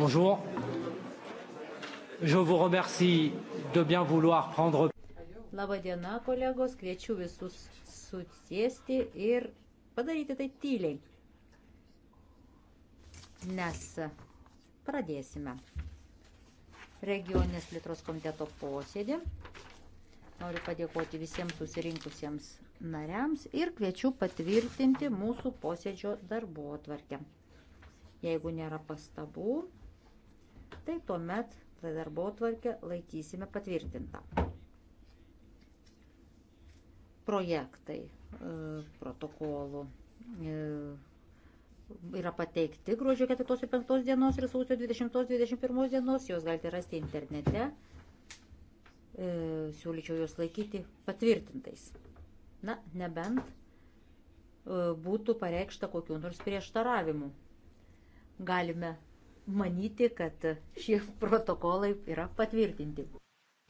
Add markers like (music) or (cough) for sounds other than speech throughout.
Bonjour. Je vous remercie de bien vouloir prendre. Labadiena, kolegos, kviečiu visus susėsti ir padaryti tai tyliai, nes pradėsime regioninės plėtros komiteto posėdį. Noriu padėkoti visiems susirinkusiems nariams ir kviečiu patvirtinti mūsų posėdžio darbo atvarkę. Jeigu nėra pastabų, tai tuomet tai darbo tvarkę laikysime patvirtintą. Projektai e, protokolų e, yra pateikti gruodžio 4-5 dienos ir sausio 20-21 dienos, juos galite rasti internete, e, siūlyčiau juos laikyti patvirtintais. Na, nebent būtų pareikšta kokiu nors prieštaravimu. Galime manyti, kad šie protokolai yra patvirtinti.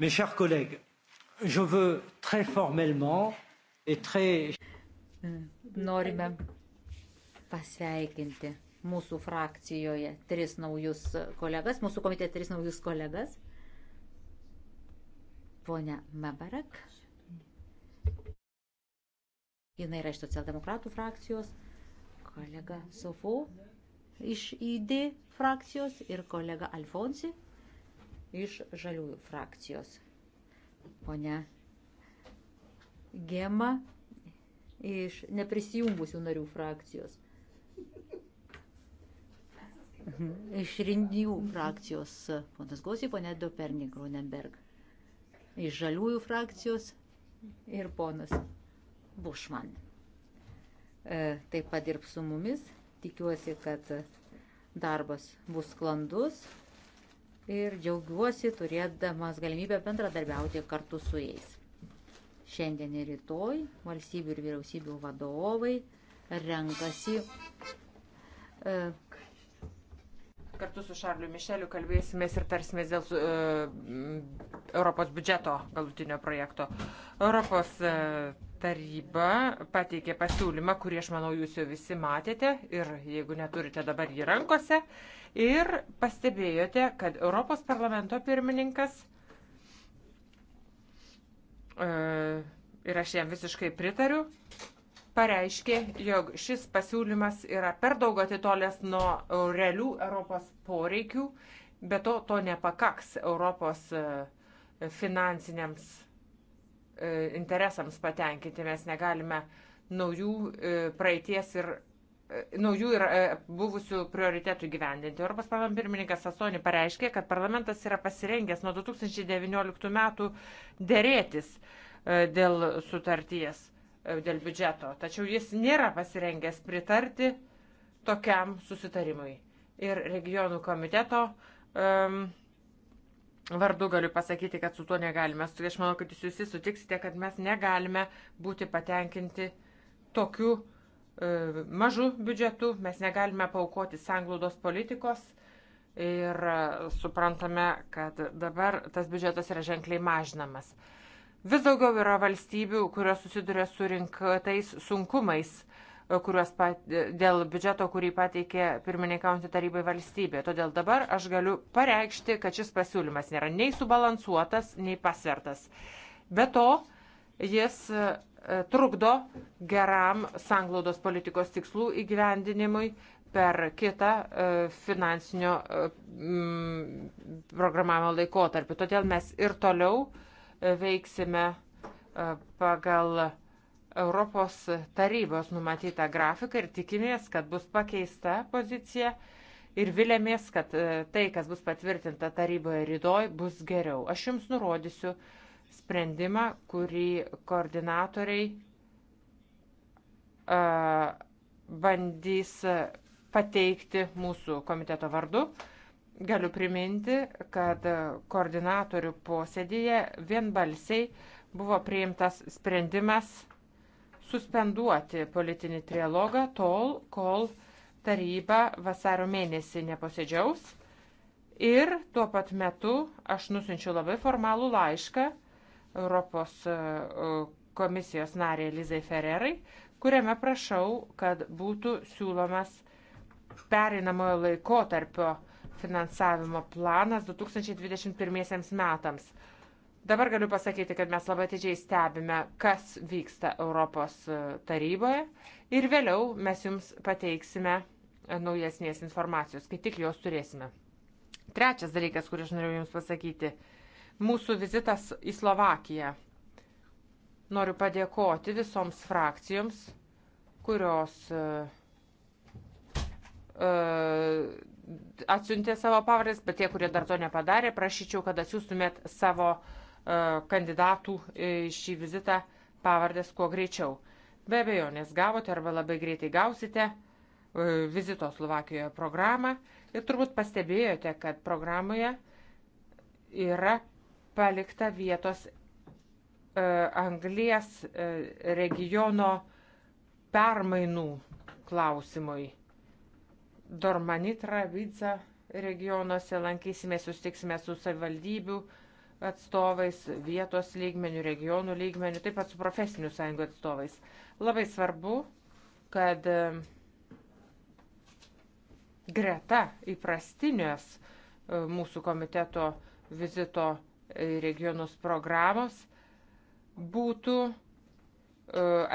Mes chers collègues, je veux très formellement et très. Norime pasveikinti mūsų frakcijoje tris naujus kolegas, mūsų komitete tris naujus kolegas. Pone Mabarak. Jis yra iš socialdemokratų frakcijos. Kolega Sofu iš ID frakcijos ir kolega Alfonsi iš Žaliųjų frakcijos. Pone Gema iš neprisijungusių narių frakcijos. Mhm. Iš rindijų frakcijos ponas Gosiai, ponė Dopernik Runenberg. Iš žaliųjų frakcijos ir ponas Bušman. E, taip pat dirb su mumis. Tikiuosi, kad darbas bus sklandus ir džiaugiuosi turėdamas galimybę bendradarbiauti kartu su jais. Šiandien ir rytoj valstybių ir vyriausybių vadovai renkasi. E, Kartu su Šarliu Mišeliu kalbėsimės ir tarsimės dėl e, Europos biudžeto galutinio projekto. Europos e, taryba pateikė pasiūlymą, kurį aš manau jūs jau visi matėte ir jeigu neturite dabar jį rankose. Ir pastebėjote, kad Europos parlamento pirmininkas, e, ir aš jam visiškai pritariu, pareiškė, jog šis pasiūlymas yra per daug atitolęs nuo realių Europos poreikių, bet to, to nepakaks Europos e, finansiniams E, interesams patenkinti. Mes negalime naujų e, praeities ir e, naujų ir buvusių prioritetų gyvendinti. Europos parlamento pirmininkas Sasoni pareiškė, kad parlamentas yra pasirengęs nuo 2019 metų dėrėtis dėl sutarties, dėl biudžeto. Tačiau jis nėra pasirengęs pritarti tokiam susitarimui. Ir regionų komiteto um, vardu galiu pasakyti, kad su tuo negalime. Aš manau, kad jūs visi sutiksite, kad mes negalime būti patenkinti tokiu e, mažu biudžetu, mes negalime paukoti sanglaudos politikos ir e, suprantame, kad dabar tas biudžetas yra ženkliai mažinamas. Vis daugiau yra valstybių, kurios susiduria su rinktais sunkumais kuriuos pat, dėl biudžeto, kurį pateikė pirmininkaujantį tarybai valstybė. Todėl dabar aš galiu pareikšti, kad šis pasiūlymas nėra nei subalansuotas, nei pasvertas. Be to, jis e, trukdo geram sanglaudos politikos tikslų įgyvendinimui per kitą e, finansinio e, programavimo laikotarpį. Todėl mes ir toliau veiksime pagal Europos tarybos numatytą grafiką ir tikimės, kad bus pakeista pozicija ir vilėmės, kad e, tai, kas bus patvirtinta taryboje rytoj, bus geriau. Aš jums nurodysiu sprendimą, kurį koordinatoriai uh, bandys pateikti mūsų komiteto vardu. Galiu priminti, kad koordinatorių posėdėje vienbalsiai buvo priimtas sprendimas suspenduoti politinį trialogą tol, kol taryba vasaro mėnesį neposėdžiaus. Ir tuo pat metu aš nusinčiu labai formalų laišką Europos e, komisijos narė Lizai Ferrerai, kuriame prašau, kad būtų siūlomas pereinamojo laiko tarpio finansavimo planas 2021 metams. Dabar galiu pasakyti, kad mes labai atidžiai stebime, kas vyksta Europos e, taryboje ir vėliau mes jums pateiksime e, naujesnės informacijos, kai tik jos turėsime. Trečias dalykas, kurį aš norėjau Jums pasakyti - mūsų vizitas į Slovakiją. Noriu padėkoti visoms frakcijoms, kurios uh, uh, atsiuntė savo pavardės, bet tie, kurie dar to nepadarė, prašyčiau, kad atsiųstumėt savo uh, E, kandidatų į šį vizitą pavardės kuo greičiau. Be abejo, nes gavote arba labai greitai gausite e, vizito Slovakijoje programą ir turbūt pastebėjote, kad programoje yra palikta vietos e, anglies regiono permainų klausimui. Dormanitra, Vidza regionuose lankysimės, sustiksime su savivaldybių uh, atstovais, vietos lygmenių, regionų lygmenių, taip pat su profesinių sąjungų atstovais. Labai svarbu, kad e, greta įprastinės e, mūsų komiteto vizito regionus programos būtų e,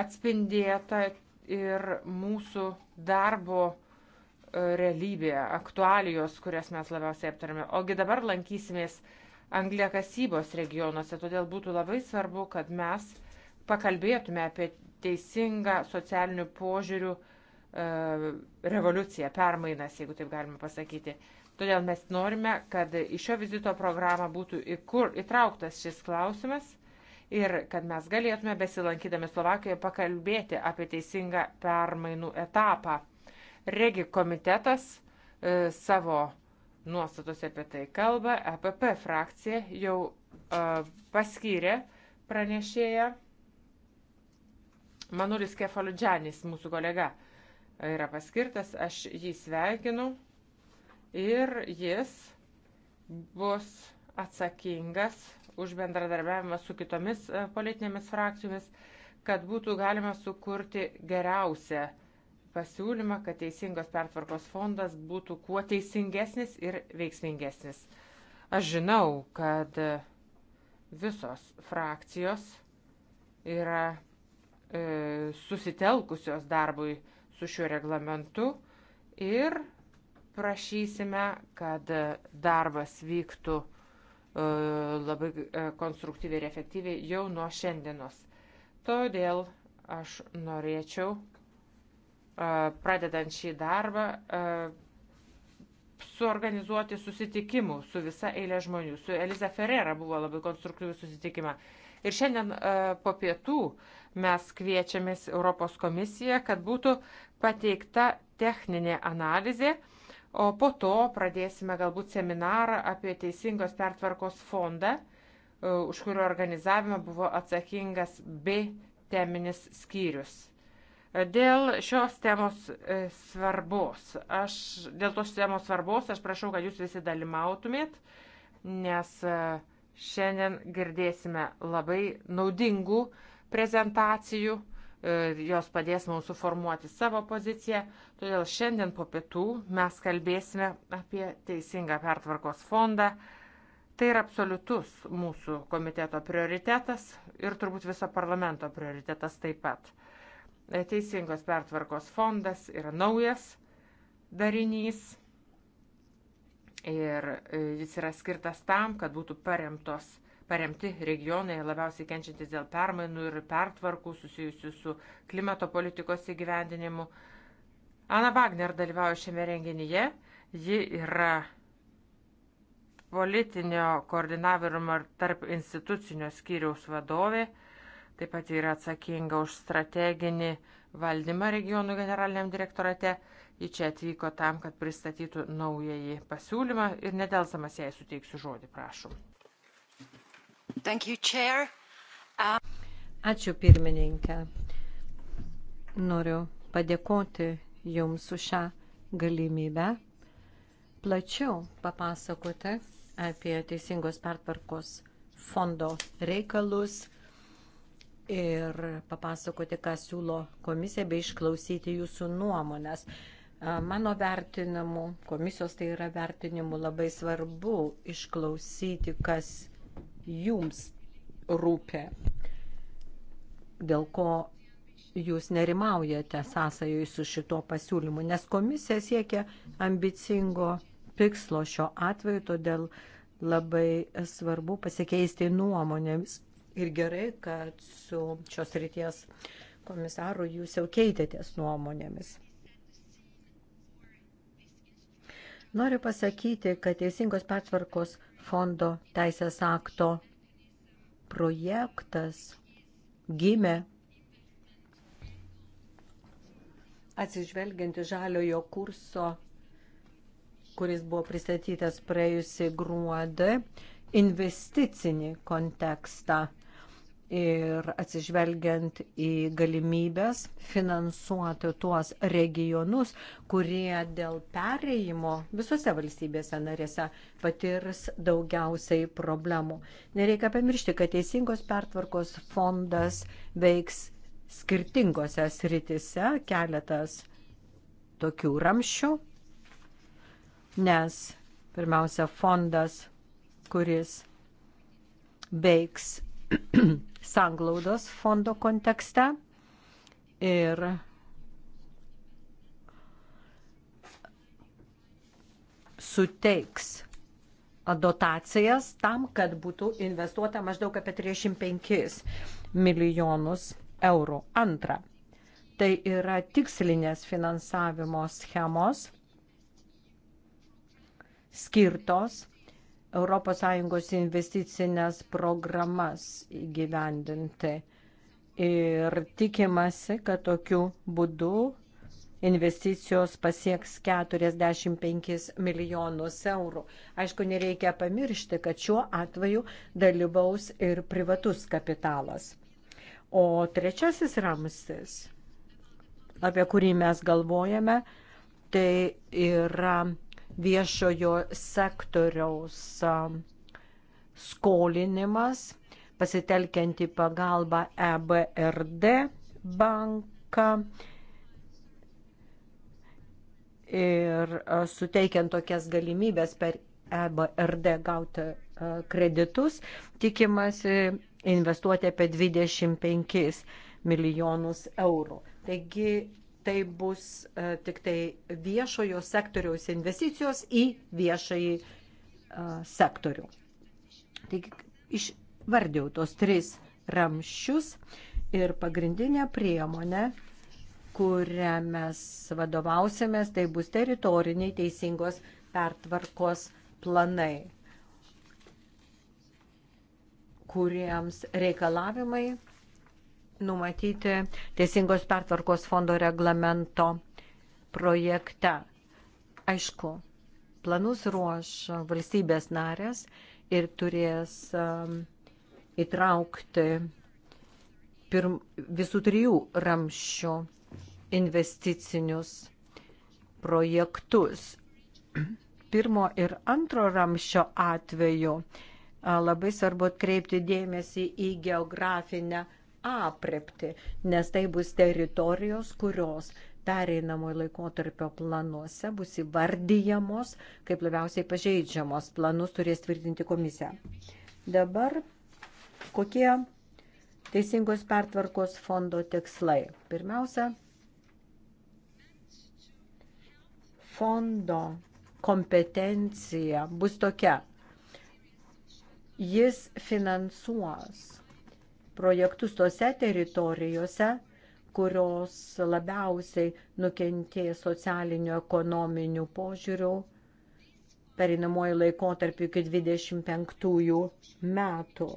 atspindėta ir mūsų darbo realybė, aktualijos, kurias mes labiausiai aptarėme. Ogi dabar lankysimės uh, angliakasybos regionuose. Todėl būtų labai svarbu, kad mes pakalbėtume apie teisingą socialinių požiūrių e, revoliuciją, permainas, jeigu taip galima pasakyti. Todėl mes norime, kad į šio vizito programą būtų įkur, įtrauktas šis klausimas ir kad mes galėtume besilankydami Slovakijoje pakalbėti apie teisingą permainų etapą. Regi komitetas e, savo nuostatose apie tai kalba. EPP frakcija jau uh, paskyrė pranešėją. Manulis Kefaludžianis, mūsų kolega, yra paskirtas. Aš jį sveikinu ir jis bus atsakingas už bendradarbiavimą su kitomis e, politinėmis frakcijomis, kad būtų galima sukurti geriausią uh, pasiūlymą, kad teisingos pertvarkos fondas būtų kuo teisingesnis ir veiksmingesnis. Aš žinau, kad visos frakcijos yra e, susitelkusios darbui su šiuo reglamentu ir prašysime, kad darbas vyktų e, labai e, konstruktyviai ir efektyviai jau nuo šiandienos. Todėl aš norėčiau pradedant šį darbą, suorganizuoti susitikimų su visa eilė žmonių. Su Eliza Ferrera buvo labai konstruktyvų susitikimą. Ir šiandien po pietų mes kviečiamės Europos komisiją, kad būtų pateikta techninė analizė, o po to pradėsime galbūt seminarą apie teisingos pertvarkos fondą, už kurio organizavimą buvo atsakingas B teminis skyrius. Dėl šios temos e, svarbos, aš, dėl tos temos svarbos aš prašau, kad jūs visi dalyvautumėt, nes e, šiandien girdėsime labai naudingų prezentacijų, e, jos padės mums suformuoti savo poziciją, todėl šiandien po pietų mes kalbėsime apie teisingą pertvarkos fondą. Tai yra absoliutus mūsų komiteto prioritetas ir turbūt viso parlamento prioritetas taip pat. E, teisingos pertvarkos fondas yra naujas darinys ir e, jis yra skirtas tam, kad būtų paremtos, paremti regionai labiausiai kenčiantis dėl permainų ir pertvarkų susijusių su klimato politikos įgyvendinimu. Ana Wagner dalyvauja šiame renginyje. Ji yra politinio koordinavimo tarp institucinio skyriaus vadovė taip pat yra atsakinga už strateginį valdymą regionų generaliniam direktorate. Ji čia atvyko tam, kad pristatytų naująjį pasiūlymą ir nedelsamas jai suteiksiu žodį, prašom. Thank you, chair. um... Ačiū pirmininkė. Noriu padėkoti Jums už šią galimybę plačiau papasakoti apie Teisingos pertvarkos fondo reikalus ir papasakoti, ką siūlo komisija, bei išklausyti jūsų nuomonės. Mano vertinimu, komisijos tai yra vertinimu labai svarbu išklausyti, kas jums rūpė, dėl ko jūs nerimaujate sąsajoj su šito pasiūlymu, nes komisija siekia ambicingo tikslo šio atveju, todėl labai svarbu pasikeisti nuomonėmis ir gerai, kad su šios ryties komisaru jūs jau keitėtės nuomonėmis. Noriu pasakyti, kad Teisingos pertvarkos fondo teisės akto projektas gimė atsižvelgianti žaliojo kurso, kuris buvo pristatytas praėjusi gruodį, investicinį kontekstą ir atsižvelgiant į galimybės finansuoti tuos regionus, kurie dėl pereimo visose valstybėse narėse patirs daugiausiai problemų. Nereikia pamiršti, kad Teisingos pertvarkos fondas veiks skirtingose sritise keletas tokių ramščių, nes pirmiausia fondas, kuris veiks (clears throat) sanglaudos fondo kontekste ir suteiks dotacijas tam, kad būtų investuota maždaug apie 35 milijonus eurų. Antra, tai yra tikslinės finansavimo schemos skirtos ES investicinės programas įgyvendinti. Ir tikimasi, kad tokiu būdu investicijos pasieks 45 milijonus eurų. Aišku, nereikia pamiršti, kad šiuo atveju dalyvaus ir privatus kapitalas. O trečiasis ramstis, apie kurį mes galvojame, tai yra viešojo sektoriaus um, skolinimas, pasitelkianti pagalbą EBRD banką ir uh, suteikiant tokias galimybės per EBRD gauti uh, kreditus, tikimasi investuoti apie 25 milijonus eurų. Taigi tai bus e, tik tai viešojo sektoriaus investicijos į viešąjį e, sektorių. Taigi išvardėjau tos tris ramščius ir pagrindinė priemonė, kurią mes vadovausiamės, tai bus teritoriniai teisingos pertvarkos planai, kuriems reikalavimai numatyti Teisingos pertvarkos fondo reglamento projekte. Aišku, planus ruoš valstybės narės ir turės um, įtraukti pirm, visų trijų ramščių investicinius projektus. (clears throat) Pirmo ir antro ramščio atveju labai svarbu atkreipti dėmesį į geografinę aprepti, nes tai bus teritorijos, kurios pereinamojo laikotarpio planuose bus įvardyjamos kaip labiausiai pažeidžiamos. Planus turės tvirtinti komisija. Dabar kokie teisingos pertvarkos fondo tikslai? Pirmiausia, fondo kompetencija bus tokia. Jis finansuos projektus tose teritorijose, kurios labiausiai nukentėjo socialinių ekonominių požiūrių perinamuoju laikotarpiu iki 25 metų.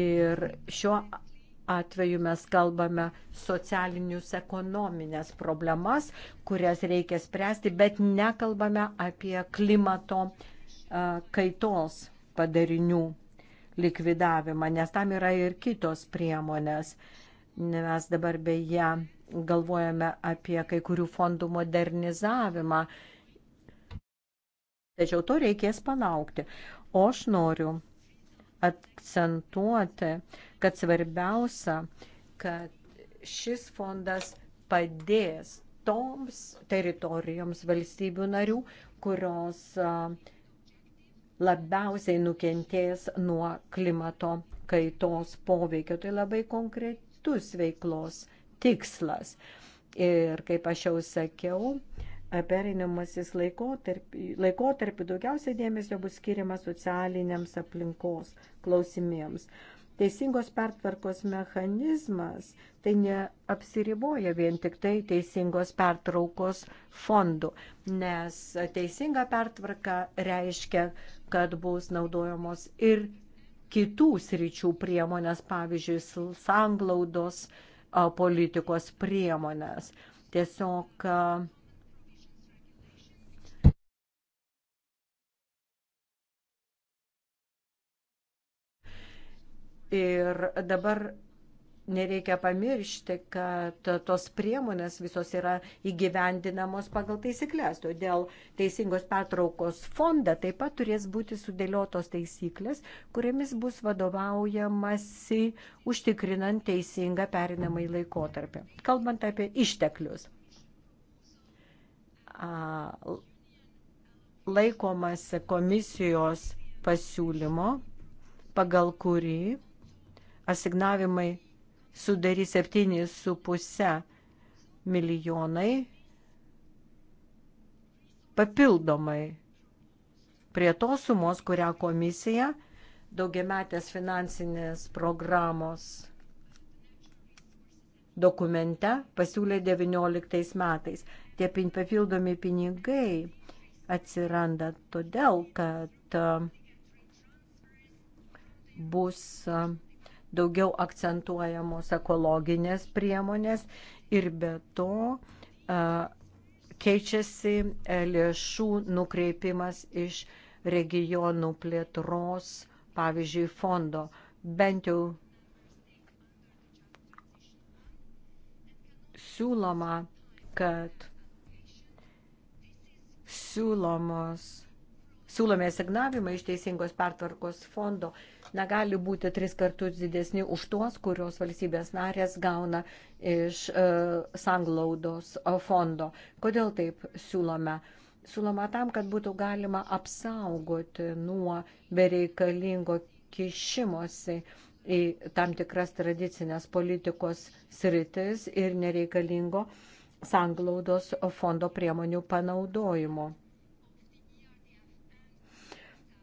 Ir šiuo atveju mes kalbame socialinius ekonominės problemas, kurias reikia spręsti, bet nekalbame apie klimato kaitos padarinių likvidavimą, nes tam yra ir kitos priemonės. Mes dabar beje galvojame apie kai kurių fondų modernizavimą, tačiau to reikės palaukti. O aš noriu akcentuoti, kad svarbiausia, kad šis fondas padės toms teritorijoms valstybių narių, kurios uh, labiausiai nukentės nuo klimato kaitos poveikio. Tai labai konkretus veiklos tikslas. Ir kaip aš jau sakiau, perinimasis laikotarpį laiko daugiausiai dėmesio bus skiriama socialiniams aplinkos klausimėms. Teisingos pertvarkos mechanizmas tai neapsiriboja vien tik tai teisingos pertraukos fondų, nes teisinga pertvarka reiškia, kad bus naudojamos ir kitų sričių priemonės, pavyzdžiui, sanglaudos politikos priemonės. Tiesiog Ir dabar nereikia pamiršti, kad tos priemonės visos yra įgyvendinamos pagal taisyklės. Todėl Teisingos pertraukos fonda taip pat turės būti sudėliotos taisyklės, kuriamis bus vadovaujamasi užtikrinant teisingą perinamąjį laikotarpį. Kalbant apie išteklius. Laikomas komisijos pasiūlymo, pagal kurį asignavimai sudarys 7,5 milijonai papildomai prie tos sumos, kurią komisija daugiametės finansinės programos dokumente pasiūlė 19 metais. Tie papildomi pinigai atsiranda todėl, kad bus daugiau akcentuojamos ekologinės priemonės ir be to keičiasi e, lėšų nukreipimas iš regionų plėtros, pavyzdžiui, fondo. Bent jau siūloma, kad siūlomos siūlomi asignavimai iš Teisingos pertvarkos fondo negali būti tris kartus didesni už tuos, kurios valstybės narės gauna iš uh, sanglaudos e, fondo. Kodėl taip siūlome? Siūloma tam, kad būtų galima apsaugoti nuo bereikalingo kišimosi į tam tikras tradicinės politikos sritis ir nereikalingo sanglaudos fondo priemonių panaudojimo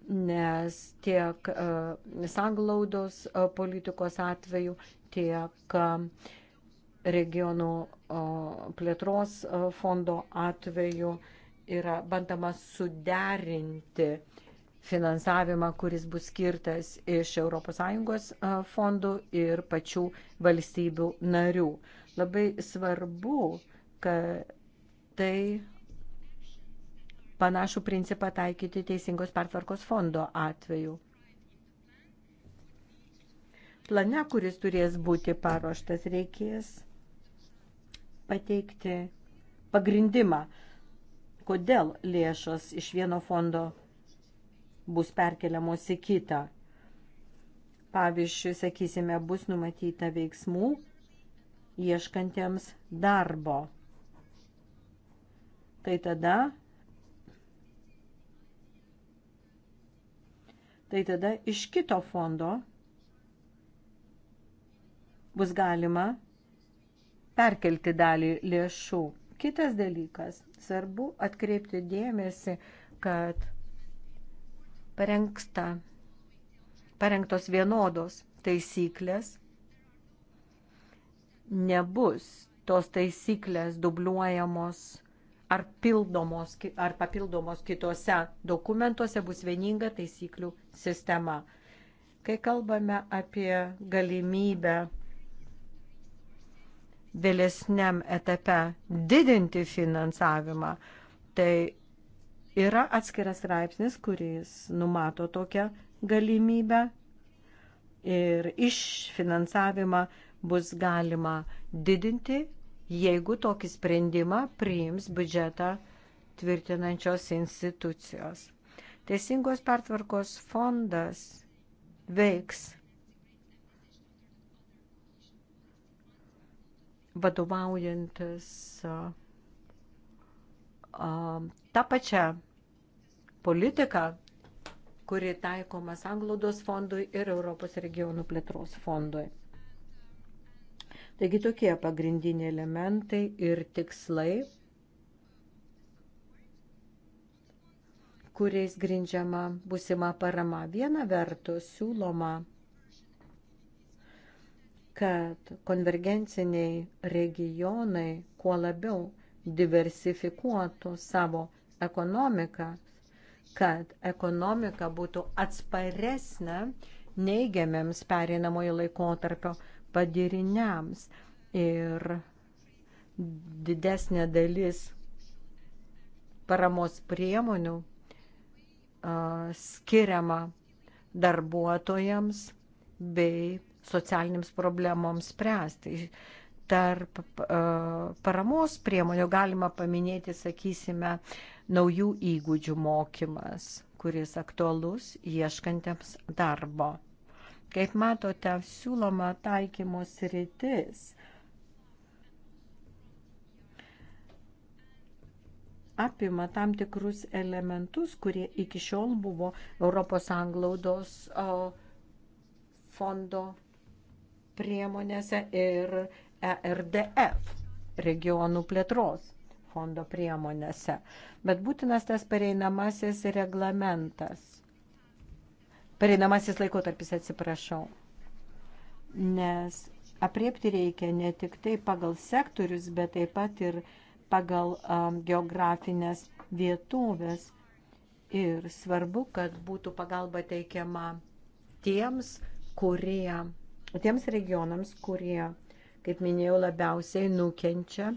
nes tiek e, sanglaudos e, politikos atveju, tiek e, regionų plėtros fondo atveju yra bandama suderinti finansavimą, kuris bus skirtas iš ES fondų ir pačių valstybių narių. Labai svarbu, kad tai panašų principą taikyti Teisingos pertvarkos fondo atveju. Plane, kuris turės būti paruoštas, reikės pateikti pagrindimą, kodėl lėšos iš vieno fondo bus perkeliamos į kitą. Pavyzdžiui, sakysime, bus numatyta veiksmų ieškantiems darbo. Tai tada tai tada iš kito fondo bus galima perkelti dalį lėšų. Kitas dalykas, svarbu atkreipti dėmesį, kad parengsta, parengtos vienodos taisyklės nebus tos taisyklės dubliuojamos ar, pildomos, ar papildomos kitose dokumentuose bus vieninga taisyklių sistema. Kai kalbame apie galimybę vėlesniam etape didinti finansavimą, tai yra atskiras straipsnis, kuris numato tokią galimybę ir iš finansavimą bus galima didinti jeigu tokį sprendimą priims biudžetą tvirtinančios institucijos. Teisingos pertvarkos fondas veiks vadovaujantis tą pačią politiką, kuri taikomas Anglodos fondui ir Europos regionų plėtros fondui. Taigi tokie pagrindiniai elementai ir tikslai, kuriais grindžiama busima parama. Viena vertus siūloma, kad konvergenciniai regionai kuo labiau diversifikuotų savo ekonomiką, kad ekonomika būtų atsparesnė neigiamiams pereinamojo laikotarpio padiriniams ir didesnė dalis paramos priemonių skiriama darbuotojams bei socialinėms problemoms spręsti. Tarp paramos priemonių galima paminėti, sakysime, naujų įgūdžių mokymas, kuris aktualus ieškantiems darbo. Kaip matote, siūloma taikymos rytis apima tam tikrus elementus, kurie iki šiol buvo Europos anglaudos fondo priemonėse ir ERDF regionų plėtros fondo priemonėse. Bet būtinas tas pereinamasis reglamentas pereinamasis laikotarpis, atsiprašau. Nes apriepti reikia ne tik tai pagal sektorius, bet taip pat ir pagal um, geografinės vietovės. Ir svarbu, kad būtų pagalba teikiama tiems, kurie, tiems regionams, kurie, kaip minėjau, labiausiai nukenčia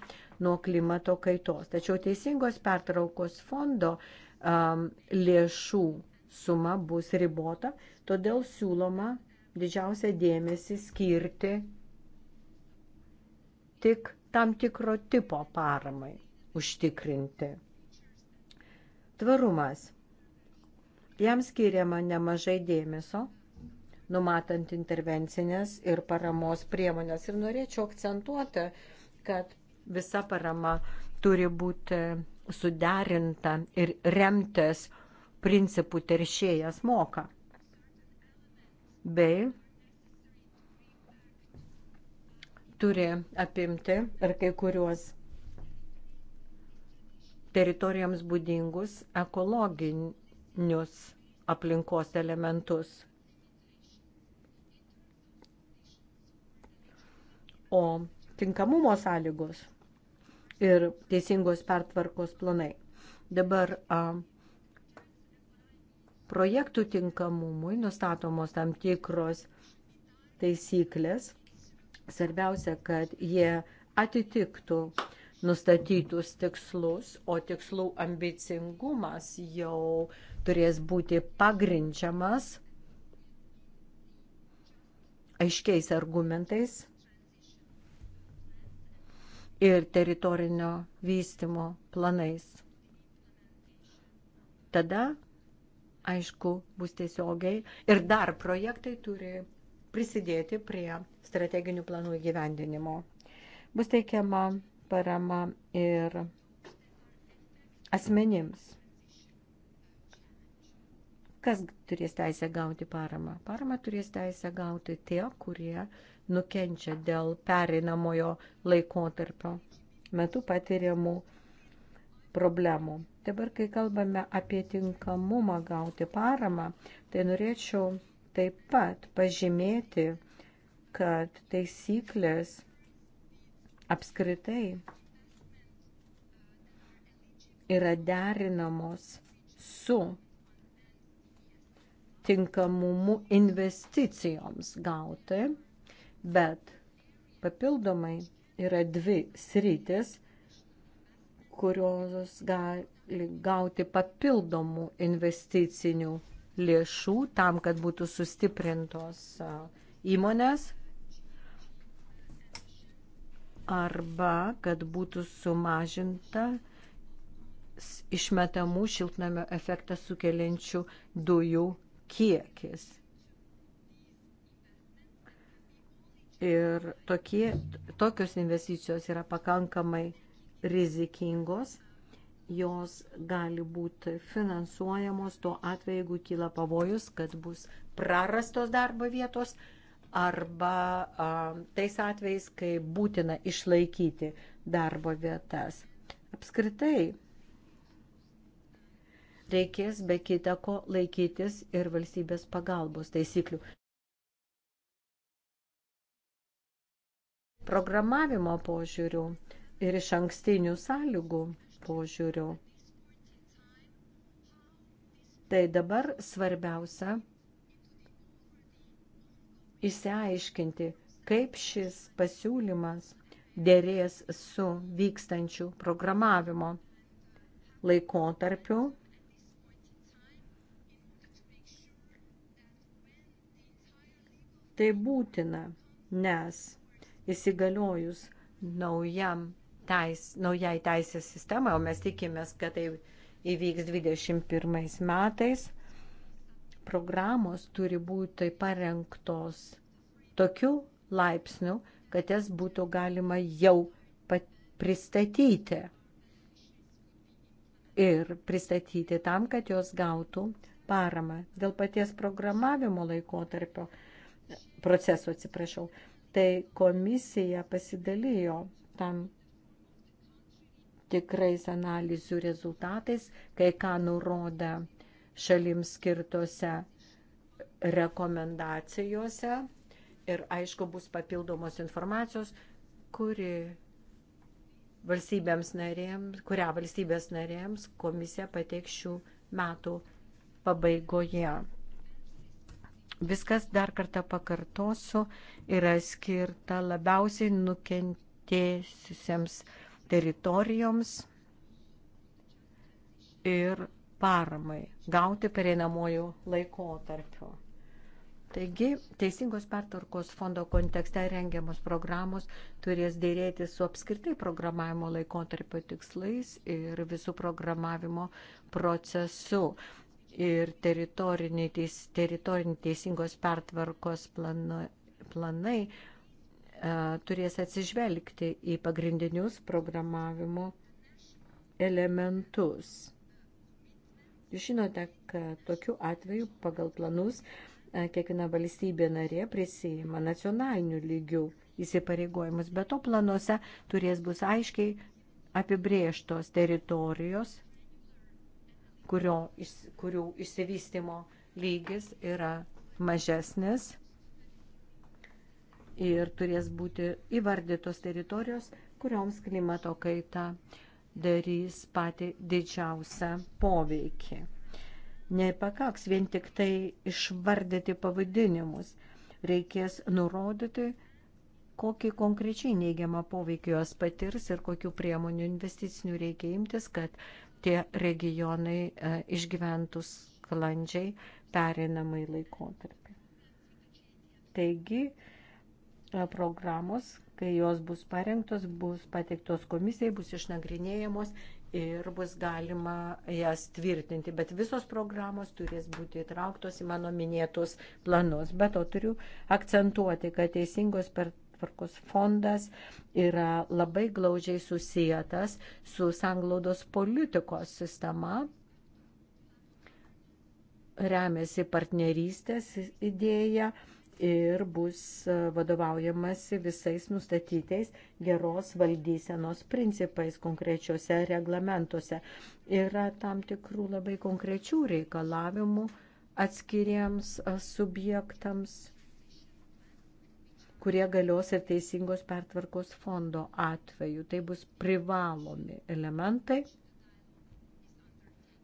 nuo klimato kaitos. Tačiau teisingos pertraukos fondo um, lėšų suma bus ribota, todėl siūloma didžiausia dėmesį skirti tik tam tikro tipo paramai užtikrinti. Tvarumas. Jam skiriama nemažai dėmesio, numatant intervencinės ir paramos priemonės. Ir norėčiau akcentuoti, kad visa parama turi būti suderinta ir remtis principų teršėjas moka. Bei turi apimti ir kai kuriuos teritorijoms būdingus ekologinius aplinkos elementus. O tinkamumo sąlygos ir teisingos pertvarkos planai. Dabar a, projektų tinkamumui nustatomos tam tikros taisyklės. Svarbiausia, kad jie atitiktų nustatytus tikslus, o tikslų ambicingumas jau turės būti pagrindžiamas aiškiais argumentais ir teritorinio vystimo planais. Tada aišku, bus tiesiogiai ir dar projektai turi prisidėti prie strateginių planų įgyvendinimo. Bus teikiama parama ir asmenims. Kas turės teisę gauti paramą? Paramą turės teisę gauti tie, kurie nukenčia dėl pereinamojo laikotarpio metu patiriamų problemų. Dabar, kai kalbame apie tinkamumą gauti paramą, tai norėčiau taip pat pažymėti, kad taisyklės apskritai yra derinamos su tinkamumu investicijoms gauti, bet papildomai yra dvi sritis, kurios gali gauti papildomų investicinių lėšų tam, kad būtų sustiprintos įmonės arba kad būtų sumažinta išmetamų šiltnamio efektą sukeliančių dujų kiekis. Ir tokie, tokios investicijos yra pakankamai rizikingos jos gali būti finansuojamos tuo atveju, jeigu kyla pavojus, kad bus prarastos darbo vietos arba a, tais atvejais, kai būtina išlaikyti darbo vietas. Apskritai reikės be kitako laikytis ir valstybės pagalbos taisyklių. Programavimo požiūrių ir iš ankstinių sąlygų požiūriu. Tai dabar svarbiausia įsiaiškinti, kaip šis pasiūlymas dėrės su vykstančiu programavimo laikotarpiu. Tai būtina, nes įsigaliojus naujam teis, naujai teisės sistemai, o mes tikimės, kad tai įvyks 21 metais. Programos turi būti parengtos tokiu laipsniu, kad jas būtų galima jau pristatyti. Ir pristatyti tam, kad jos gautų paramą. Dėl paties programavimo laikotarpio proceso, atsiprašau, tai komisija pasidalijo tam tikrais analizių rezultatais, kai ką nurodo šalims skirtose rekomendacijose ir aišku bus papildomos informacijos, kuri valstybėms narėms, kurią valstybės narėms komisija pateiks šių metų pabaigoje. Viskas dar kartą pakartosiu yra skirta labiausiai nukentėjusiems uh, teritorijoms ir paramai gauti pereinamojų laikotarpių. Taigi, Teisingos pertvarkos fondo kontekste rengiamos programos turės dėrėti su apskritai programavimo laikotarpio tikslais ir visų programavimo procesu. Ir teritoriniai teis, teritorinė teisingos pertvarkos plano, planai E, turės atsižvelgti į pagrindinius programavimo elementus. Jūs žinote, kad tokiu atveju pagal planus e, kiekviena valstybė narė prisijima nacionalinių lygių įsipareigojimus, bet to planuose turės bus aiškiai apibrėžtos teritorijos, kurio, kurių išsivystimo lygis yra mažesnis ir turės būti įvardytos teritorijos, kurioms klimato kaita darys patį didžiausią poveikį. Nepakaks vien tik tai išvardyti pavadinimus, reikės nurodyti, kokį konkrečiai neigiamą poveikį jos patirs ir kokių priemonių investicinių reikia imtis, kad tie regionai e, išgyventų sklandžiai perinamai laikotarpį. Taigi, E, programos, kai jos bus parengtos, bus pateiktos komisijai, bus išnagrinėjamos ir bus galima jas tvirtinti. Bet visos programos turės būti įtrauktos į mano minėtus planus. Bet to turiu akcentuoti, kad teisingos per tvarkos fondas yra labai glaudžiai susijęs su sanglaudos politikos sistema, remiasi partnerystės idėja ir bus e, vadovaujamasi visais nustatytais geros valdysenos principais konkrečiose reglamentuose. Yra tam tikrų labai konkrečių reikalavimų atskiriems e, subjektams kurie galios ir teisingos pertvarkos fondo atveju. Tai bus privalomi elementai,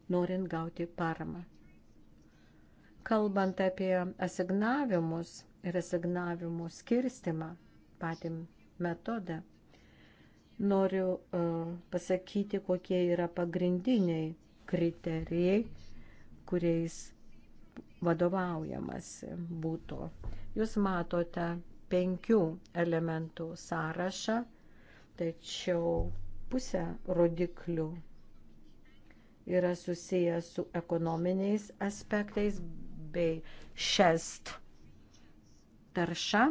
norint gauti paramą. Kalbant apie asignavimus ir asignavimų skirstimą patį metodą, noriu uh, pasakyti, kokie yra pagrindiniai kriterijai, kuriais vadovaujamasi būtų. Jūs matote penkių elementų sąrašą, tačiau pusę rodiklių yra susijęs su ekonominiais aspektais, B6 tarša,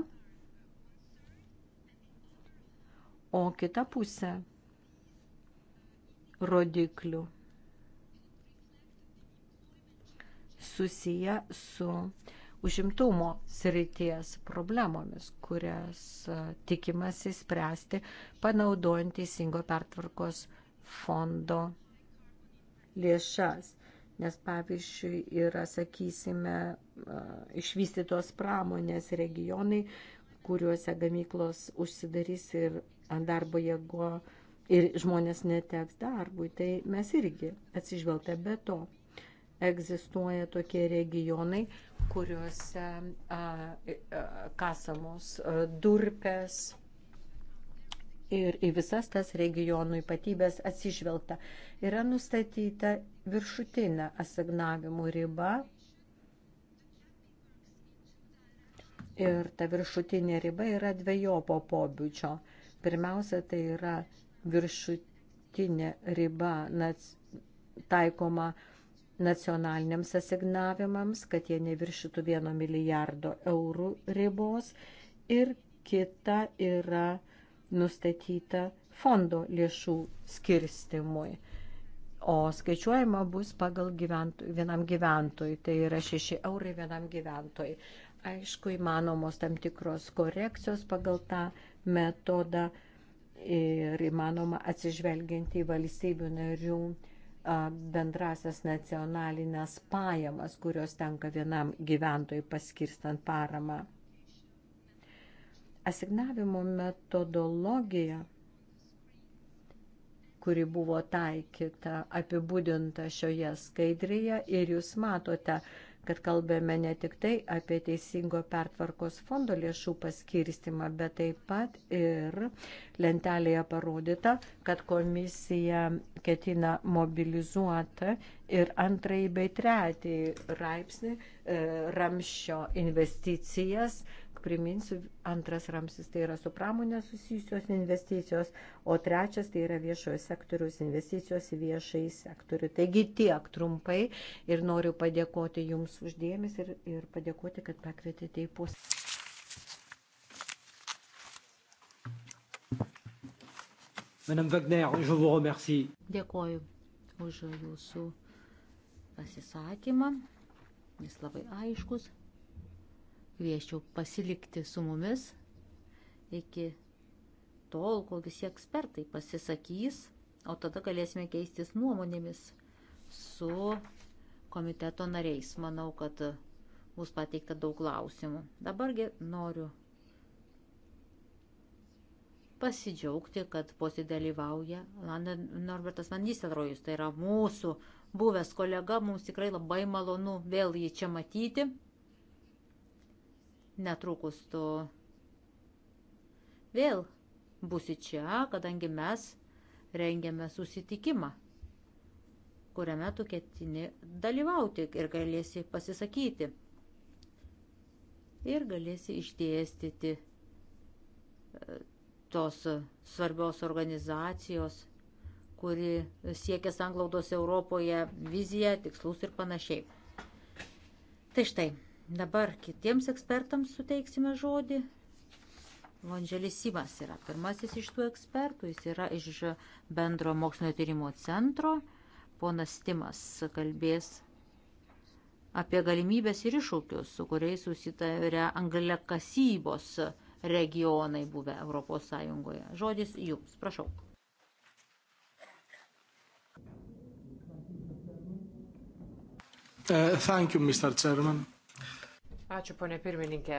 o kita pusė rodiklių susiję su užimtumo srities problemomis, kurias e, tikimasi spręsti panaudojant teisingo pertvarkos fondo lėšas. Nes pavyzdžiui yra, sakysime, išvystytos pramonės regionai, kuriuose gamyklos užsidarys ir darbo jėgo ir žmonės neteks darbui. Tai mes irgi atsižvelgta be to. Egzistuoja tokie regionai, kuriuose a, a, kasamos a, durpės, ir į visas tas regionų ypatybės atsižvelgta. Yra nustatyta viršutinė asignavimų riba ir ta viršutinė riba yra dviejopo pobūdžio. Pirmiausia, tai yra viršutinė riba nac, taikoma nacionaliniams asignavimams, kad jie neviršytų vieno milijardo eurų ribos ir kita yra nustatyta fondo lėšų skirstimui. O skaičiuojama bus pagal gyventojų, vienam gyventojui, tai yra 6 eurai vienam gyventojui. Aišku, įmanomos tam tikros korekcijos pagal tą metodą ir įmanoma atsižvelginti į valstybių narių bendrasias nacionalinės pajamas, kurios tenka vienam gyventojui paskirstant paramą. Asignavimo metodologija, kuri buvo taikyta, apibūdinta šioje skaidrėje ir jūs matote, kad kalbame ne tik tai apie teisingo pertvarkos fondo lėšų paskirstimą, bet taip pat ir lentelėje parodyta, kad komisija ketina mobilizuoti ir antrąjį bei trečiąjį raipsnį e, ramščio investicijas tik priminsiu, antras ramsis tai yra su pramonė susijusios investicijos, o trečias tai yra viešojo sektoriaus investicijos į viešai sektorių. Taigi tiek trumpai ir noriu padėkoti Jums uždėmes ir, ir padėkoti, kad pakvietėte į pusę. Madame Wagner, je vous remercie. Dėkoju už Jūsų pasisakymą. Jis labai aiškus kvieščiau pasilikti su mumis iki tol, kol visi ekspertai pasisakys, o tada galėsime keistis nuomonėmis su komiteto nariais. Manau, kad bus pateikta daug klausimų. Dabargi noriu pasidžiaugti, kad posidalyvauja Norbertas Van Nistelrojus, tai yra mūsų buvęs kolega, mums tikrai labai malonu vėl jį čia matyti. Netrukus tu vėl būsi čia, kadangi mes rengiame susitikimą, kuriame tu ketini dalyvauti ir galėsi pasisakyti. Ir galėsi išdėstyti e, tos svarbios organizacijos, kuri siekia sanglaudos Europoje viziją, tikslus ir panašiai. Tai štai. Dabar kitiems ekspertams suteiksime žodį. Vangelis Simas yra pirmasis iš tų ekspertų, jis yra iš bendro mokslinio tyrimo centro. Ponas Timas kalbės apie galimybės ir iššūkius, su kuriais susitarė angliakasybos regionai buvę Europos Sąjungoje. Žodis jums, prašau. Uh, thank you, Mr. Chairman. Ačiū, ponė pirmininkė.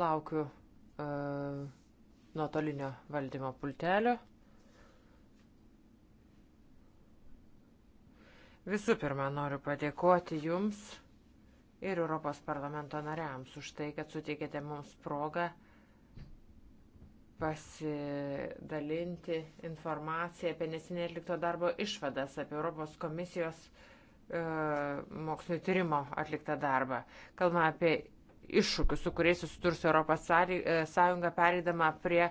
Laukiu uh, nuotolinio valdymo pultelio. Visų pirma, noriu padėkoti Jums ir Europos parlamento nariams už tai, kad suteikėte mums progą pasidalinti informaciją apie nesinė atlikto darbo išvadas apie Europos komisijos uh, E, mokslinio tyrimo atliktą darbą. Kalbame apie iššūkius, su kuriais susidurs Europos e, Sąjunga pereidama prie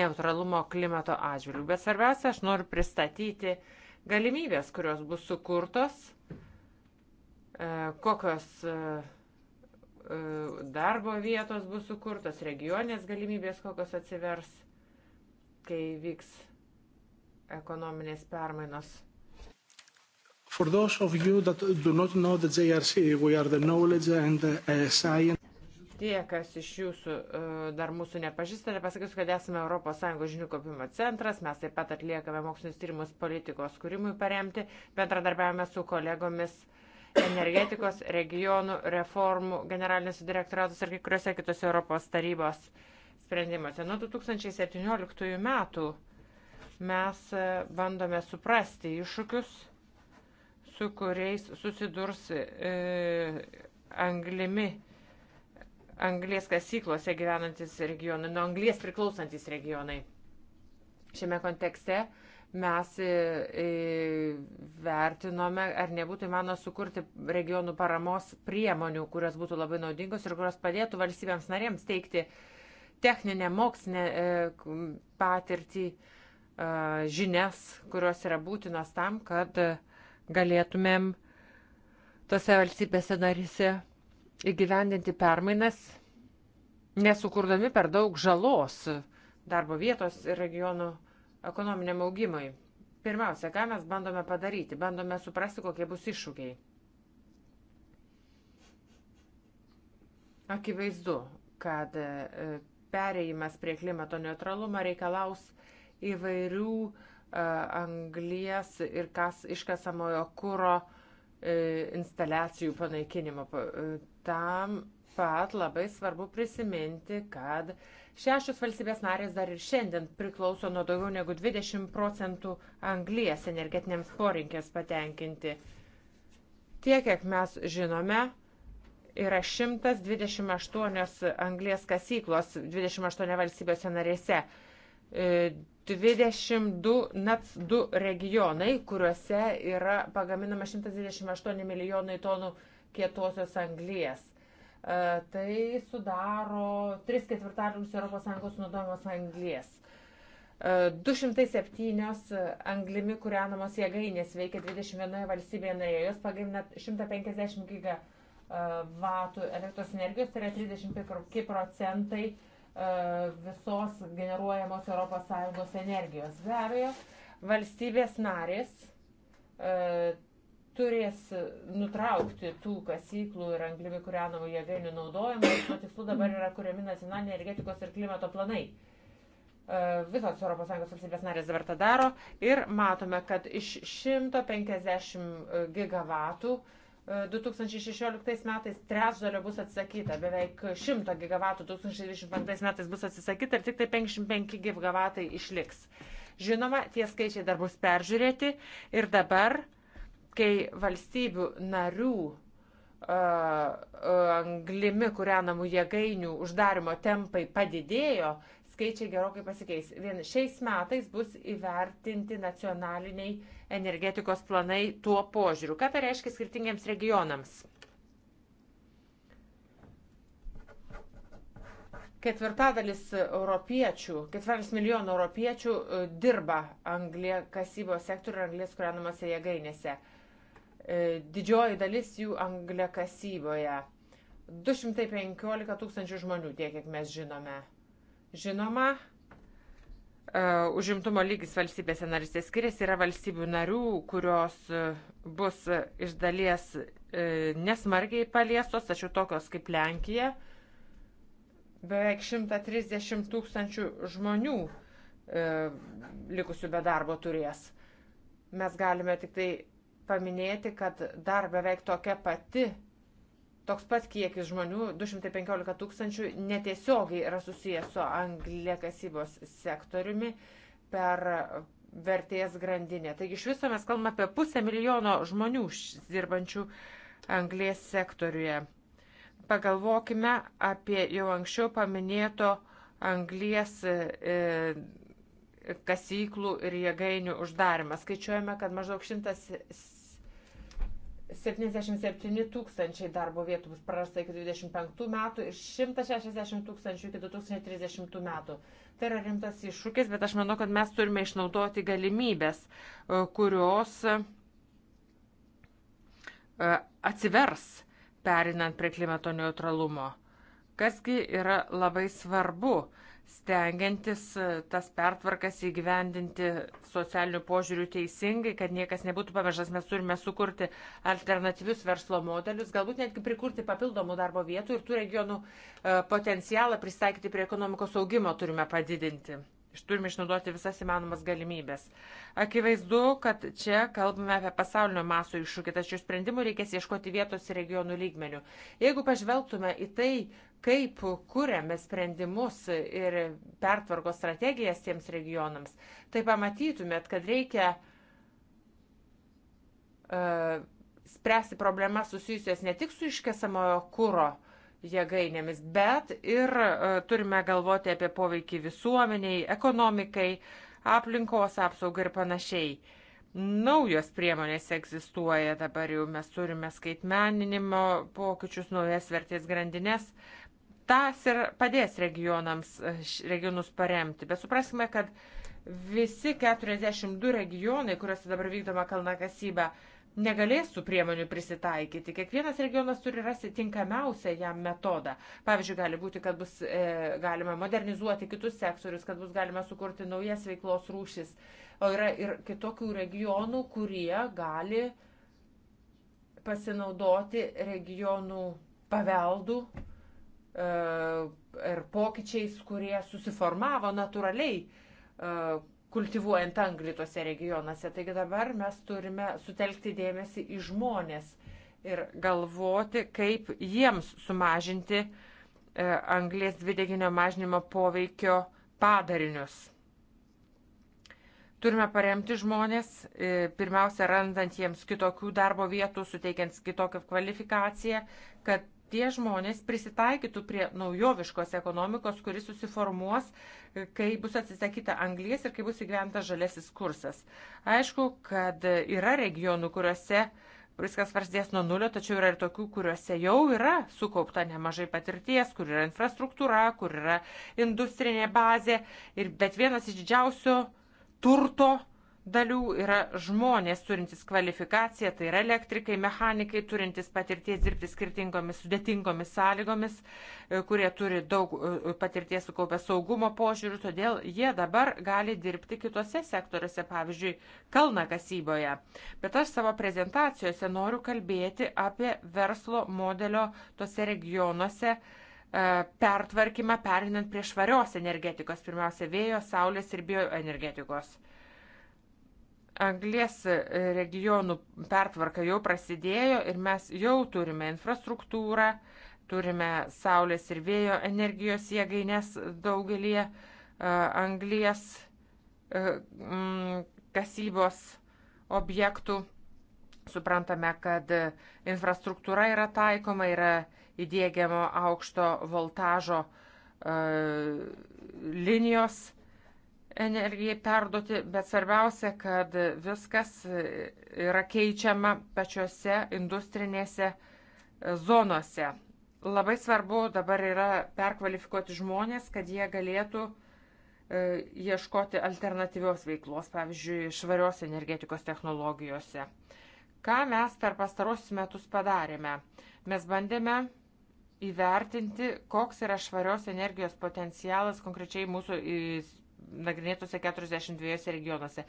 neutralumo klimato atžvilgių. Bet svarbiausia, aš noriu pristatyti galimybės, kurios bus sukurtos, e, kokios darbo vietos bus sukurtos, regionės galimybės, kokios atsivers, kai vyks ekonominės permainos For those of you that do not know the JRC, we are the knowledge and uh, science. Tie, kas iš jūsų uh, dar mūsų nepažįsta, nepasakysiu, kad esame ES žinių kopimo centras, mes taip pat atliekame mokslinius tyrimus politikos kūrimui paremti, bendradarbiavame su kolegomis energetikos, regionų, reformų, generalinis direktoratas ir kai kuriuose kitose Europos tarybos sprendimuose. Nuo 2017 metų mes uh, bandome suprasti iššūkius su kuriais susidurs e, anglimi, anglės kasyklose gyvenantis regionai, nuo anglės priklausantis regionai. Šiame kontekste mes e, e, vertinome, ar nebūtų įmanoma sukurti regionų paramos priemonių, kurios būtų labai naudingos ir kurios padėtų valstybėms narėms teikti techninę, mokslinę e, patirtį, žinias, kurios yra būtinos tam, kad galėtumėm tose valstybėse narise įgyvendinti permainas, nesukurdami per daug žalos darbo vietos ir regionų ekonominiam augimui. Pirmiausia, ką mes bandome padaryti? Bandome suprasti, kokie bus iššūkiai. Akivaizdu, kad e, perėjimas prie klimato neutralumo reikalaus įvairių uh, E, anglies ir kas, iškasamojo kūro e, instaliacijų panaikinimo. E, tam pat labai svarbu prisiminti, kad šešios valstybės narės dar ir šiandien priklauso nuo daugiau negu 20 procentų anglies energetiniams poreikiams patenkinti. Tiek, kiek mes žinome, yra 128 anglies kasyklos 28 valstybėse narėse. 22 NATS 2 regionai, kuriuose yra pagaminama 128 milijonai tonų kietosios anglies. E, tai sudaro 3 ketvirtadalius ES naudojamos anglies. 207 e, anglimi kūrenamos jėgainės veikia 21 valstybėje narėje. Jos pagamina 150 gigavatų elektros energijos, tai yra 35 procentai uh, E, visos generuojamos ES energijos. Be abejo, valstybės narės e, turės nutraukti tų kasyklų ir anglimi kūrenamų jėgainių naudojimą. Tuo tikslu dabar yra kuriami nacionaliniai energetikos ir klimato planai. E, visos ES valstybės narės dabar tą daro ir matome, kad iš 150 gigavatų e, 2016 metais trečdalio bus atsisakyta, beveik 100 gigavatų 2025 metais bus atsisakyta ir tik tai 55 gigavatai išliks. Žinoma, tie skaičiai dar bus peržiūrėti ir dabar, kai valstybių narių uh, anglimi kūrenamų jėgainių uždarimo tempai padidėjo, skaičiai gerokai pasikeis. Vien šiais metais bus įvertinti nacionaliniai energetikos planai tuo požiūriu. Ką tai reiškia skirtingiams regionams? Ketvirtadalis europiečių, ketvirtadalis milijonų europiečių e, dirba anglė kasybos sektorių ir anglės kūrenamose jėgainėse. E, didžioji dalis jų anglė kasyboje. 215 tūkstančių žmonių, tiek kiek mes žinome. Žinoma, e, užimtumo lygis valstybėse narystės skiriasi, yra valstybių narių, kurios e, bus iš dalies e, nesmargiai paliestos, tačiau tokios kaip Lenkija, beveik 130 tūkstančių žmonių likusių be darbo turės. Mes galime tik tai paminėti, kad dar beveik tokia pati Toks pat kiekis žmonių, 215 tūkstančių, netiesiogiai yra susijęs su anglėkasybos sektoriumi per vertės grandinę. Taigi iš viso mes kalbame apie pusę milijono žmonių dirbančių anglės sektoriuje. Pagalvokime apie jau anksčiau paminėto anglės e, e, kasyklų ir jėgainių uždarimą. Skaičiuojame, kad maždaug šimtas 77 tūkstančiai darbo vietų bus prarasta iki 25 metų ir 160 tūkstančių iki 2030 metų. Tai yra rimtas iššūkis, bet aš manau, kad mes turime išnaudoti galimybės, e, kurios e, atsivers perinant prie klimato neutralumo. Kasgi yra labai svarbu, stengiantis e, tas pertvarkas įgyvendinti socialiniu požiūriu teisingai, kad niekas nebūtų pamirštas, mes turime sukurti alternatyvius verslo modelius, galbūt netgi prikurti papildomų darbo vietų ir tų regionų e, potencialą pristaikyti prie ekonomikos augimo turime padidinti turime išnaudoti visas įmanomas galimybės. Akivaizdu, kad čia kalbame apie pasaulinio maso iššūkį, tačiau sprendimų reikės ieškoti vietos ir regionų lygmenių. Jeigu pažvelgtume į tai, kaip kuriame sprendimus ir pertvarko strategijas tiems regionams, tai pamatytumėt, kad reikia uh, spręsti problemas susijusias ne tik su iškesamojo kūro, uh, jėgainėmis, bet ir e, turime galvoti apie poveikį visuomeniai, ekonomikai, aplinkos apsaugai ir panašiai. Naujos priemonės egzistuoja dabar jau, mes turime skaitmeninimo pokyčius, naujas vertės grandinės. Tas ir padės regionams, e, regionus paremti, bet supraskime, kad visi 42 regionai, kuriuose dabar vykdoma kalnakasyba, negalės tų priemonių prisitaikyti. Kiekvienas regionas turi rasti tinkamiausią jam metodą. Pavyzdžiui, gali būti, kad bus e, galima modernizuoti kitus sektorius, kad bus galima sukurti naujas veiklos rūšis. O yra ir kitokių regionų, kurie gali pasinaudoti regionų paveldų e, ir pokyčiais, kurie susiformavo natūraliai. E, kultivuojant anglį tuose regionuose. Taigi dabar mes turime sutelkti dėmesį į žmonės ir galvoti, kaip jiems sumažinti e, anglės dvideginio mažinimo poveikio padarinius. Turime paremti žmonės, e, pirmiausia, randant jiems kitokių darbo vietų, suteikiant kitokią kvalifikaciją, kad tie žmonės prisitaikytų prie naujoviškos ekonomikos, kuris susiformuos, e, kai bus atsisakyta anglies ir kai bus įgyventas žalesis kursas. Aišku, kad yra regionų, kuriuose viskas prasidės nuo nulio, tačiau yra ir tokių, kuriuose jau yra sukaupta nemažai patirties, kur yra infrastruktūra, kur yra industrinė bazė, ir, bet vienas iš didžiausių turto dalių yra žmonės turintys kvalifikaciją, tai yra elektrikai, mechanikai turintys patirties dirbti skirtingomis sudėtingomis sąlygomis, e, kurie turi daug e, patirties sukaupę saugumo požiūrių, todėl jie dabar gali dirbti kitose sektoriuose, pavyzdžiui, kalnakasyboje. Bet aš savo prezentacijose noriu kalbėti apie verslo modelio tose regionuose, e, pertvarkymą perinant prie švarios energetikos, pirmiausia vėjo, saulės ir bioenergetikos. Anglės regionų pertvarka jau prasidėjo ir mes jau turime infrastruktūrą, turime saulės ir vėjo energijos jėgainės daugelį e, anglės e, mm, kasybos objektų. Suprantame, kad infrastruktūra yra taikoma, yra įdėgiamo aukšto voltažo e, linijos energijai perduoti, bet svarbiausia, kad viskas yra keičiama pačiose industrinėse zonose. Labai svarbu dabar yra perkvalifikuoti žmonės, kad jie galėtų e, ieškoti alternatyvios veiklos, pavyzdžiui, švarios energetikos technologijose. Ką mes per pastarosius metus padarėme? Mes bandėme įvertinti, koks yra švarios energijos potencialas konkrečiai mūsų nagrinėtose 42 regionuose.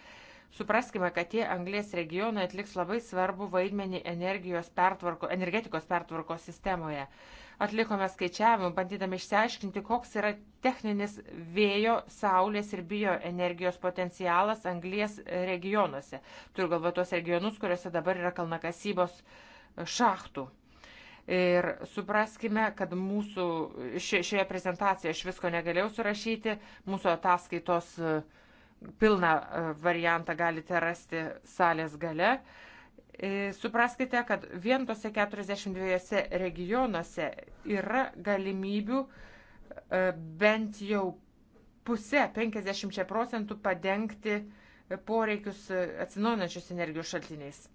Supraskime, kad tie anglės regionai atliks labai svarbu vaidmenį pertvarko, energetikos pertvarkos sistemoje. Atlikome skaičiavimą, bandydami išsiaiškinti, koks yra techninis vėjo, saulės ir bioenergijos potencialas anglės regionuose. Turiu galvoje tuos regionus, kuriuose dabar yra kalnakasybos šachtų. Ir supraskime, kad mūsų šioje prezentacijoje aš visko negalėjau surašyti, mūsų ataskaitos e, pilną e, variantą galite rasti salės gale. E, supraskite, kad vien tose 42 regionuose yra galimybių bent jau pusę, 50 procentų padengti poreikius atsinaujinančius energijos šaltiniais.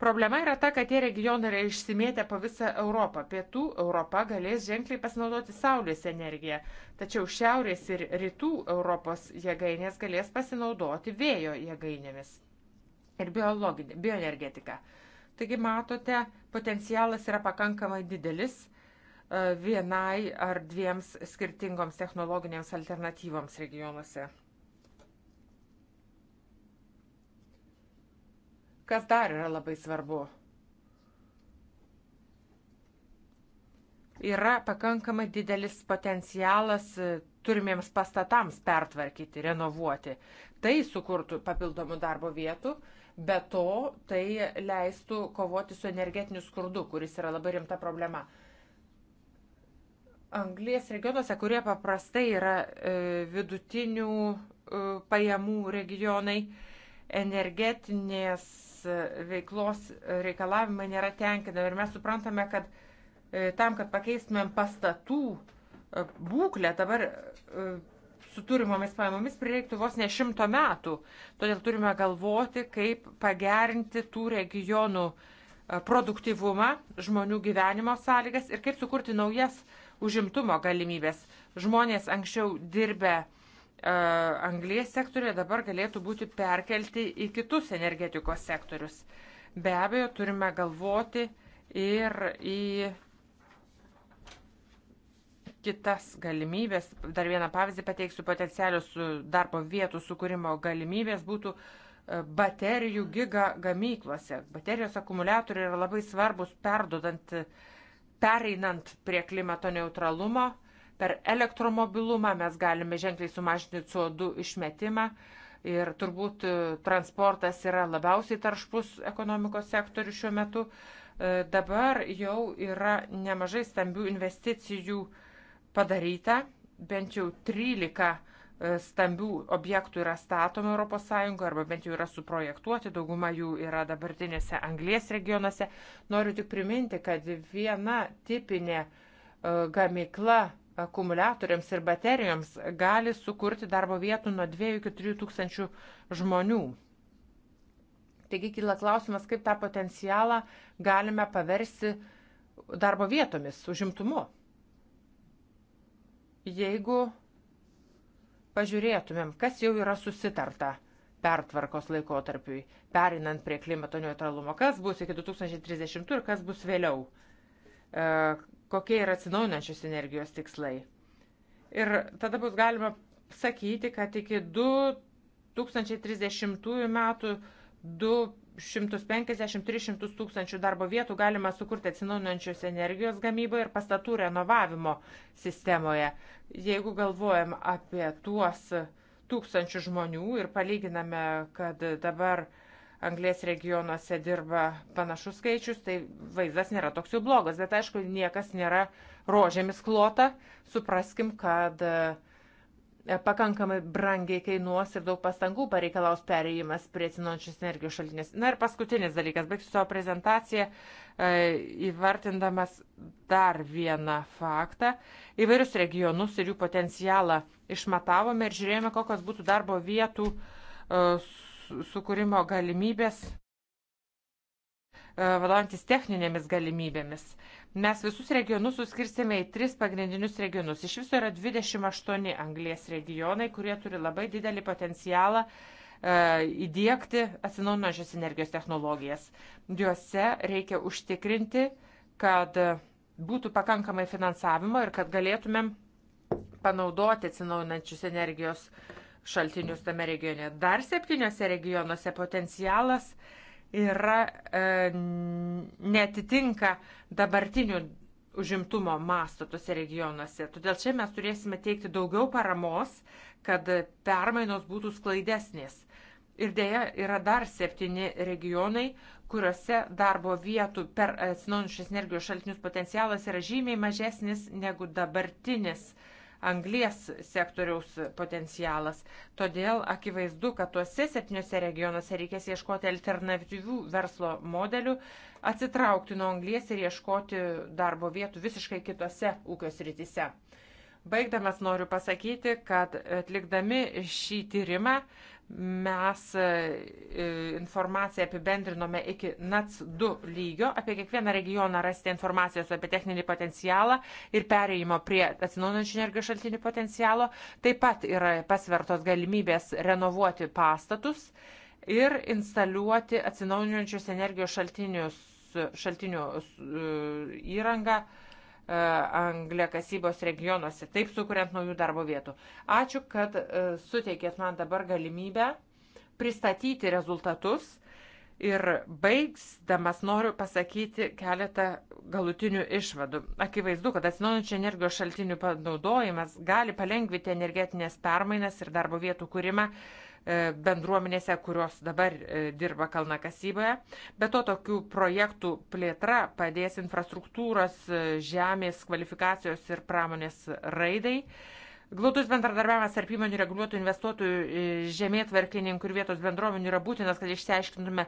Problema yra ta, kad tie regionai yra išsimėtę po visą Europą. Pietų Europa galės ženkliai pasinaudoti Saulės energiją, tačiau Šiaurės ir Rytų Europos jėgainės galės pasinaudoti vėjo jėgainėmis ir bioenergetika. Taigi matote, potencialas yra pakankamai didelis e, vienai ar dviems skirtingoms technologinėms alternatyvoms regionuose. Kas dar yra labai svarbu? Yra pakankamai didelis potencialas e, turimiems pastatams pertvarkyti, renovuoti. Tai sukurtų papildomų darbo vietų, bet to tai leistų kovoti su energetiniu skurdu, kuris yra labai rimta problema. Anglijas regionuose, kurie paprastai yra e, vidutinių e, pajamų regionai, energetinės veiklos reikalavimai nėra tenkinami. Ir mes suprantame, kad e, tam, kad pakeistumėm pastatų e, būklę, dabar e, su turimomis pajamomis prireiktų vos ne šimto metų. Todėl turime galvoti, kaip pagerinti tų regionų produktivumą, žmonių gyvenimo sąlygas ir kaip sukurti naujas užimtumo galimybės. Žmonės anksčiau dirbę uh, E, anglės sektoriuje dabar galėtų būti perkelti į kitus energetikos sektorius. Be abejo, turime galvoti ir į kitas galimybės. Dar vieną pavyzdį pateiksiu potencialius darbo vietų sukūrimo galimybės būtų e, baterijų giga gamyklose. Baterijos akumuliatoriai yra labai svarbus perdodant, pereinant prie klimato neutralumo Per elektromobilumą mes galime ženkliai sumažinti CO2 išmetimą ir turbūt e, transportas yra labiausiai taršpus ekonomikos sektorius šiuo metu. E, dabar jau yra nemažai stambių investicijų padaryta, bent jau 13 e, stambių objektų yra statomi ES arba bent jau yra suprojektuoti, dauguma jų yra dabartinėse anglės regionuose. Noriu tik priminti, kad viena tipinė gamykla akumuliatoriams ir baterijoms gali sukurti darbo vietų nuo 2 iki 3 tūkstančių žmonių. Taigi kyla klausimas, kaip tą potencialą galime paversti darbo vietomis, užimtumu. Jeigu pažiūrėtumėm, kas jau yra susitarta pertvarkos laikotarpiui, perinant prie klimato neutralumo, kas bus iki 2030 ir kas bus vėliau. E, kokie yra atsinaujinančios energijos tikslai. Ir tada bus galima sakyti, kad iki 2030 metų 250-300 tūkstančių darbo vietų galima sukurti atsinaujinančios energijos gamyboje ir pastatų renovavimo sistemoje. Jeigu galvojam apie tuos tūkstančių žmonių ir palyginame, kad dabar uh, anglės regionuose dirba panašus skaičius, tai vaizdas nėra toks jau blogas, bet aišku, niekas nėra rožėmis klota, supraskim, kad e, pakankamai brangiai kainuos ir daug pastangų pareikalaus perėjimas prie atsinaujančios energijos šaltinės. Na ir paskutinis dalykas, baigsiu savo prezentaciją e, įvartindamas dar vieną faktą. Įvairius regionus ir jų potencialą išmatavome ir žiūrėjome, kokios būtų darbo vietų e, sukūrimo galimybės e, vadovantis techninėmis galimybėmis. Mes visus regionus suskirstėme į tris pagrindinius regionus. Iš viso yra 28 anglės regionai, kurie turi labai didelį potencialą e, įdėkti atsinaujinančios energijos technologijas. Juose reikia užtikrinti, kad būtų pakankamai finansavimo ir kad galėtumėm panaudoti atsinaujinančius energijos uh, šaltinius tame regione. Dar septyniose regionuose potencialas yra e, netitinka dabartinių užimtumo masto tose regionuose. Todėl čia mes turėsime teikti daugiau paramos, kad permainos būtų sklaidesnės. Ir dėja yra dar septyni regionai, kuriuose darbo vietų per atsinaujančius energijos šaltinius potencialas yra žymiai mažesnis negu dabartinis uh, anglies sektoriaus potencialas. Todėl akivaizdu, kad tuose septyniuose regionuose reikės ieškoti alternatyvių verslo modelių, atsitraukti nuo anglies ir ieškoti darbo vietų visiškai kitose ūkio srityse. Baigdamas noriu pasakyti, kad atlikdami šį tyrimą, mes e, e, informaciją apibendrinome iki NAC 2 lygio, apie kiekvieną regioną rasite informacijos apie techninį potencialą ir pereimo prie atsinaujančių energijos šaltinių potencialo. Taip pat yra pasvertos galimybės renovuoti pastatus ir instaliuoti atsinaujančius energijos šaltinius, šaltinių e, įrangą uh, E, anglė kasybos regionuose, taip sukuriant naujų darbo vietų. Ačiū, kad e, suteikėt man dabar galimybę pristatyti rezultatus ir baigsdamas noriu pasakyti keletą galutinių išvadų. Akivaizdu, kad atsinaujančių energijos šaltinių panaudojimas gali palengvinti energetinės permainas ir darbo vietų kūrimą E, bendruomenėse, kurios dabar e, dirba kalnakasyboje. Be to, tokių projektų plėtra padės infrastruktūros, e, žemės, kvalifikacijos ir pramonės raidai. Glaudus bendradarbiavimas tarp įmonių reguliuotų investuotojų, žemėtvarkininkų ir vietos bendruomenių yra būtinas, kad išsiaiškintume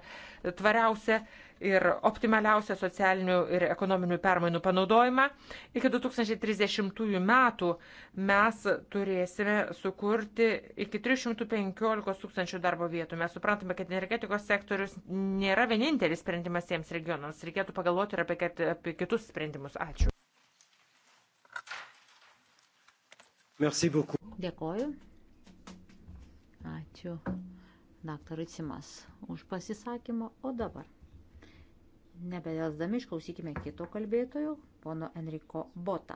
tvariausią ir optimaliausią socialinių ir ekonominių permainų panaudojimą. Iki 2030 metų mes turėsime sukurti iki 315 tūkstančių darbo vietų. Mes suprantame, kad energetikos sektorius nėra vienintelis sprendimas tiems regionams. Reikėtų pagalvoti ir apie, apie kitus sprendimus. Ačiū. Dėkoju. Ačiū daktarui Cimas už pasisakymą, o dabar Nebedelsdami išklausykime kito kalbėtojo, pono Enriko Bota.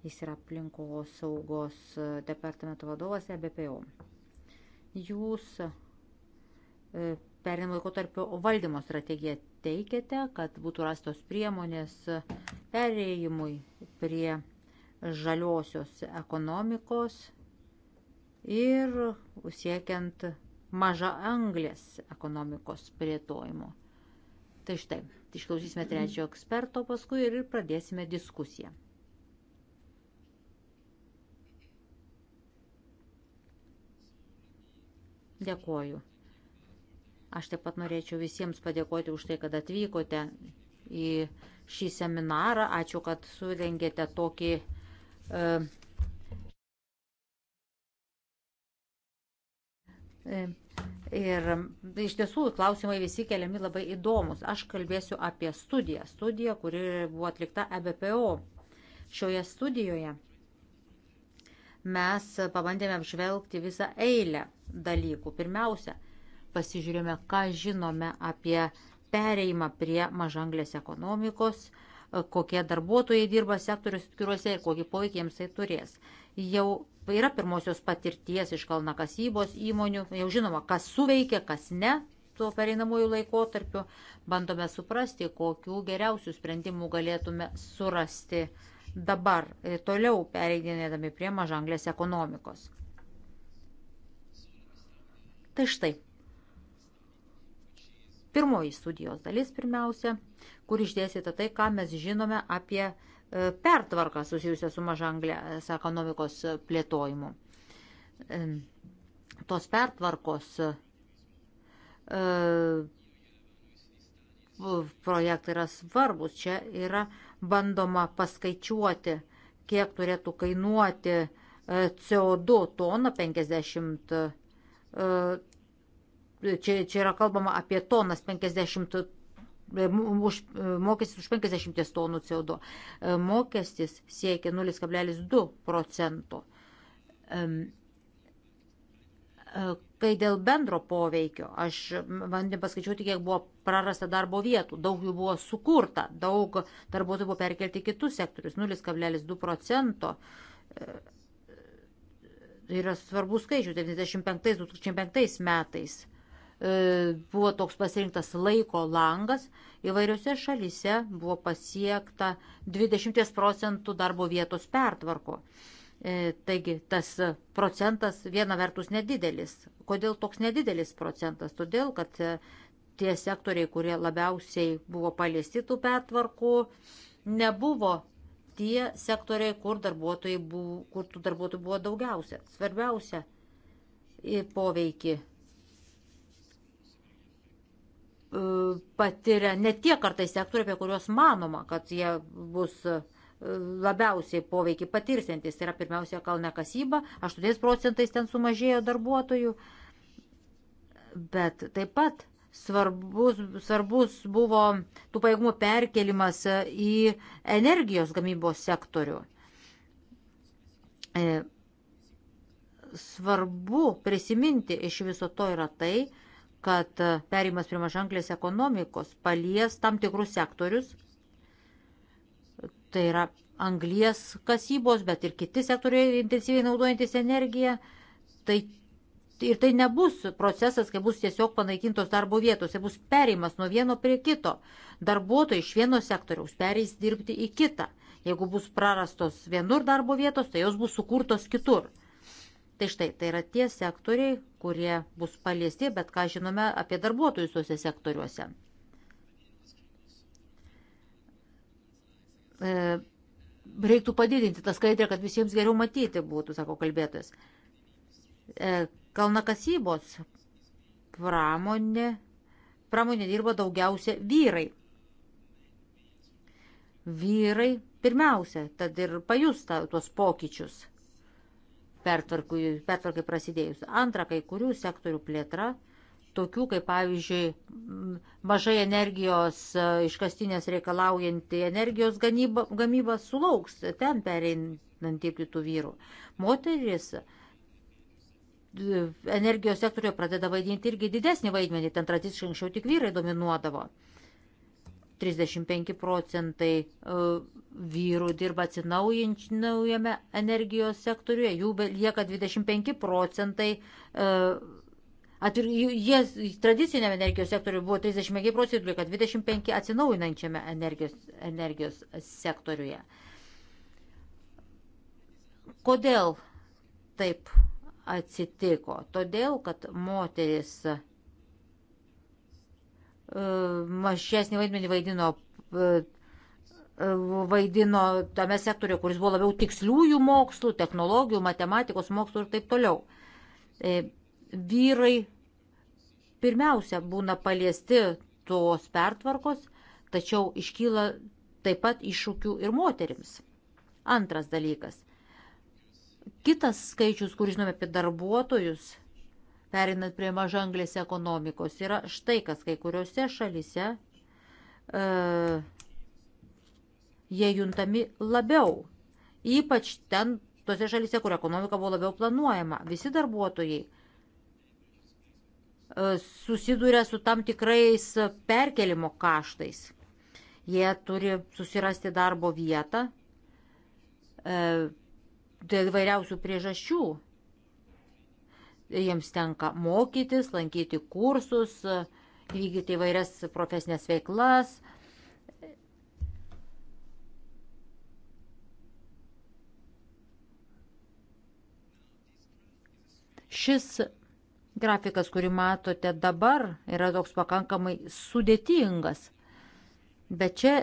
Jis yra aplinkos saugos e, departamento vadovas EBPO. Jūs e, perinimo laikotarpio valdymo strategiją teikiate, kad būtų rastos priemonės perėjimui prie žaliosios ekonomikos ir siekiant maža anglės ekonomikos plėtojimo. Tai štai, išklausysime trečiojo eksperto paskui ir pradėsime diskusiją. Dėkoju. Aš taip pat norėčiau visiems padėkoti už tai, kad atvykote į šį seminarą. Ačiū, kad surengėte tokį. Uh, e, uh, e, Ir iš tiesų klausimai visi keliami labai įdomus. Aš kalbėsiu apie studiją, studiją, kuri buvo atlikta EBPO. Šioje studijoje mes pabandėme apžvelgti visą eilę dalykų. Pirmiausia, pasižiūrėjome, ką žinome apie pereimą prie mažanglės ekonomikos, kokie darbuotojai dirba sektorius atskiruose ir kokį poveikį jiems tai turės. Jau Yra pirmosios patirties iš kalnakasybos įmonių, jau žinoma, kas suveikia, kas ne tuo pereinamųjų laikotarpiu. Bandome suprasti, kokių geriausių sprendimų galėtume surasti dabar, e, toliau pereidinėdami prie mažanglės ekonomikos. Tai štai. Pirmoji studijos dalis pirmiausia, kur išdėsite tai, ką mes žinome apie E, pertvarką susijusią su mažanglės ekonomikos plėtojimu. E, tos pertvarkos e, projektai yra svarbus. Čia yra bandoma paskaičiuoti, kiek turėtų kainuoti CO2 toną 50. Čia, čia yra kalbama apie tonas 50 E, už, e, mokestis už 50 tonų CO2. E, mokestis siekia 0,2 procento. Kai dėl bendro poveikio, aš bandėm paskaičiuoti, kiek buvo prarasta darbo vietų, daug jų buvo sukurta, daug darbuotojų buvo perkelti į kitus sektorius, 0,2 procento yra svarbus skaičius 95-2005 metais E, buvo toks pasirinktas laiko langas, įvairiose šalyse buvo pasiekta 20 procentų darbo vietos pertvarko. E, taigi tas procentas viena vertus nedidelis. Kodėl toks nedidelis procentas? Todėl, kad e, tie sektoriai, kurie labiausiai buvo paliesti tų pertvarkų, nebuvo tie sektoriai, kur, buvo, kur tų darbuotojų buvo daugiausia. Svarbiausia poveikį E, patiria ne tie kartais sektoriai, apie kuriuos manoma, kad jie bus e, labiausiai poveikį patirsiantis. Tai yra pirmiausia kalne kasyba, 8 procentais ten sumažėjo darbuotojų, bet taip pat svarbus, svarbus buvo tų pajėgumų perkelimas į energijos gamybos sektorių. E, svarbu prisiminti iš viso to yra tai, kad perimas prie mažanglės ekonomikos palies tam tikrus sektorius, tai yra anglies kasybos, bet ir kiti sektoriai intensyviai naudojantis energiją, tai ir tai nebus procesas, kai bus tiesiog panaikintos darbo vietos, tai bus perimas nuo vieno prie kito. Darbuotojai iš vieno sektoriaus pereis dirbti į kitą. Jeigu bus prarastos vienur darbo vietos, tai jos bus sukurtos kitur. Tai štai, tai yra tie sektoriai, kurie bus paliesti, bet ką žinome apie darbuotojus tuose sektoriuose. E, reiktų padidinti tą skaidrę, kad visiems geriau matyti būtų, sako kalbėtojas. E, kalnakasybos pramonė, pramonė dirba daugiausia vyrai. Vyrai pirmiausia, tad ir pajus tuos pokyčius pertvarkai prasidėjus. Antra, kai kurių sektorių plėtra, tokių kaip pavyzdžiui mažai energijos e, iškastinės reikalaujanti energijos gamyba, gamyba sulauks ten pereinant į kitų vyrų. Moteris e, energijos sektoriuje pradeda vaidinti irgi didesnį vaidmenį, ten tradiciškai anksčiau tik vyrai dominuodavo. 35 procentai e, vyrų dirba atsinaujinčiame energijos sektoriuje, jų lieka 25 procentai. E, Atvir, jie tradicinėme energijos sektoriuje buvo 35 procentų, lieka 25 atsinaujinančiame energijos, energijos sektoriuje. Kodėl taip atsitiko? Todėl, kad moteris E, mažesnį vaidmenį vaidino, e, e, vaidino tame sektoriu, kuris buvo labiau tiksliųjų mokslų, technologijų, matematikos mokslų ir taip toliau. Vyrai pirmiausia būna paliesti tos pertvarkos, tačiau iškyla taip pat iššūkių ir moterims. Antras dalykas. Kitas skaičius, kurį žinome apie darbuotojus, perinant prie mažanglės ekonomikos, yra štai kas kai kuriuose šalise e, jie juntami labiau. Ypač ten, tose šalise, kur ekonomika buvo labiau planuojama. Visi darbuotojai e, susiduria su tam tikrais perkelimo kaštais. Jie turi susirasti darbo vietą e, dėl vairiausių priežasčių jiems tenka mokytis, lankyti kursus, vykdyti įvairias profesinės veiklas. Šis grafikas, kurį matote dabar, yra toks pakankamai sudėtingas. Bet čia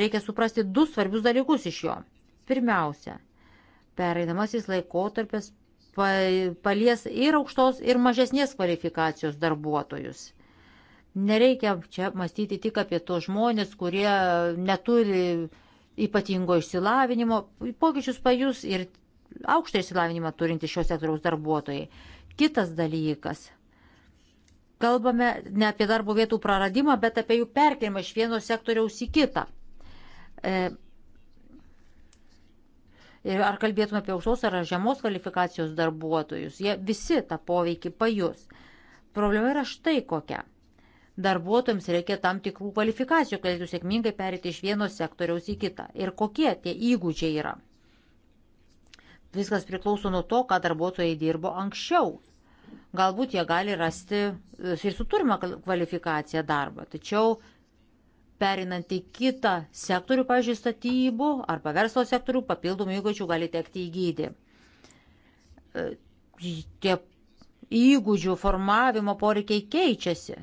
reikia suprasti du svarbius dalykus iš jo. Pirmiausia, pereinamasis laikotarpis palies ir aukštos, ir mažesnės kvalifikacijos darbuotojus. Nereikia čia mąstyti tik apie tos žmonės, kurie neturi ypatingo išsilavinimo. Pokyčius pajus ir aukštą išsilavinimą turinti šios sektoriaus darbuotojai. Kitas dalykas. Kalbame ne apie darbo vietų praradimą, bet apie jų perkelimą iš vieno sektoriaus į kitą. E, ar kalbėtume apie aukštos ar žemos kvalifikacijos darbuotojus, jie visi tą poveikį pajus. Problema yra štai kokia. Darbuotojams reikia tam tikrų kvalifikacijų, kad galėtų sėkmingai perėti iš vieno sektoriaus į kitą. Ir kokie tie įgūdžiai yra. Viskas priklauso nuo to, ką darbuotojai dirbo anksčiau. Galbūt jie gali rasti ir su turima kvalifikacija darbą, tačiau perinant į kitą sektorių, pažiūrėjau, statybų ar verslo sektorių, papildomų įgūdžių gali tekti įgyti. E, tie įgūdžių formavimo poreikiai keičiasi. E,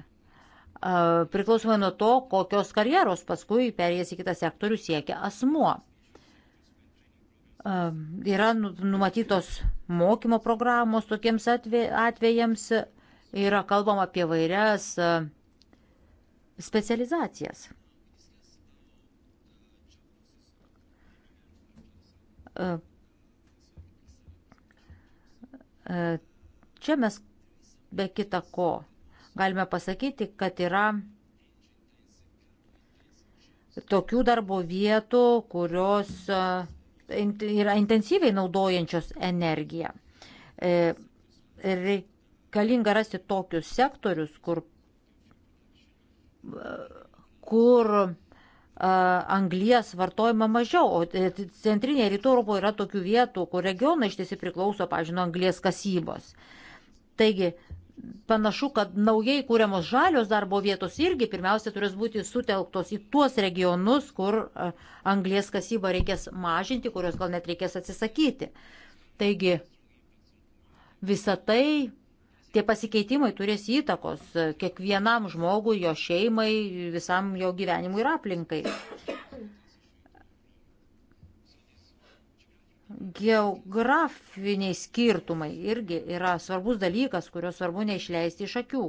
priklausomai nuo to, kokios karjeros paskui perėjęs į kitą sektorių siekia asmuo. E, yra nu, numatytos mokymo programos tokiems atvejams, yra kalbama apie vairias specializacijas. E, e, čia mes be kita ko galime pasakyti, kad yra tokių darbo vietų, kurios e, yra intensyviai naudojančios energiją. Reikalinga rasti tokius sektorius, kur, kur anglijas vartojama mažiau, o e, centrinėje rytų Europoje yra tokių vietų, kur regionai iš tiesi priklauso, pažiūrėjau, anglijas kasybos. Taigi, panašu, kad naujai kūriamos žalios darbo vietos irgi pirmiausia turės būti sutelktos į tuos regionus, kur anglės kasybą reikės mažinti, kurios gal net reikės atsisakyti. Taigi, visa tai Tie pasikeitimai turės įtakos kiekvienam žmogui, jo šeimai, visam jo gyvenimui ir aplinkai. Geografiniai skirtumai irgi yra svarbus dalykas, kurio svarbu neišleisti iš akių.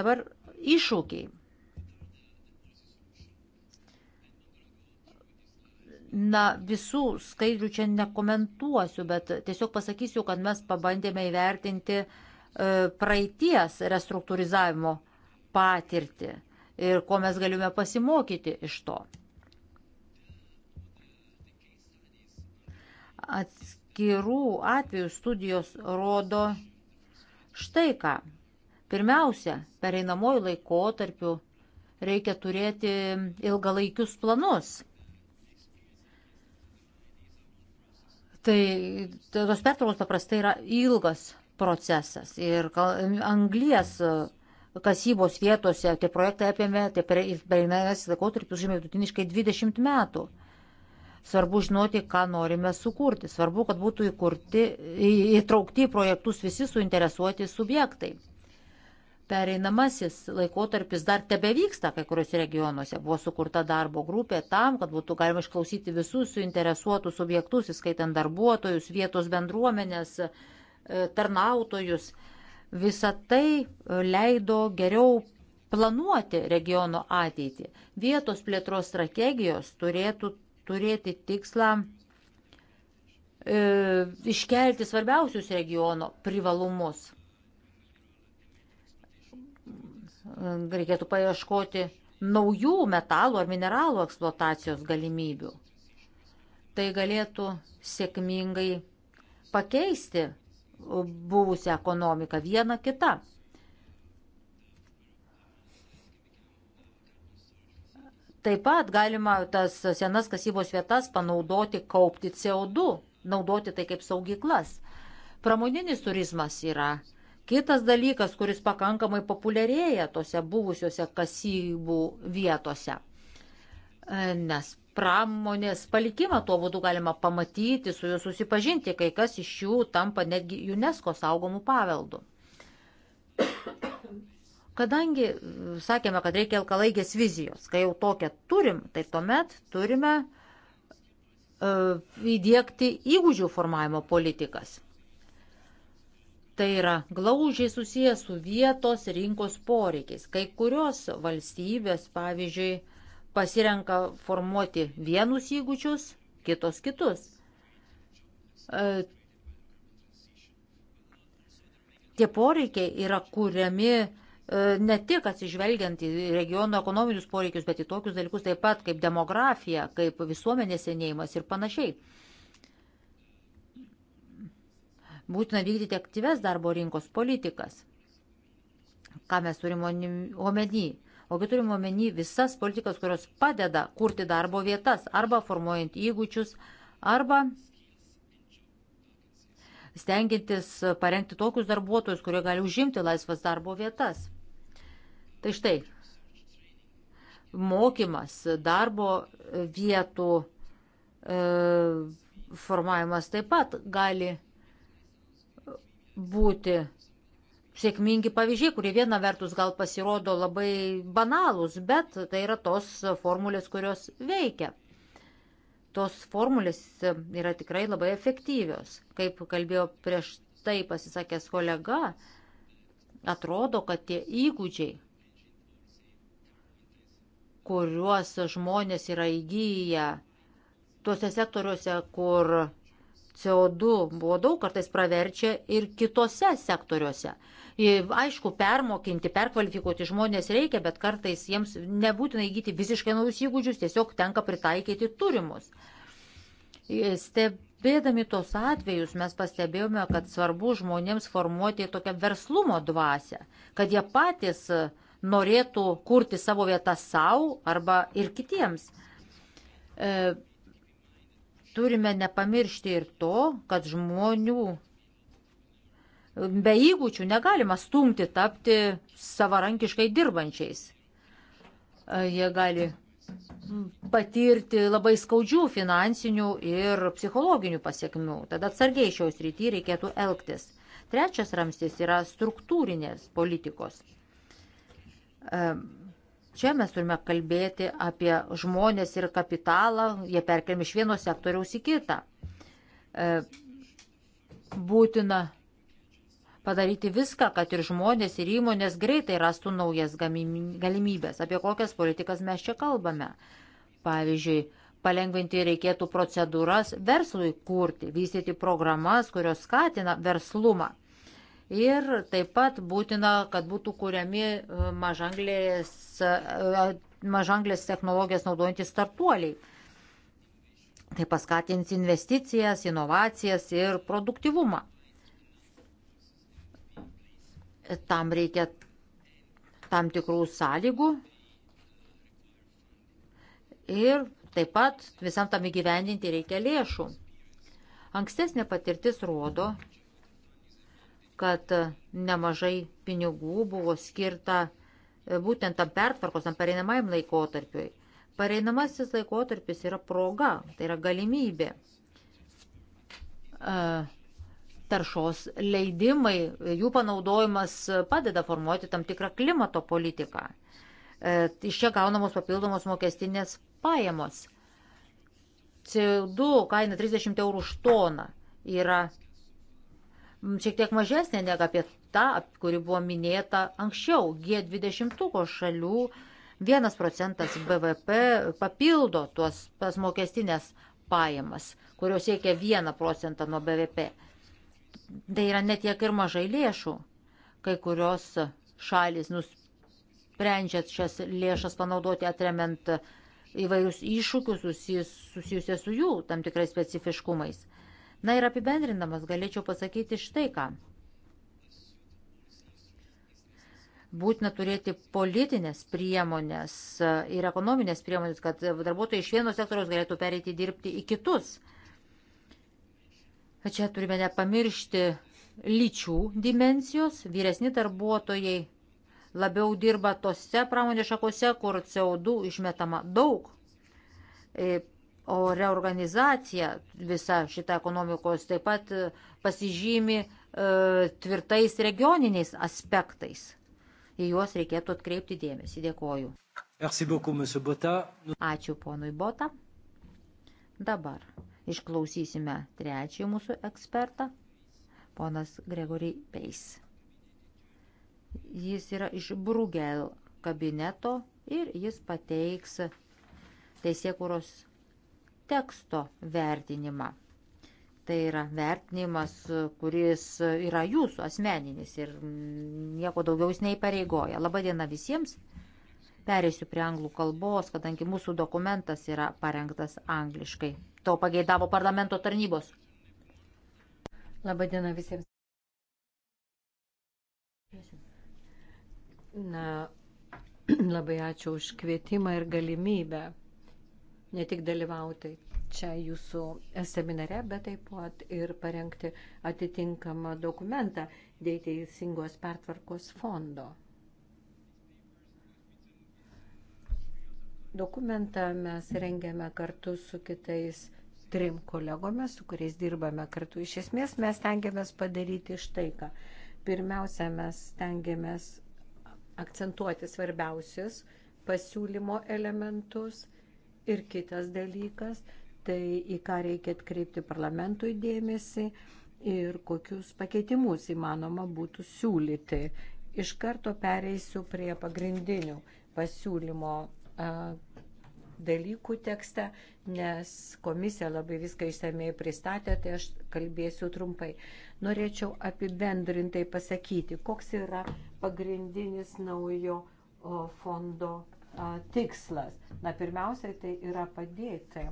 Dabar iššūkiai Na, visų skaidrių čia nekomentuosiu, bet tiesiog pasakysiu, kad mes pabandėme įvertinti e, praeities restruktūrizavimo patirtį ir ko mes galime pasimokyti iš to. Atskirų atvejų studijos rodo štai ką. Pirmiausia, pereinamojų laikotarpių reikia turėti ilgalaikius planus Tai tos pertvaros paprastai yra ilgas procesas ir anglies e, kasybos vietose tie projektai apėmė, tie pereinamasis laikotarpis užėmė vidutiniškai 20 metų. Svarbu žinoti, ką norime sukurti. Svarbu, kad būtų įkurti, įtraukti į projektus visi suinteresuoti subjektai. Pereinamasis laikotarpis dar tebe vyksta kai kuriuose regionuose. Buvo sukurta darbo grupė tam, kad būtų galima išklausyti visus suinteresuotus subjektus, įskaitant darbuotojus, vietos bendruomenės, e, tarnautojus. Visą tai e, leido geriau planuoti regiono ateitį. Vietos plėtros strategijos turėtų turėti tikslą e, iškelti svarbiausius regiono privalumus. reikėtų paieškoti naujų metalų ar mineralų eksploatacijos galimybių. Tai galėtų sėkmingai pakeisti buvusią ekonomiką vieną kitą. Taip pat galima tas senas kasybos vietas panaudoti, kaupti CO2, naudoti tai kaip saugyklas. Pramoninis turizmas yra Kitas dalykas, kuris pakankamai populiarėja tose buvusiuose kasybų vietose, e, nes pramonės palikimą tuo būdu galima pamatyti, su juo susipažinti, kai kas iš jų tampa netgi UNESCO saugomų paveldų. Kadangi sakėme, kad reikia ilgalaikės vizijos, kai jau tokią turim, tai tuomet turime uh, e, įdėkti įgūdžių formavimo politikas. Tai yra glaužiai susijęs su vietos rinkos poreikiais. Kai kurios valstybės, pavyzdžiui, pasirenka formuoti vienus įgūdžius, kitos kitus. E, tie poreikiai yra kuriami e, ne tik atsižvelgiant į regiono ekonominius poreikius, bet į tokius dalykus taip pat kaip demografija, kaip visuomenės senėjimas ir panašiai. Būtina vykdyti aktyves darbo rinkos politikas. Ką mes turime omeny? Ogi turime omeny visas politikas, kurios padeda kurti darbo vietas arba formuojant įgūdžius, arba stengiantis parengti tokius darbuotojus, kurie gali užimti laisvas darbo vietas. Tai štai, mokymas, darbo vietų e, formavimas taip pat gali būti sėkmingi pavyzdžiai, kurie viena vertus gal pasirodo labai banalūs, bet tai yra tos formulės, kurios veikia. Tos formulės yra tikrai labai efektyvios. Kaip kalbėjo prieš tai pasisakęs kolega, atrodo, kad tie įgūdžiai, kuriuos žmonės yra įgyję tuose sektoriuose, kur CO2 buvo daug kartais praverčia ir kitose sektoriuose. Aišku, permokinti, perkvalifikuoti žmonės reikia, bet kartais jiems nebūtina įgyti visiškai naujus įgūdžius, tiesiog tenka pritaikyti turimus. Stebėdami tos atvejus mes pastebėjome, kad svarbu žmonėms formuoti tokią verslumo dvasę, kad jie patys norėtų kurti savo vietą savo arba ir kitiems. E, Turime nepamiršti ir to, kad žmonių be įgūdžių negalima stumti tapti savarankiškai dirbančiais. Jie gali patirti labai skaudžių finansinių ir psichologinių pasiekmių. Tada atsargiai šiaus rytį reikėtų elgtis. Trečias ramstis yra struktūrinės politikos Čia mes turime kalbėti apie žmonės ir kapitalą, jie perkeliami iš vieno sektoriaus į kitą. E, būtina padaryti viską, kad ir žmonės, ir įmonės greitai rastų naujas galimybės. Apie kokias politikas mes čia kalbame. Pavyzdžiui, palengventi reikėtų procedūras verslui kurti, vystyti programas, kurios skatina verslumą. Ir taip pat būtina, kad būtų kuriami e, mažanglės, e, e, mažanglės technologijas naudojantys startuoliai. Tai paskatins investicijas, inovacijas ir produktivumą. Tam reikia tam tikrų sąlygų ir taip pat visam tam įgyvendinti reikia lėšų. Ankstesnė patirtis rodo, kad nemažai pinigų buvo skirta e, būtent tam pertvarkos, tam pareinamajam laikotarpiui. Pareinamasis laikotarpis yra proga, tai yra galimybė. E, taršos leidimai, jų panaudojimas padeda formuoti tam tikrą klimato politiką. E, iš čia gaunamos papildomos mokestinės pajamos. CO2 kaina 30 eurų už toną yra šiek tiek mažesnė negu apie tą, kuri buvo minėta anksčiau. G20 šalių 1 procentas BVP papildo tuos tas mokestinės pajamas, kurios siekia 1 procentą nuo BVP. Tai yra netiek ir mažai lėšų. Kai kurios šalis nusprendžia šias lėšas panaudoti atremiant įvairius iššūkius susijusius su jų tam tikrais specifiškumais. Na ir apibendrindamas galėčiau pasakyti štai ką. Būtina turėti politinės priemonės ir ekonominės priemonės, kad darbuotojai iš vieno sektoriaus galėtų pereiti dirbti į kitus. Čia turime nepamiršti lyčių dimensijos. Vyresni darbuotojai labiau dirba tose pramonės šakose, kur CO2 išmetama daug e, O reorganizacija visa šita ekonomikos taip pat e, pasižymi e, tvirtais regioniniais aspektais. Į juos reikėtų atkreipti dėmesį. Dėkoju. Beaucoup, Ačiū ponui Bota. Dabar išklausysime trečiąjį mūsų ekspertą, ponas Gregory Peis. Jis yra iš Brugel kabineto ir jis pateiks teisėkuros teksto vertinimą. Tai yra vertinimas, kuris yra jūsų asmeninis ir nieko daugiau jis neįpareigoja. Labadiena visiems. Perėsiu prie anglų kalbos, kadangi mūsų dokumentas yra parengtas angliškai. To pageidavo parlamento tarnybos. Labadiena visiems. Na, (clears throat) labai ačiū už kvietimą ir galimybę ne tik dalyvauti čia jūsų seminare, bet taip pat ir parengti atitinkamą dokumentą dėl teisingos pertvarkos fondo. Dokumentą mes rengiame kartu su kitais trim kolegomis, su kuriais dirbame kartu. Iš esmės mes tengiamės padaryti štai ką. Pirmiausia, mes tengiamės akcentuoti svarbiausius pasiūlymo elementus – Ir kitas dalykas, tai į ką reikia atkreipti parlamentui dėmesį ir kokius pakeitimus įmanoma būtų siūlyti. Iš karto pereisiu prie pagrindinių pasiūlymo dalykų tekste, nes komisija labai viską išsamei pristatė, tai aš kalbėsiu trumpai. Norėčiau apibendrintai pasakyti, koks yra pagrindinis naujo fondo tikslas? Na, pirmiausiai tai yra padėti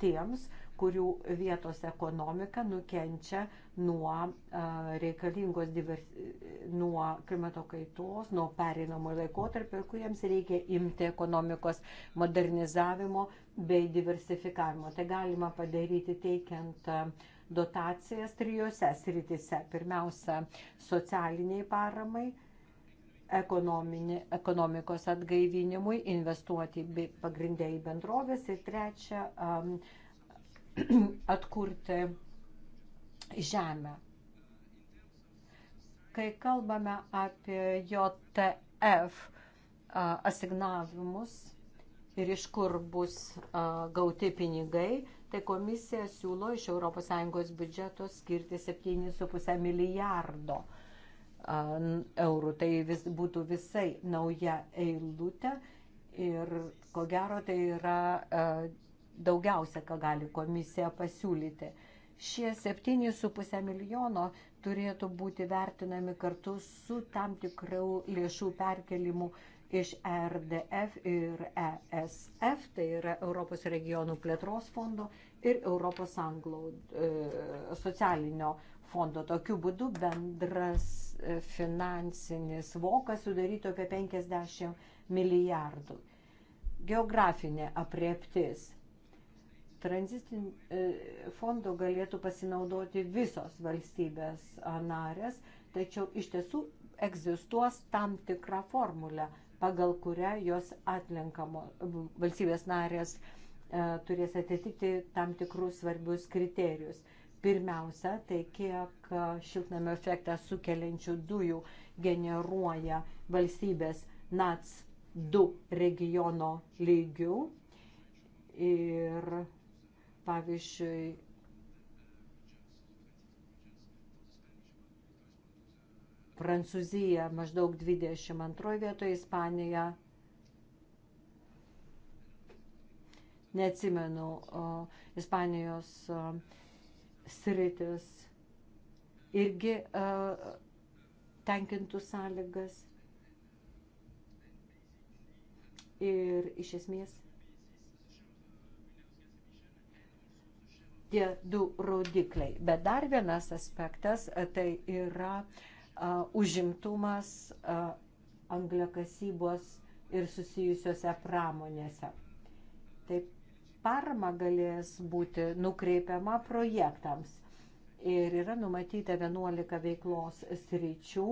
tiems, kurių vietos ekonomika nukenčia nuo reikalingos divers, nuo klimato kaitos, nuo pereinamo laikotarpio ir kuriems reikia imti ekonomikos modernizavimo bei diversifikavimo. Tai galima padaryti teikiant dotacijas trijose sritise. Pirmiausia, socialiniai paramai ekonomikos atgaivinimui, investuoti pagrindė į bendrovės ir trečia, (clears throat) atkurti žemę. Kai kalbame apie JTF asignavimus ir iš kur bus gauti pinigai, tai komisija siūlo iš ES biudžeto skirti 7,5 milijardo eurų eurų. Tai vis, būtų visai nauja eilutė ir ko gero tai yra e, daugiausia, ką gali komisija pasiūlyti. Šie 7,5 milijono turėtų būti vertinami kartu su tam tikrų lėšų perkelimu iš RDF ir ESF, tai yra Europos regionų plėtros fondo ir Europos anglaud, e, socialinio fondo. Tokiu būdu bendras finansinis vokas sudarytų apie 50 milijardų. Geografinė apreptis. Tranzitinių e, fondų galėtų pasinaudoti visos valstybės narės, tačiau iš tiesų egzistuos tam tikra formulė, pagal kurią jos atlinkamo valstybės narės e, turės atitikti tam tikrus svarbius kriterijus. Pirmiausia, tai kiek šiltnamio efektą sukeliančių dujų generuoja valstybės NATS 2 regiono lygių. Ir pavyzdžiui, Prancūzija maždaug 22 vietoje, Ispanija neatsimenu o, Ispanijos sritis irgi uh, tenkintų sąlygas. Ir iš esmės tie du rodikliai. Bet dar vienas aspektas e, tai yra uh, užimtumas uh, angliakasybos ir susijusiuose pramonėse. Taip parma galės būti nukreipiama projektams. Ir yra numatyta 11 veiklos sričių.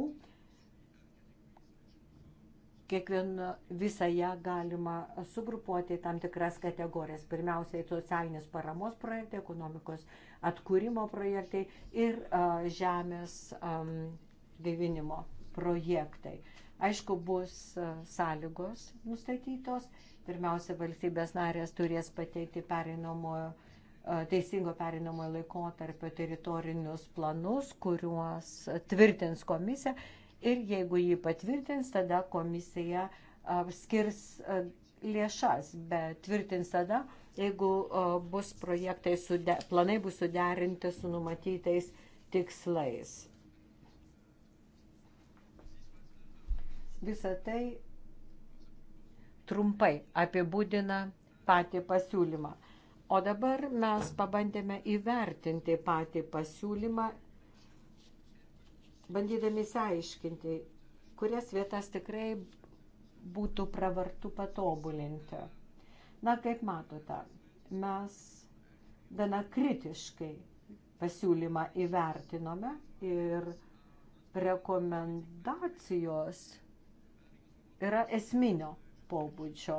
Kiekvieną visą ją galima sugrupuoti į tam tikras kategorijas. Pirmiausiai socialinės paramos projektai, ekonomikos atkūrimo projektai ir uh, žemės um, gaivinimo projektai. Aišku, bus uh, sąlygos nustatytos Pirmiausia, valstybės narės turės pateikti pereinamojo, e, teisingo pereinamojo laikotarpio teritorinius planus, kuriuos tvirtins komisija. Ir jeigu jį patvirtins, tada komisija e, skirs e, lėšas, bet tvirtins tada, jeigu bus projektai, sude, planai bus suderinti su numatytais tikslais. Visą tai trumpai apibūdina patį pasiūlymą. O dabar mes pabandėme įvertinti patį pasiūlymą, bandydami įsiaiškinti, kurias vietas tikrai būtų pravartu patobulinti. Na, kaip matote, mes gana kritiškai pasiūlymą įvertinome ir rekomendacijos yra esminio pobūdžio,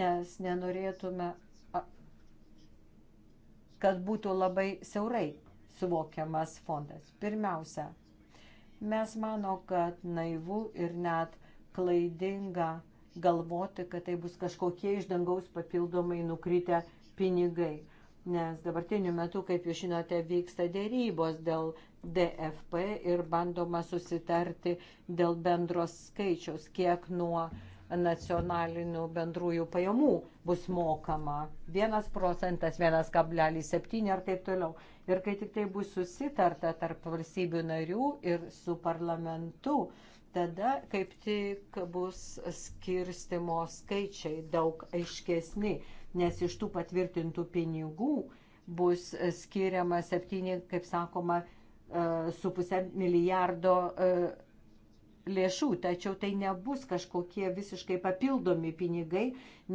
nes nenorėtume, kad būtų labai siaurai suvokiamas fondas. Pirmiausia, mes mano, kad naivu ir net klaidinga galvoti, kad tai bus kažkokie iš dangaus papildomai nukritę pinigai. Nes dabartiniu metu, kaip jūs žinote, vyksta dėrybos dėl DFP ir bandoma susitarti dėl bendros skaičiaus, kiek nuo uh, nacionalinių bendrųjų pajamų bus mokama 1 procentas, 1,7 ar taip toliau. Ir kai tik tai bus susitarta tarp valstybių narių ir su parlamentu, tada kaip tik bus skirstimo skaičiai daug aiškesni, nes iš tų patvirtintų pinigų bus skiriama 7, kaip sakoma, e, su pusę milijardo e, lėšų, tačiau tai nebus kažkokie visiškai papildomi pinigai,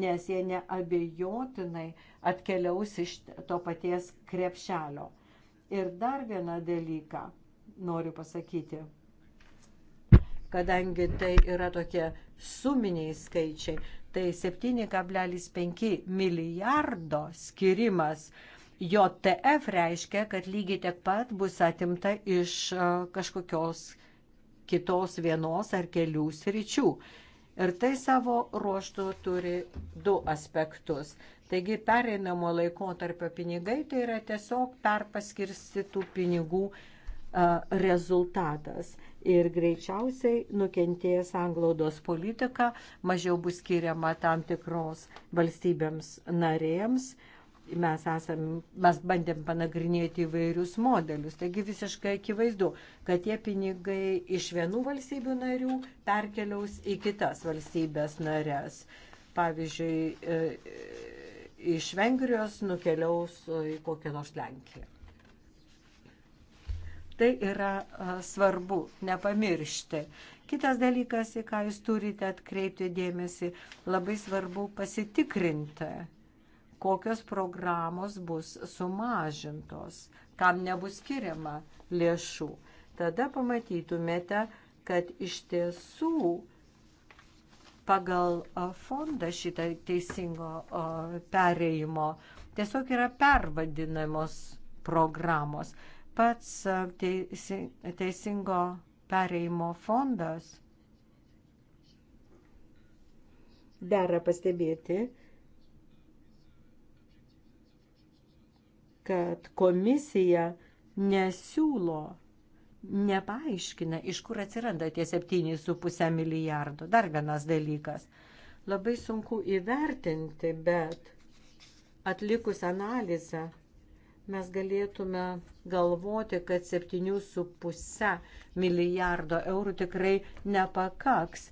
nes jie neabejotinai atkeliaus iš to paties krepšelio. Ir dar vieną dalyką noriu pasakyti kadangi tai yra tokie suminiai skaičiai, tai 7,5 milijardo skirimas JTF reiškia, kad lygiai tiek pat bus atimta iš kažkokios kitos vienos ar kelių sričių. Ir tai savo ruoštų turi du aspektus. Taigi pereinamo laiko tarp pinigai tai yra tiesiog perpaskirstytų pinigų rezultatas. Ir greičiausiai nukentėjęs anglaudos politika mažiau bus skiriama tam tikros valstybėms narėms, mes, esam, mes bandėm panagrinėti įvairius modelius. Taigi visiškai akivaizdu, kad tie pinigai iš vienų valstybių narių perkeliaus į kitas valstybės narės. Pavyzdžiui, e, e, iš Vengrijos nukeliaus į kokią nors Lenkiją. Tai yra e, svarbu nepamiršti. Kitas dalykas, į ką jūs turite atkreipti dėmesį, labai svarbu pasitikrinti kokios programos bus sumažintos, kam nebus skiriama lėšų. Tada pamatytumėte, kad iš tiesų pagal fondą šitą teisingo pereimo tiesiog yra pervadinamos programos. Pats teisingo pereimo fondas. Dera pastebėti, kad komisija nesiūlo, nepaaiškina, iš kur atsiranda tie 7,5 milijardo. Dar vienas dalykas. Labai sunku įvertinti, bet atlikus analizą mes galėtume galvoti, kad 7,5 milijardo eurų tikrai nepakaks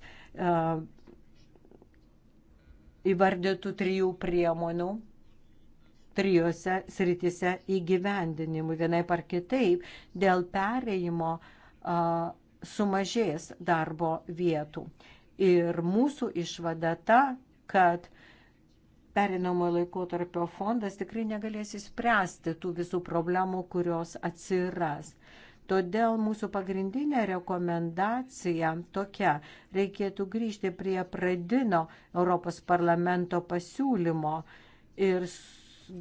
įvardytų trijų priemonių trijose sritise įgyvendinimui vienai par kitaip dėl pereimo sumažės darbo vietų. Ir mūsų išvada ta, kad perinamo laikotarpio fondas tikrai negalės įspręsti tų visų problemų, kurios atsiras. Todėl mūsų pagrindinė rekomendacija tokia - reikėtų grįžti prie pradino Europos parlamento pasiūlymo ir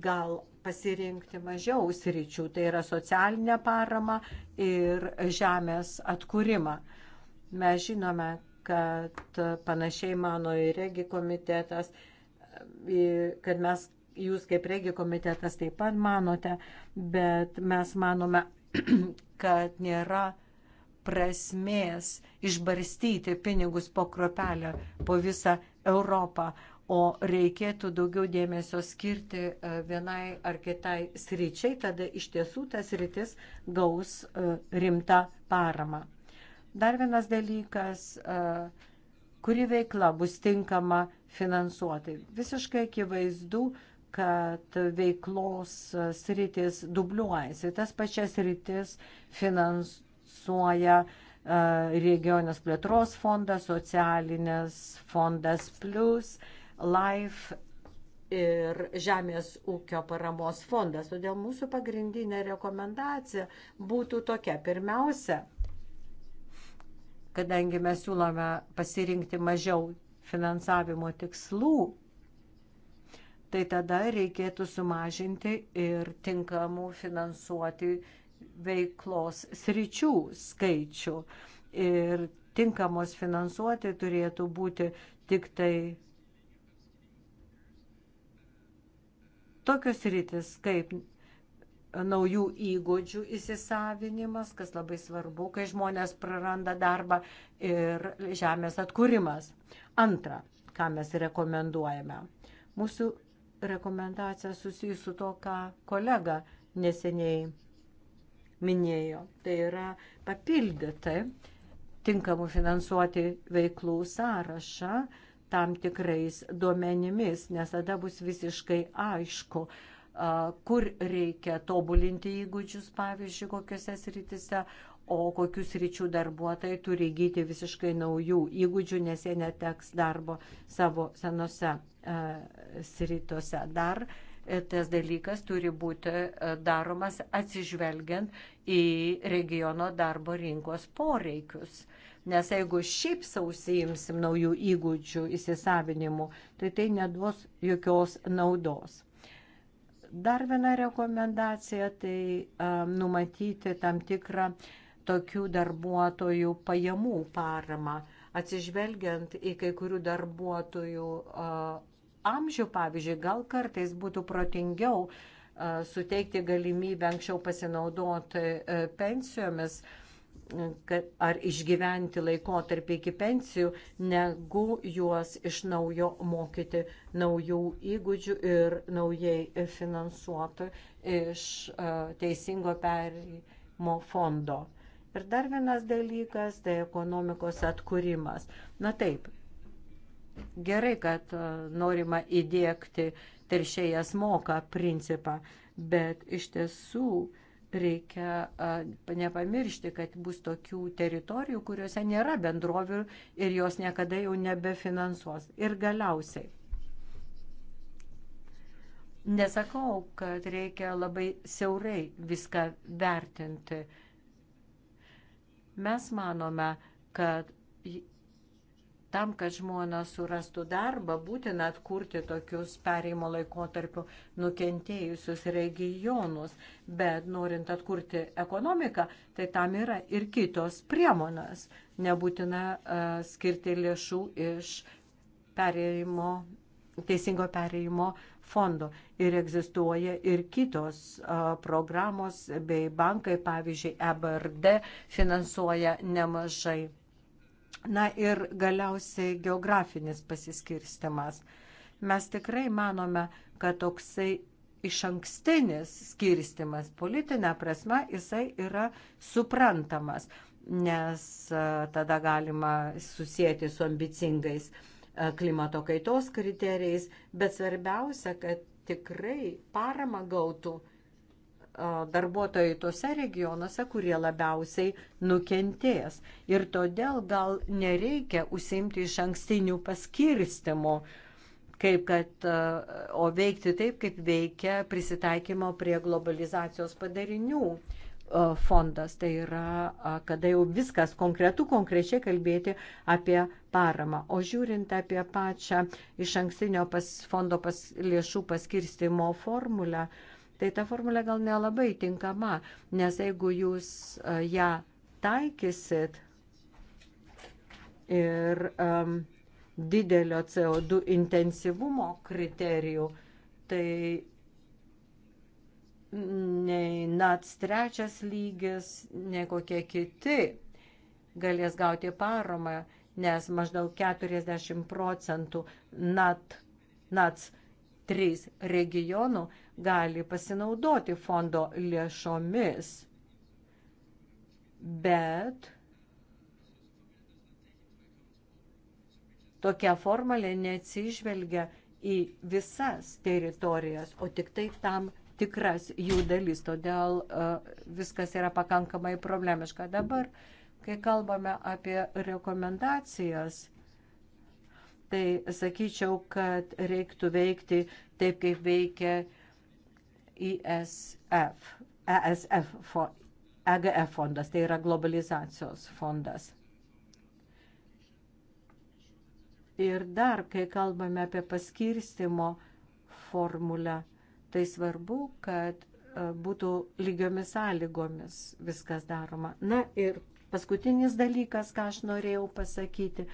gal pasirinkti mažiau sričių, tai yra socialinę paramą ir žemės atkūrimą. Mes žinome, kad panašiai mano ir regi komitetas, kad mes, jūs kaip regi komitetas taip pat manote, bet mes manome, (clears throat) kad nėra prasmės išbarstyti pinigus po kropelę, po visą Europą, o reikėtų daugiau dėmesio skirti e, vienai ar kitai sričiai, tada iš tiesų tas rytis gaus e, rimtą paramą. Dar vienas dalykas, e, kuri veikla bus tinkama finansuoti. Visiškai akivaizdu, kad veiklos sritis dubliuojasi. Tas pačias sritis finansuoja regionės plėtros fondas, socialinis fondas plus Life ir Žemės ūkio paramos fondas. Todėl mūsų pagrindinė rekomendacija būtų tokia. Pirmiausia, kadangi mes siūlome pasirinkti mažiau finansavimo tikslų, tai tada reikėtų sumažinti ir tinkamų finansuoti veiklos sričių skaičių. Ir tinkamos finansuoti turėtų būti tik tai Tokios rytis kaip naujų įgūdžių įsisavinimas, kas labai svarbu, kai žmonės praranda darbą ir žemės atkūrimas. Antra, ką mes rekomenduojame. Mūsų rekomendacija susijusi su to, ką kolega neseniai minėjo. Tai yra papildyti tinkamų finansuoti veiklų sąrašą, tam tikrais duomenimis, nes tada bus visiškai aišku, kur reikia tobulinti įgūdžius, pavyzdžiui, kokiuose sritise, o kokių sričių darbuotojai turi įgyti visiškai naujų įgūdžių, nes jie neteks darbo savo senose sritose. Dar e, tas dalykas turi būti e, daromas atsižvelgiant į regiono darbo rinkos poreikius nes jeigu šiaip sausijimsim naujų įgūdžių įsisavinimu, tai tai neduos jokios naudos. Dar viena rekomendacija - tai um, numatyti tam tikrą tokių darbuotojų pajamų paramą, atsižvelgiant į kai kurių darbuotojų uh, amžių, pavyzdžiui, gal kartais būtų protingiau uh, suteikti galimybę anksčiau pasinaudoti e, pensijomis, uh, ar išgyventi laikotarpį iki pensijų, negu juos iš naujo mokyti naujų įgūdžių ir naujai finansuoti iš teisingo perimo fondo. Ir dar vienas dalykas - tai ekonomikos atkūrimas. Na taip, gerai, kad norima įdėkti teršėjas moka principą, bet iš tiesų reikia nepamiršti, kad bus tokių teritorijų, kuriuose nėra bendrovių ir jos niekada jau nebefinansuos. Ir galiausiai. Nesakau, kad reikia labai siaurai viską vertinti. Mes manome, kad Tam, kad žmonės surastų darbą, būtina atkurti tokius pereimo laikotarpių nukentėjusius regionus. Bet norint atkurti ekonomiką, tai tam yra ir kitos priemonės. Nebūtina uh, skirti lėšų iš pereimo, teisingo pereimo fondo. Ir egzistuoja ir kitos a, e, programos bei bankai, pavyzdžiui, EBRD finansuoja nemažai Na ir galiausiai geografinis pasiskirstimas. Mes tikrai manome, kad toksai iš ankstinis skirstimas politinė prasme, jisai yra suprantamas, nes e, tada galima susijęti su ambicingais e, klimato kaitos kriterijais, bet svarbiausia, kad tikrai parama gautų darbuotojai tose regionuose, kurie labiausiai nukentės. Ir todėl gal nereikia užsimti iš ankstinių paskirstimų, kaip kad, o veikti taip, kaip veikia prisitaikymo prie globalizacijos padarinių fondas. Tai yra, kada jau viskas konkretu, konkrečiai kalbėti apie paramą. O žiūrint apie pačią iš ankstinio pas, fondo pas, lėšų paskirstimo formulę, uh, tai ta formulė gal nelabai tinkama, nes jeigu jūs e, ją taikysit ir um, didelio CO2 intensyvumo kriterijų, tai nei NATS trečias lygis, nei kokie kiti galės gauti paramą, nes maždaug 40 procentų NAT, NATS 3 regionų gali pasinaudoti fondo lėšomis, bet tokia formulė neatsižvelgia į visas teritorijas, o tik tai tam tikras jų dalis. Todėl uh, viskas yra pakankamai problemiška. Dabar, kai kalbame apie rekomendacijas, tai sakyčiau, kad reiktų veikti taip, kaip veikia uh, ESF, ESF EGF fondas, tai yra globalizacijos fondas. Ir dar, kai kalbame apie paskirstimo formulę, tai svarbu, kad e, būtų lygiomis sąlygomis viskas daroma. Na ir paskutinis dalykas, ką aš norėjau pasakyti,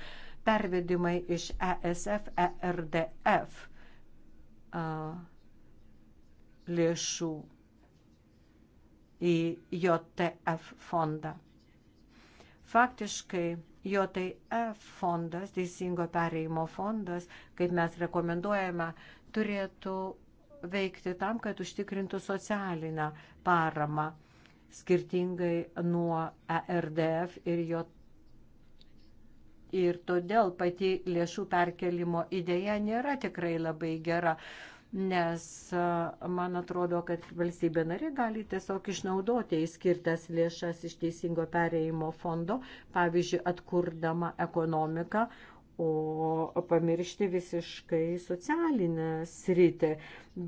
pervedimai iš ESF, ERDF. Uh, lėšų į JTF fondą. Faktiškai JTF fondas, Teisingo pereimo fondas, kaip mes rekomenduojame, turėtų veikti tam, kad užtikrintų socialinę paramą, skirtingai nuo ERDF ir jo. Ir todėl pati lėšų perkelimo idėja nėra tikrai labai gera nes man atrodo, kad valstybė nari gali tiesiog išnaudoti įskirtas lėšas iš teisingo pereimo fondo, pavyzdžiui, atkurdama ekonomiką, o pamiršti visiškai socialinę sritį.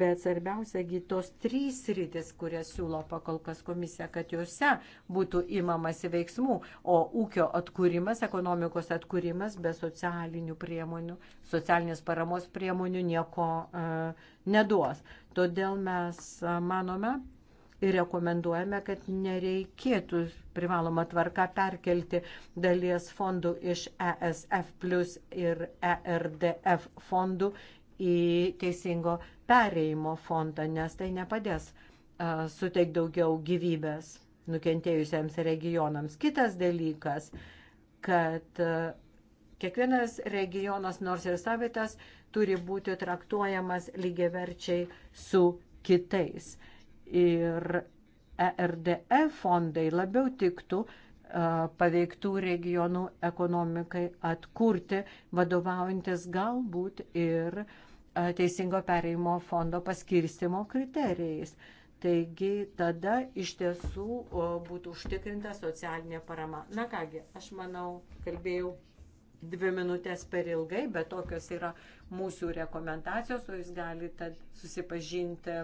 Bet svarbiausiagi tos trys sritis, kurias siūlo pakolkas komisija, kad juose būtų imamasi veiksmų, o ūkio atkūrimas, ekonomikos atkūrimas be socialinių priemonių, socialinės paramos priemonių nieko uh, neduos. Todėl mes e, manome, ir rekomenduojame, kad nereikėtų privaloma tvarka perkelti dalies fondų iš ESF plus ir ERDF fondų į teisingo pereimo fondą, nes tai nepadės suteik daugiau gyvybės nukentėjusiems regionams. Kitas dalykas, kad kiekvienas regionas, nors ir savitas, turi būti traktuojamas lygiaverčiai su kitais ir ERDE e fondai labiau tiktų paveiktų regionų ekonomikai atkurti, vadovaujantis galbūt ir teisingo pereimo fondo paskirstimo kriterijais. Taigi tada iš tiesų būtų užtikrinta socialinė parama. Na kągi, aš manau, kalbėjau dvi minutės per ilgai, bet tokios yra mūsų rekomendacijos, o jūs galite susipažinti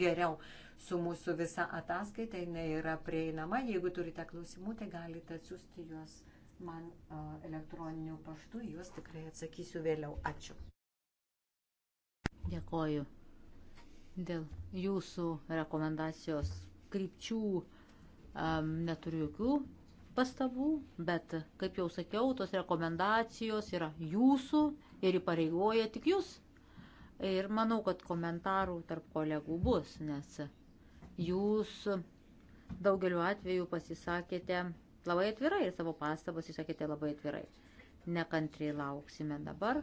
geriau su mūsų visa ataskaita, jinai yra prieinama. Jeigu turite klausimų, tai galite atsiųsti juos man elektroniniu paštu, juos tikrai atsakysiu vėliau. Ačiū. Dėkoju dėl jūsų rekomendacijos krypčių. Um, neturiu jokių pastabų, bet, kaip jau sakiau, tos rekomendacijos yra jūsų ir įpareigoja tik jūs Ir manau, kad komentarų tarp kolegų bus, nes jūs daugeliu atveju pasisakėte labai atvirai ir savo pastabas išsakėte labai atvirai. Nekantriai lauksime dabar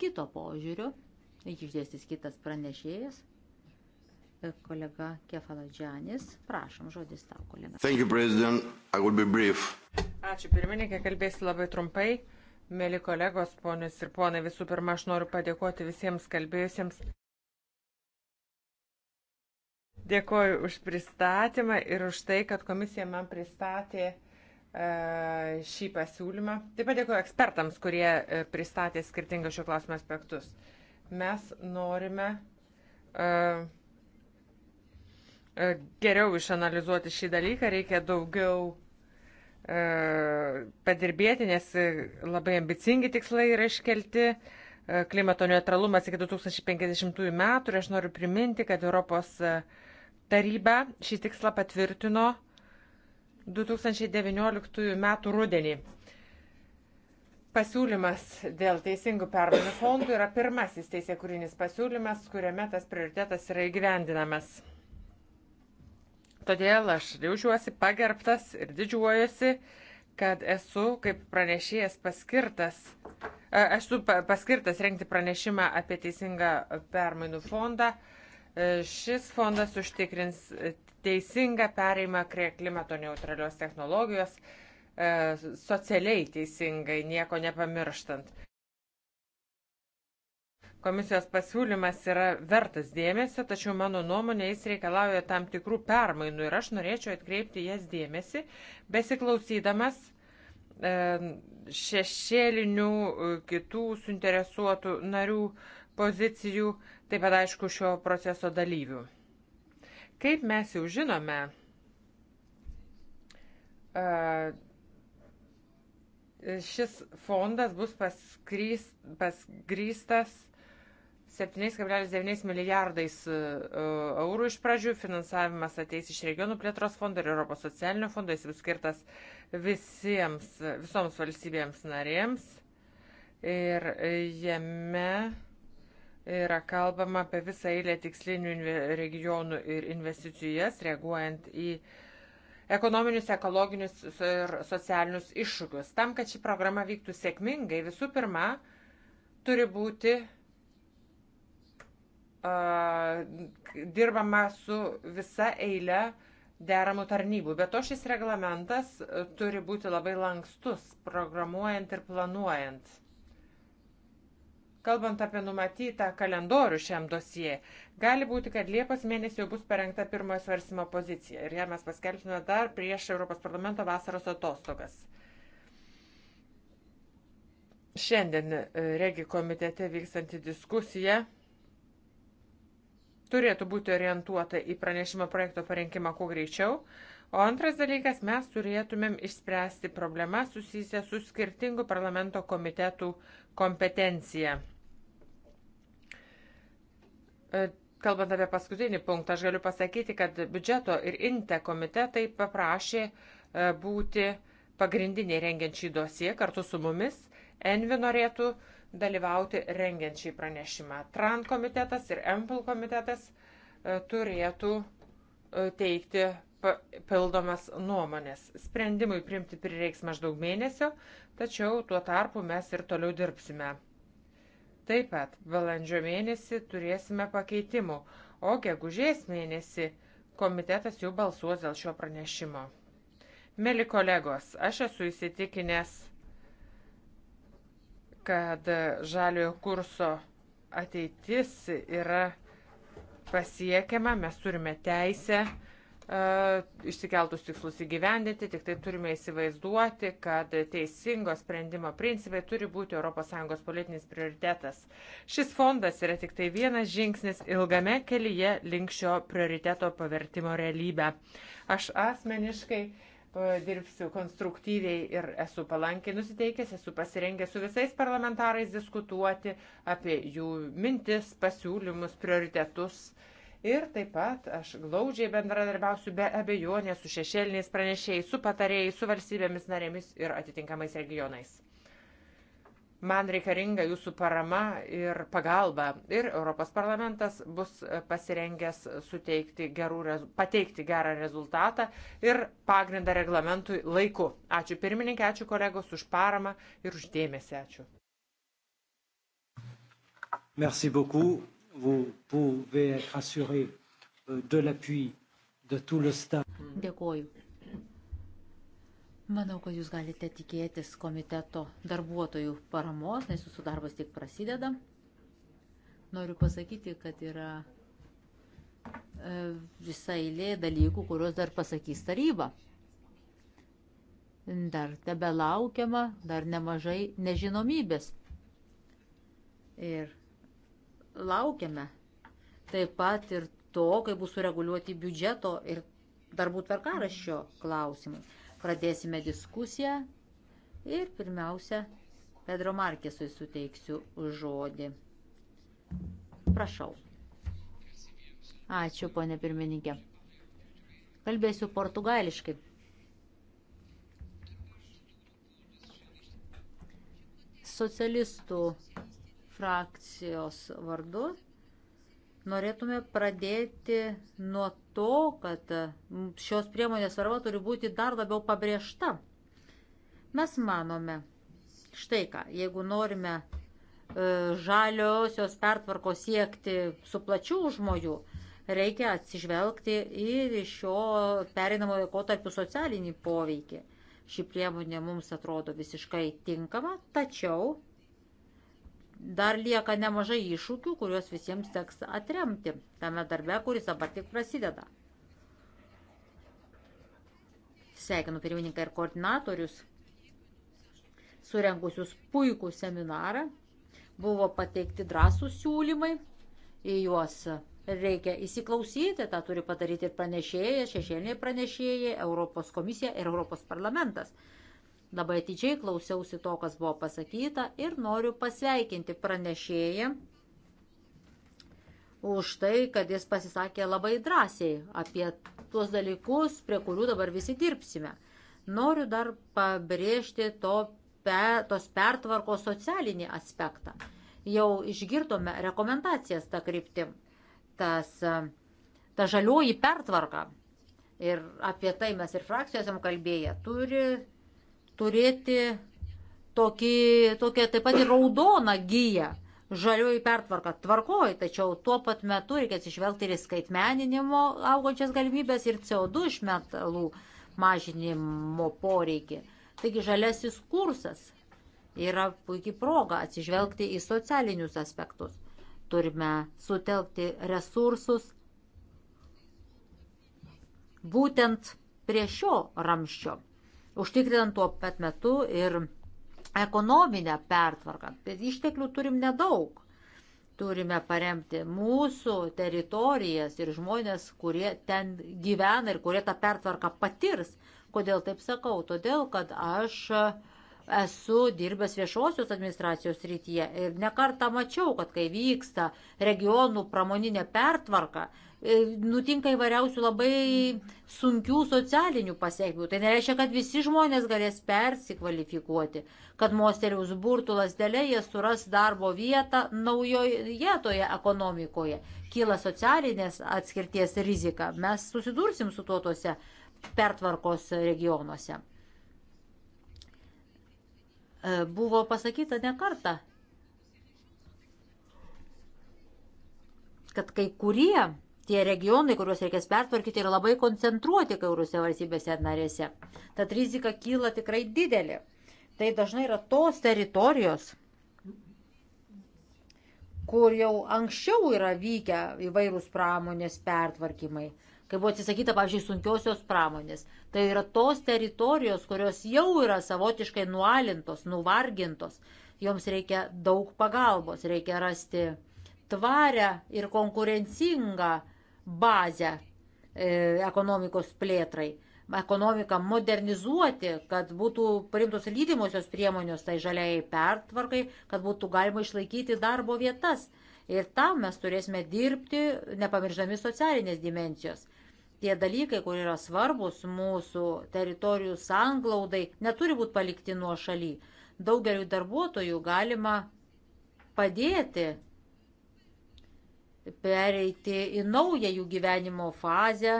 kito požiūrio. Išdėstys kitas pranešėjas kolega Kefaladžianis. Prašom, žodis tau, kolega. Thank you, President. I will be brief. Ačiū pirmininkė, kalbėsiu labai trumpai. Mėly kolegos, ponius ir ponai, visų pirma, aš noriu padėkoti visiems kalbėjusiems. Dėkoju už pristatymą ir už tai, kad komisija man pristatė e, šį pasiūlymą. Taip pat dėkoju ekspertams, kurie e, pristatė skirtingus šio klausimo aspektus. Mes norime e, geriau išanalizuoti šį dalyką, reikia daugiau E, padirbėti, nes labai ambicingi tikslai yra iškelti. E, klimato neutralumas iki 2050 metų ir aš noriu priminti, kad Europos e, taryba šį tikslą patvirtino 2019 metų rudenį. Pasiūlymas dėl teisingų permainų fondų yra pirmasis teisėkūrinis pasiūlymas, kuriame tas prioritetas yra įgyvendinamas. Todėl aš jaučiuosi pagerbtas ir didžiuojuosi, kad esu kaip pranešėjas paskirtas. Aš e, esu paskirtas renkti pranešimą apie teisingą permainų fondą. E, šis fondas užtikrins teisingą pereimą prie klimato neutralios technologijos, e, socialiai teisingai, nieko nepamirštant. Komisijos pasiūlymas yra vertas dėmesio, tačiau mano nuomonė jis reikalauja tam tikrų permainų ir aš norėčiau atkreipti jas dėmesį, besiklausydamas e, šešėlinių e, kitų suinteresuotų narių pozicijų, taip pat aišku šio proceso dalyvių. Kaip mes jau žinome, e, šis fondas bus paskrys, pasgrystas 7,9 milijardais e, eurų iš pradžių finansavimas ateis iš regionų plėtros fondo ir Europos socialinio fondo, jis bus skirtas visiems, visoms valstybėms narėms. Ir jame yra kalbama apie visą eilę tikslinių regionų ir investicijos, reaguojant į ekonominius, ekologinius ir socialinius iššūkius. Tam, kad ši programa vyktų sėkmingai, visų pirma, turi būti dirbama su visa eile deramų tarnybų. Bet to šis reglamentas e, turi būti labai lankstus, programuojant ir planuojant. Kalbant apie numatytą kalendorių šiam dosie, gali būti, kad Liepos mėnesį jau bus parengta pirmojo svarsimo pozicija ir ją mes paskelbsime dar prieš Europos parlamento vasaros atostogas. Šiandien e, regi komitete vykstanti diskusija turėtų būti orientuota į pranešimo projekto parengimą kuo greičiau. O antras dalykas, mes turėtumėm išspręsti problemą susijusią su skirtingų parlamento komitetų kompetencija. E, kalbant apie paskutinį punktą, aš galiu pasakyti, kad biudžeto ir inte komitetai paprašė e, būti pagrindiniai rengiant šį dosiją kartu su mumis. Envi norėtų uh, dalyvauti rengiant šį pranešimą. TRAN komitetas ir MPL komitetas e, turėtų e, teikti papildomas nuomonės. Sprendimui priimti prireiks maždaug mėnesio, tačiau tuo tarpu mes ir toliau dirbsime. Taip pat balandžio mėnesį turėsime pakeitimų, o gegužės mėnesį komitetas jau balsuos dėl šio pranešimo. Mėly kolegos, aš esu įsitikinęs, kad žaliojo kurso ateitis yra pasiekiama, mes turime teisę e, išsikeltus tikslus įgyvendinti, tik tai turime įsivaizduoti, kad teisingo sprendimo principai turi būti ES politinis prioritetas. Šis fondas yra tik tai vienas žingsnis ilgame kelyje link šio prioriteto pavertimo realybę. Aš asmeniškai E, dirbsiu konstruktyviai ir esu palankiai nusiteikęs, esu pasirengęs su visais parlamentarais diskutuoti apie jų mintis, pasiūlymus, prioritetus. Ir taip pat aš glaudžiai bendradarbiausiu be abejonės su šešėliniais pranešėjais, su patarėjais, su valstybėmis narėmis ir atitinkamais regionais. Man reikalinga jūsų parama ir pagalba. Ir Europos parlamentas bus pasirengęs suteikti gerų, pateikti gerą rezultatą ir pagrindą reglamentui laiku. Ačiū pirmininkė, ačiū kolegos už paramą ir uždėmesį. Ačiū. Merci beaucoup. Vous pouvez être assuré euh, de l'appui de tout le staff. Dėkoju. Manau, kad jūs galite tikėtis komiteto darbuotojų paramos, nes jūsų darbas tik prasideda. Noriu pasakyti, kad yra e, visa eilė dalykų, kuriuos dar pasakys taryba. Dar tebe laukiama, dar nemažai nežinomybės. Ir laukiame taip pat ir to, kai bus sureguliuoti biudžeto ir darbų tvarkaraščio klausimai. Pradėsime diskusiją ir pirmiausia, Pedro Markesui suteiksiu žodį. Prašau. Ačiū, ponė pirmininkė. Kalbėsiu portugališkai. Socialistų frakcijos vardu Norėtume pradėti nuo to, kad šios priemonės svarba turi būti dar labiau pabrėžta. Mes manome, štai ką, jeigu norime e, žaliosios pertvarkos siekti su plačių žmonių, reikia atsižvelgti ir iš šio pereinamo laikotarpio socialinį poveikį. Ši priemonė mums atrodo visiškai tinkama, tačiau dar lieka nemažai iššūkių, kuriuos visiems teks atremti tame darbe, kuris dabar tik prasideda. Sveikinu pirmininką ir koordinatorius, surengusius puikų seminarą. Buvo pateikti drąsų siūlymai, į juos reikia įsiklausyti, tą turi padaryti ir pranešėjai, šešėliniai pranešėjai, Europos komisija ir Europos parlamentas. Labai atidžiai klausiausi to, kas buvo pasakyta ir noriu pasveikinti pranešėją už tai, kad jis pasisakė labai drąsiai apie tuos dalykus, prie kurių dabar visi dirbsime. Noriu dar pabrėžti to, pe, tos pertvarkos socialinį aspektą. Jau išgirdome rekomendacijas tą kryptim. Tas, ta žalioji pertvarka, ir apie tai mes ir frakcijose kalbėję, turi turėti tokį, tokią taip pat ir raudoną giją, žalioji pertvarka tvarkoji, tačiau tuo pat metu reikia atsižvelgti ir į skaitmeninimo augančias galimybės ir CO2 išmetalų mažinimo poreikį. Taigi žaliasis kursas yra puikiai proga atsižvelgti į socialinius aspektus. Turime sutelkti resursus būtent prie šio ramščio užtikrinant tuo pat metu ir ekonominę pertvarką. Bet išteklių turim nedaug. Turime paremti mūsų teritorijas ir žmonės, kurie ten gyvena ir kurie tą pertvarką patirs. Kodėl taip sakau? Todėl, kad aš esu dirbęs viešosios administracijos rytyje ir nekartą mačiau, kad kai vyksta regionų pramoninė pertvarka, E, nutinka įvairiausių labai sunkių socialinių pasiekmių. Tai nereiškia, kad visi žmonės galės persikvalifikuoti, kad mosteriaus burtų lasdelė jie suras darbo vietą naujoje toje ekonomikoje. Kyla socialinės atskirties rizika. Mes susidursim su tuo tuose pertvarkos regionuose. E, buvo pasakyta ne kartą, kad kai kurie tie regionai, kuriuos reikės pertvarkyti, yra labai koncentruoti kairiuose valstybėse narėse. Tad rizika kyla tikrai didelė. Tai dažnai yra tos teritorijos, kur jau anksčiau yra vykę įvairūs pramonės pertvarkymai, kai buvo atsisakyta, pavyzdžiui, sunkiosios pramonės. Tai yra tos teritorijos, kurios jau yra savotiškai nualintos, nuvargintos. Joms reikia daug pagalbos, reikia rasti tvarę ir konkurencingą uh, bazę e, ekonomikos plėtrai, ekonomiką modernizuoti, kad būtų priimtos lydimosios priemonios tai žaliai pertvarkai, kad būtų galima išlaikyti darbo vietas. Ir tam mes turėsime dirbti, nepamirždami socialinės dimencijos. Tie dalykai, kur yra svarbus mūsų teritorijų sanglaudai, neturi būti palikti nuo šaly. Daugeliu darbuotojų galima padėti pereiti į naują jų gyvenimo fazę,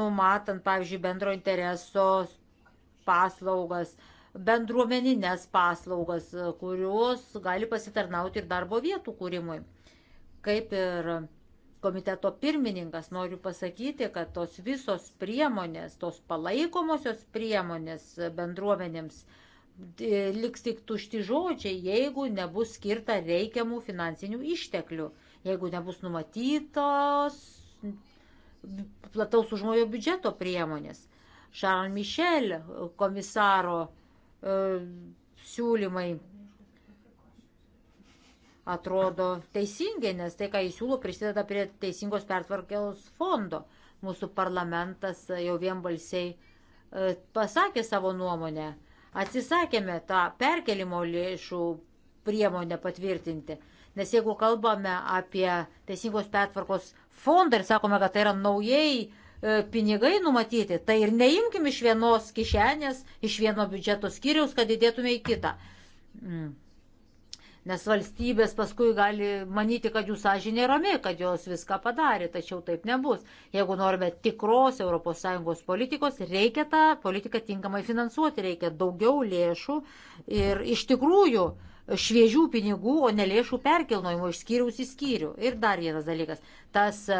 numatant, pavyzdžiui, bendro intereso paslaugas, bendruomeninės paslaugas, kurios gali pasitarnauti ir darbo vietų kūrimui. Kaip ir komiteto pirmininkas, noriu pasakyti, kad tos visos priemonės, tos palaikomosios priemonės bendruomenėms e, liks tik tušti žodžiai, jeigu nebus skirta reikiamų finansinių išteklių jeigu nebus numatytos plataus užmojo biudžeto priemonės. Charles Michel komisaro e, siūlymai atrodo teisingai, nes tai, ką jis siūlo, prisideda prie teisingos pertvarkos fondo. Mūsų parlamentas jau vienbalsiai e, pasakė savo nuomonę. Atsisakėme tą perkelimo lėšų priemonę patvirtinti. Nes jeigu kalbame apie teisingos pertvarkos fondą ir sakome, kad tai yra naujai e, pinigai numatyti, tai ir neimkim iš vienos kišenės, iš vieno biudžeto skyriaus, kad įdėtume į kitą. Mm. Nes valstybės paskui gali manyti, kad jų sąžinė rami, kad jos viską padarė, tačiau taip nebus. Jeigu norime tikros ES politikos, reikia tą politiką tinkamai finansuoti, reikia daugiau lėšų ir iš tikrųjų uh, šviežių pinigų, o ne lėšų perkelnojimo iš skyriaus į skyrių. Ir dar vienas dalykas. Tas e,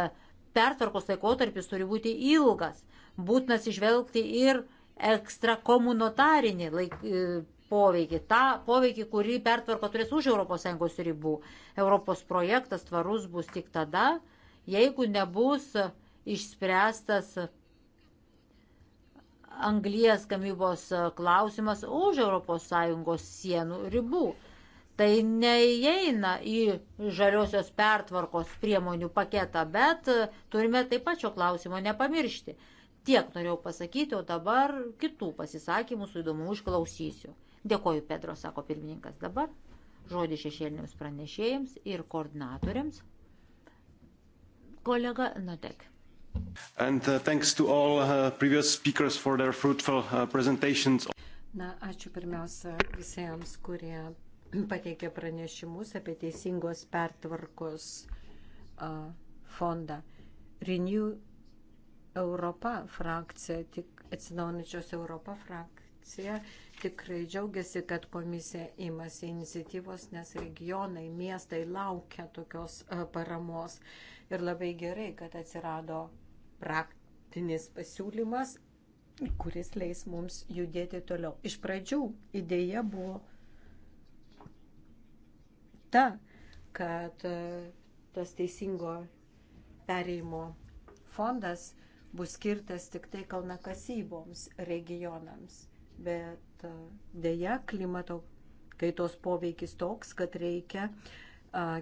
pertvarkos laikotarpis turi būti ilgas. Būtinas išvelgti ir ekstra komunitarinį laik, e, poveikį. Ta poveikį, kurį pertvarka turės už ES ribų. Europos projektas tvarus bus tik tada, jeigu nebus išspręstas anglijas gamybos klausimas už ES sienų ribų. Tai neįeina į žaliosios pertvarkos priemonių paketą, bet turime taip pat šio klausimo nepamiršti. Tiek norėjau pasakyti, o dabar kitų pasisakymų su įdomu išklausysiu. Dėkoju, Pedro, sako pirmininkas dabar. Žodį šešėliniams pranešėjams ir koordinatoriams. Kolega Notek. And uh, thanks to all uh, previous speakers for their fruitful uh, presentations. Na, ačiū pirmiausia visiems, kurie pateikė pranešimus apie teisingos pertvarkos fondą. Renew Europa frakcija, tik atsinaujančios Europa frakcija tikrai džiaugiasi, kad komisija imasi iniciatyvos, nes regionai, miestai laukia tokios paramos. Ir labai gerai, kad atsirado praktinis pasiūlymas, kuris leis mums judėti toliau. Iš pradžių idėja buvo ta, kad e, tas teisingo pereimo fondas bus skirtas tik tai kalnakasyboms regionams. Bet e, dėja klimato kaitos poveikis toks, kad reikia e,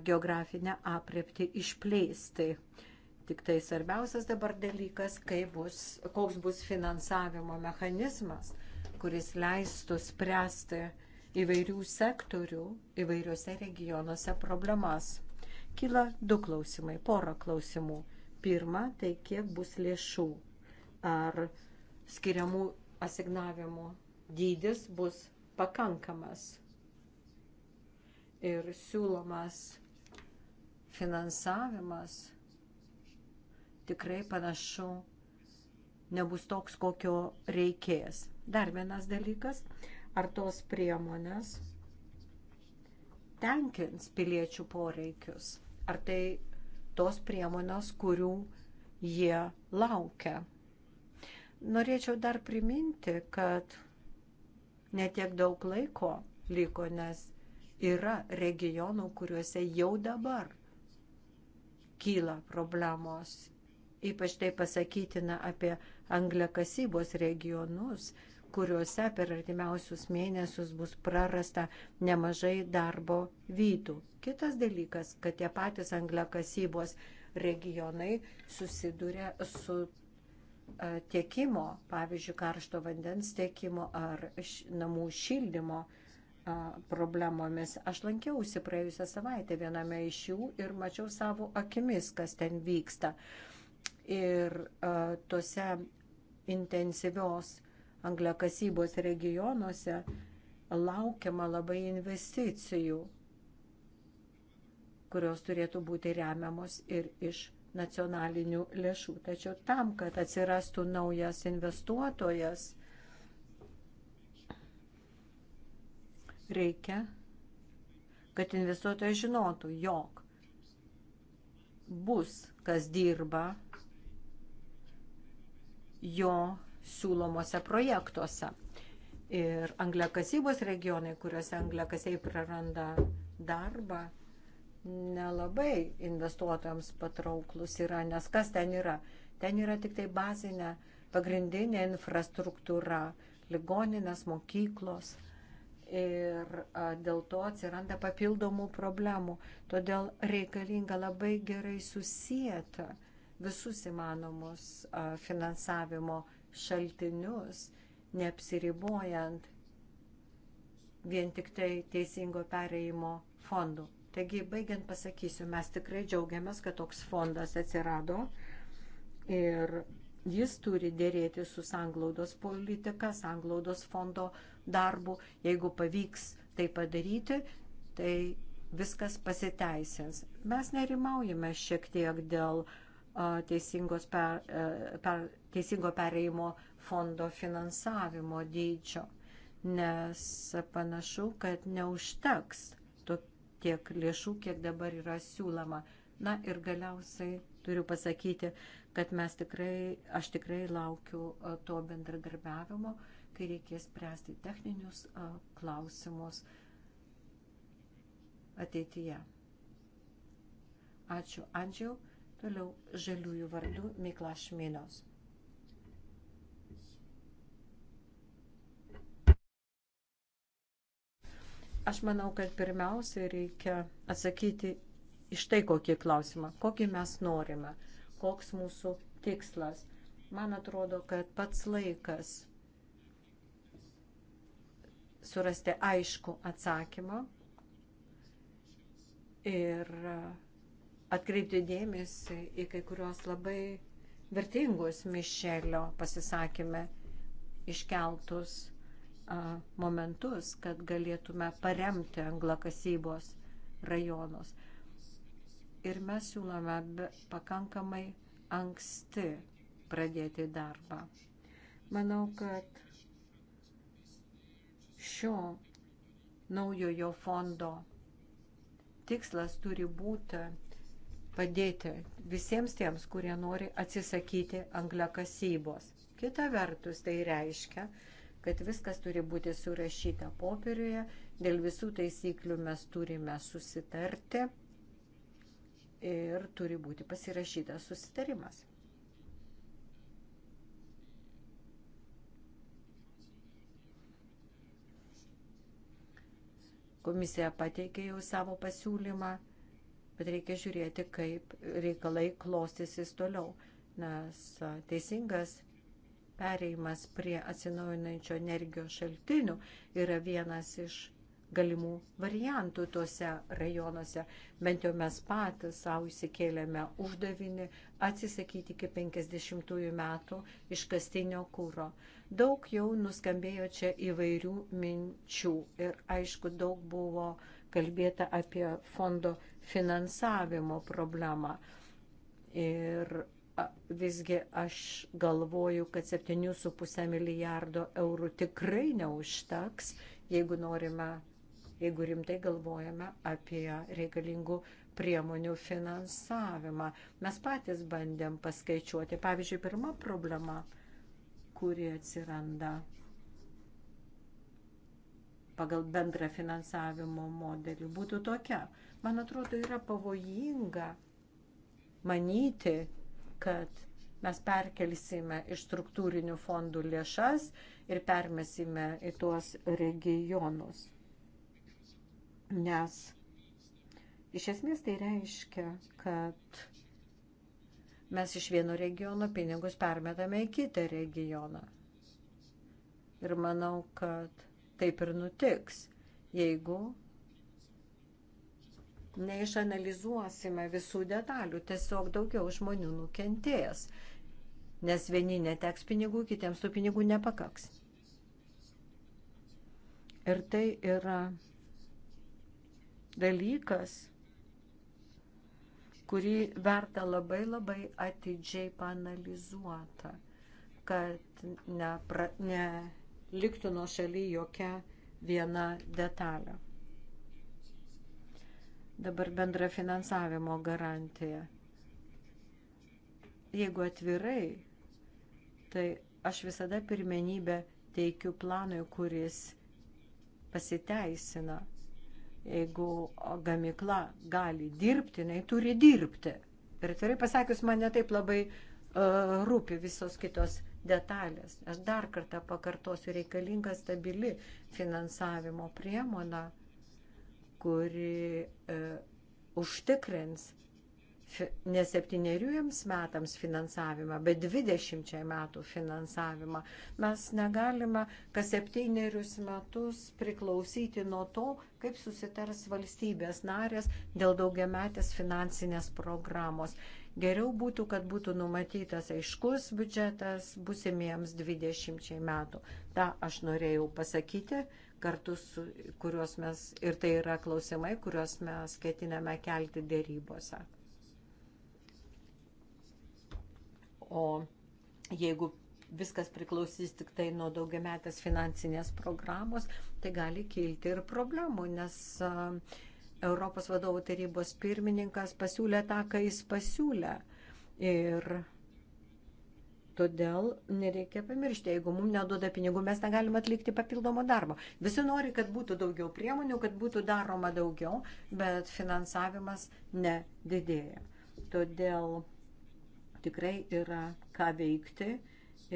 geografinę apriepti išplėsti. Tik tai svarbiausias dabar dalykas, bus, koks bus finansavimo mechanizmas, kuris leistų spręsti uh, įvairių sektorių įvairiuose regionuose problemas. Kyla du klausimai, pora klausimų. Pirma, tai kiek bus lėšų. Ar skiriamų asignavimų dydis bus pakankamas ir siūlomas finansavimas tikrai panašu nebus toks, kokio reikės. Dar vienas dalykas ar tos priemonės tenkins piliečių poreikius, ar tai tos priemonės, kurių jie laukia. Norėčiau dar priminti, kad netiek daug laiko liko, nes yra regionų, kuriuose jau dabar kyla problemos. Ypač tai pasakytina apie angliakasybos regionus, kuriuose per artimiausius mėnesius bus prarasta nemažai darbo vietų. Kitas dalykas, kad tie patys angliakasybos regionai susiduria su e, tiekimo, pavyzdžiui, karšto vandens tiekimo ar namų šildymo e, problemomis. Aš lankiausi praėjusią savaitę viename iš jų ir mačiau savo akimis, kas ten vyksta. Ir e, tose intensyvios angliakasybos regionuose laukiama labai investicijų, kurios turėtų būti remiamos ir iš nacionalinių lėšų. Tačiau tam, kad atsirastų naujas investuotojas, reikia, kad investuotojas žinotų, jog bus kas dirba jo siūlomose projektuose. Ir angliakasybos regionai, kuriuose angliakasiai praranda darbą, nelabai investuotojams patrauklus yra, nes kas ten yra? Ten yra tik tai bazinė, pagrindinė infrastruktūra, ligoninės, mokyklos, ir dėl to atsiranda papildomų problemų. Todėl reikalinga labai gerai susijęta visus įmanomus finansavimo šaltinius, neapsiribojant vien tik tai teisingo pereimo fondų. Taigi, baigiant pasakysiu, mes tikrai džiaugiamės, kad toks fondas atsirado ir jis turi dėrėti su sanglaudos politika, sanglaudos fondo darbu. Jeigu pavyks tai padaryti, tai viskas pasiteisins. Mes nerimaujame šiek tiek dėl teisingos e, per, per, teisingo pereimo fondo finansavimo dydžio, nes panašu, kad neužteks tiek lėšų, kiek dabar yra siūloma. Na ir galiausiai turiu pasakyti, kad mes tikrai, aš tikrai laukiu to bendradarbiavimo, kai reikės spręsti techninius klausimus ateityje. Ačiū, Andžiau. Toliau žaliųjų vardų Miklas Šmilios. Aš manau, kad pirmiausia reikia atsakyti iš tai kokį klausimą, kokį mes norime, koks mūsų tikslas. Man atrodo, kad pats laikas surasti aišku atsakymą ir atkreipti dėmesį į kai kuriuos labai vertingus Mišelio pasisakymę iškeltus momentus, kad galėtume paremti anglakasybos rajonus. Ir mes siūlome pakankamai anksti pradėti darbą. Manau, kad šio naujojo fondo tikslas turi būti padėti visiems tiems, kurie nori atsisakyti angliakasybos. Kita vertus tai reiškia, kad viskas turi būti surašyta popieriuje, dėl visų taisyklių mes turime susitarti ir turi būti pasirašytas susitarimas. Komisija pateikė jau savo pasiūlymą, bet reikia žiūrėti, kaip reikalai klostysis toliau, nes teisingas pereimas prie atsinaujinančio energijos šaltinių yra vienas iš galimų variantų tuose rajonuose. Bent jau mes patys savo įsikėlėme uždavinį atsisakyti iki 50 metų iškastinio kūro. Daug jau nuskambėjo čia įvairių minčių ir aišku, daug buvo kalbėta apie fondo finansavimo problemą. Ir visgi aš galvoju, kad 7,5 milijardo eurų tikrai neužteks, jeigu norime, jeigu rimtai galvojame apie reikalingų priemonių finansavimą. Mes patys bandėm paskaičiuoti. Pavyzdžiui, pirma problema, kuri atsiranda pagal bendrą finansavimo modelį, būtų tokia. Man atrodo, yra pavojinga manyti, kad mes perkelsime iš struktūrinių fondų lėšas ir permesime į tuos regionus. Nes iš esmės tai reiškia, kad mes iš vieno regiono pinigus permetame į kitą regioną. Ir manau, kad taip ir nutiks, jeigu neišanalizuosime visų detalių, tiesiog daugiau žmonių nukentėjęs, nes vieni neteks pinigų, kitiems tų pinigų nepakaks. Ir tai yra dalykas, kurį verta labai labai atidžiai panalizuota, kad neliktų ne, ne nuo šaly jokia viena detalė dabar bendra finansavimo garantija. Jeigu atvirai, tai aš visada pirmenybę teikiu planui, kuris pasiteisina. Jeigu gamikla gali dirbti, jinai turi dirbti. Ir atvirai pasakius, man netaip labai uh, rūpi visos kitos detalės. Aš dar kartą pakartosiu, reikalinga stabili finansavimo priemona kuri e, užtikrins ne septyneriems metams finansavimą, bet dvidešimčiai metų finansavimą. Mes negalime kas septynerius metus priklausyti nuo to, kaip susitars valstybės narės dėl daugiametės finansinės programos. Geriau būtų, kad būtų numatytas aiškus biudžetas busimiems dvidešimčiai metų. Ta aš norėjau pasakyti kartu su kuriuos mes, ir tai yra klausimai, kuriuos mes ketiname kelti dėrybose. O jeigu viskas priklausys tik tai nuo daugiametės finansinės programos, tai gali kilti ir problemų, nes Europos vadovų tarybos pirmininkas pasiūlė tą, ką jis pasiūlė. Ir Todėl nereikia pamiršti, jeigu mums neduoda pinigų, mes negalime atlikti papildomo darbo. Visi nori, kad būtų daugiau priemonių, kad būtų daroma daugiau, bet finansavimas nedidėja. Todėl tikrai yra ką veikti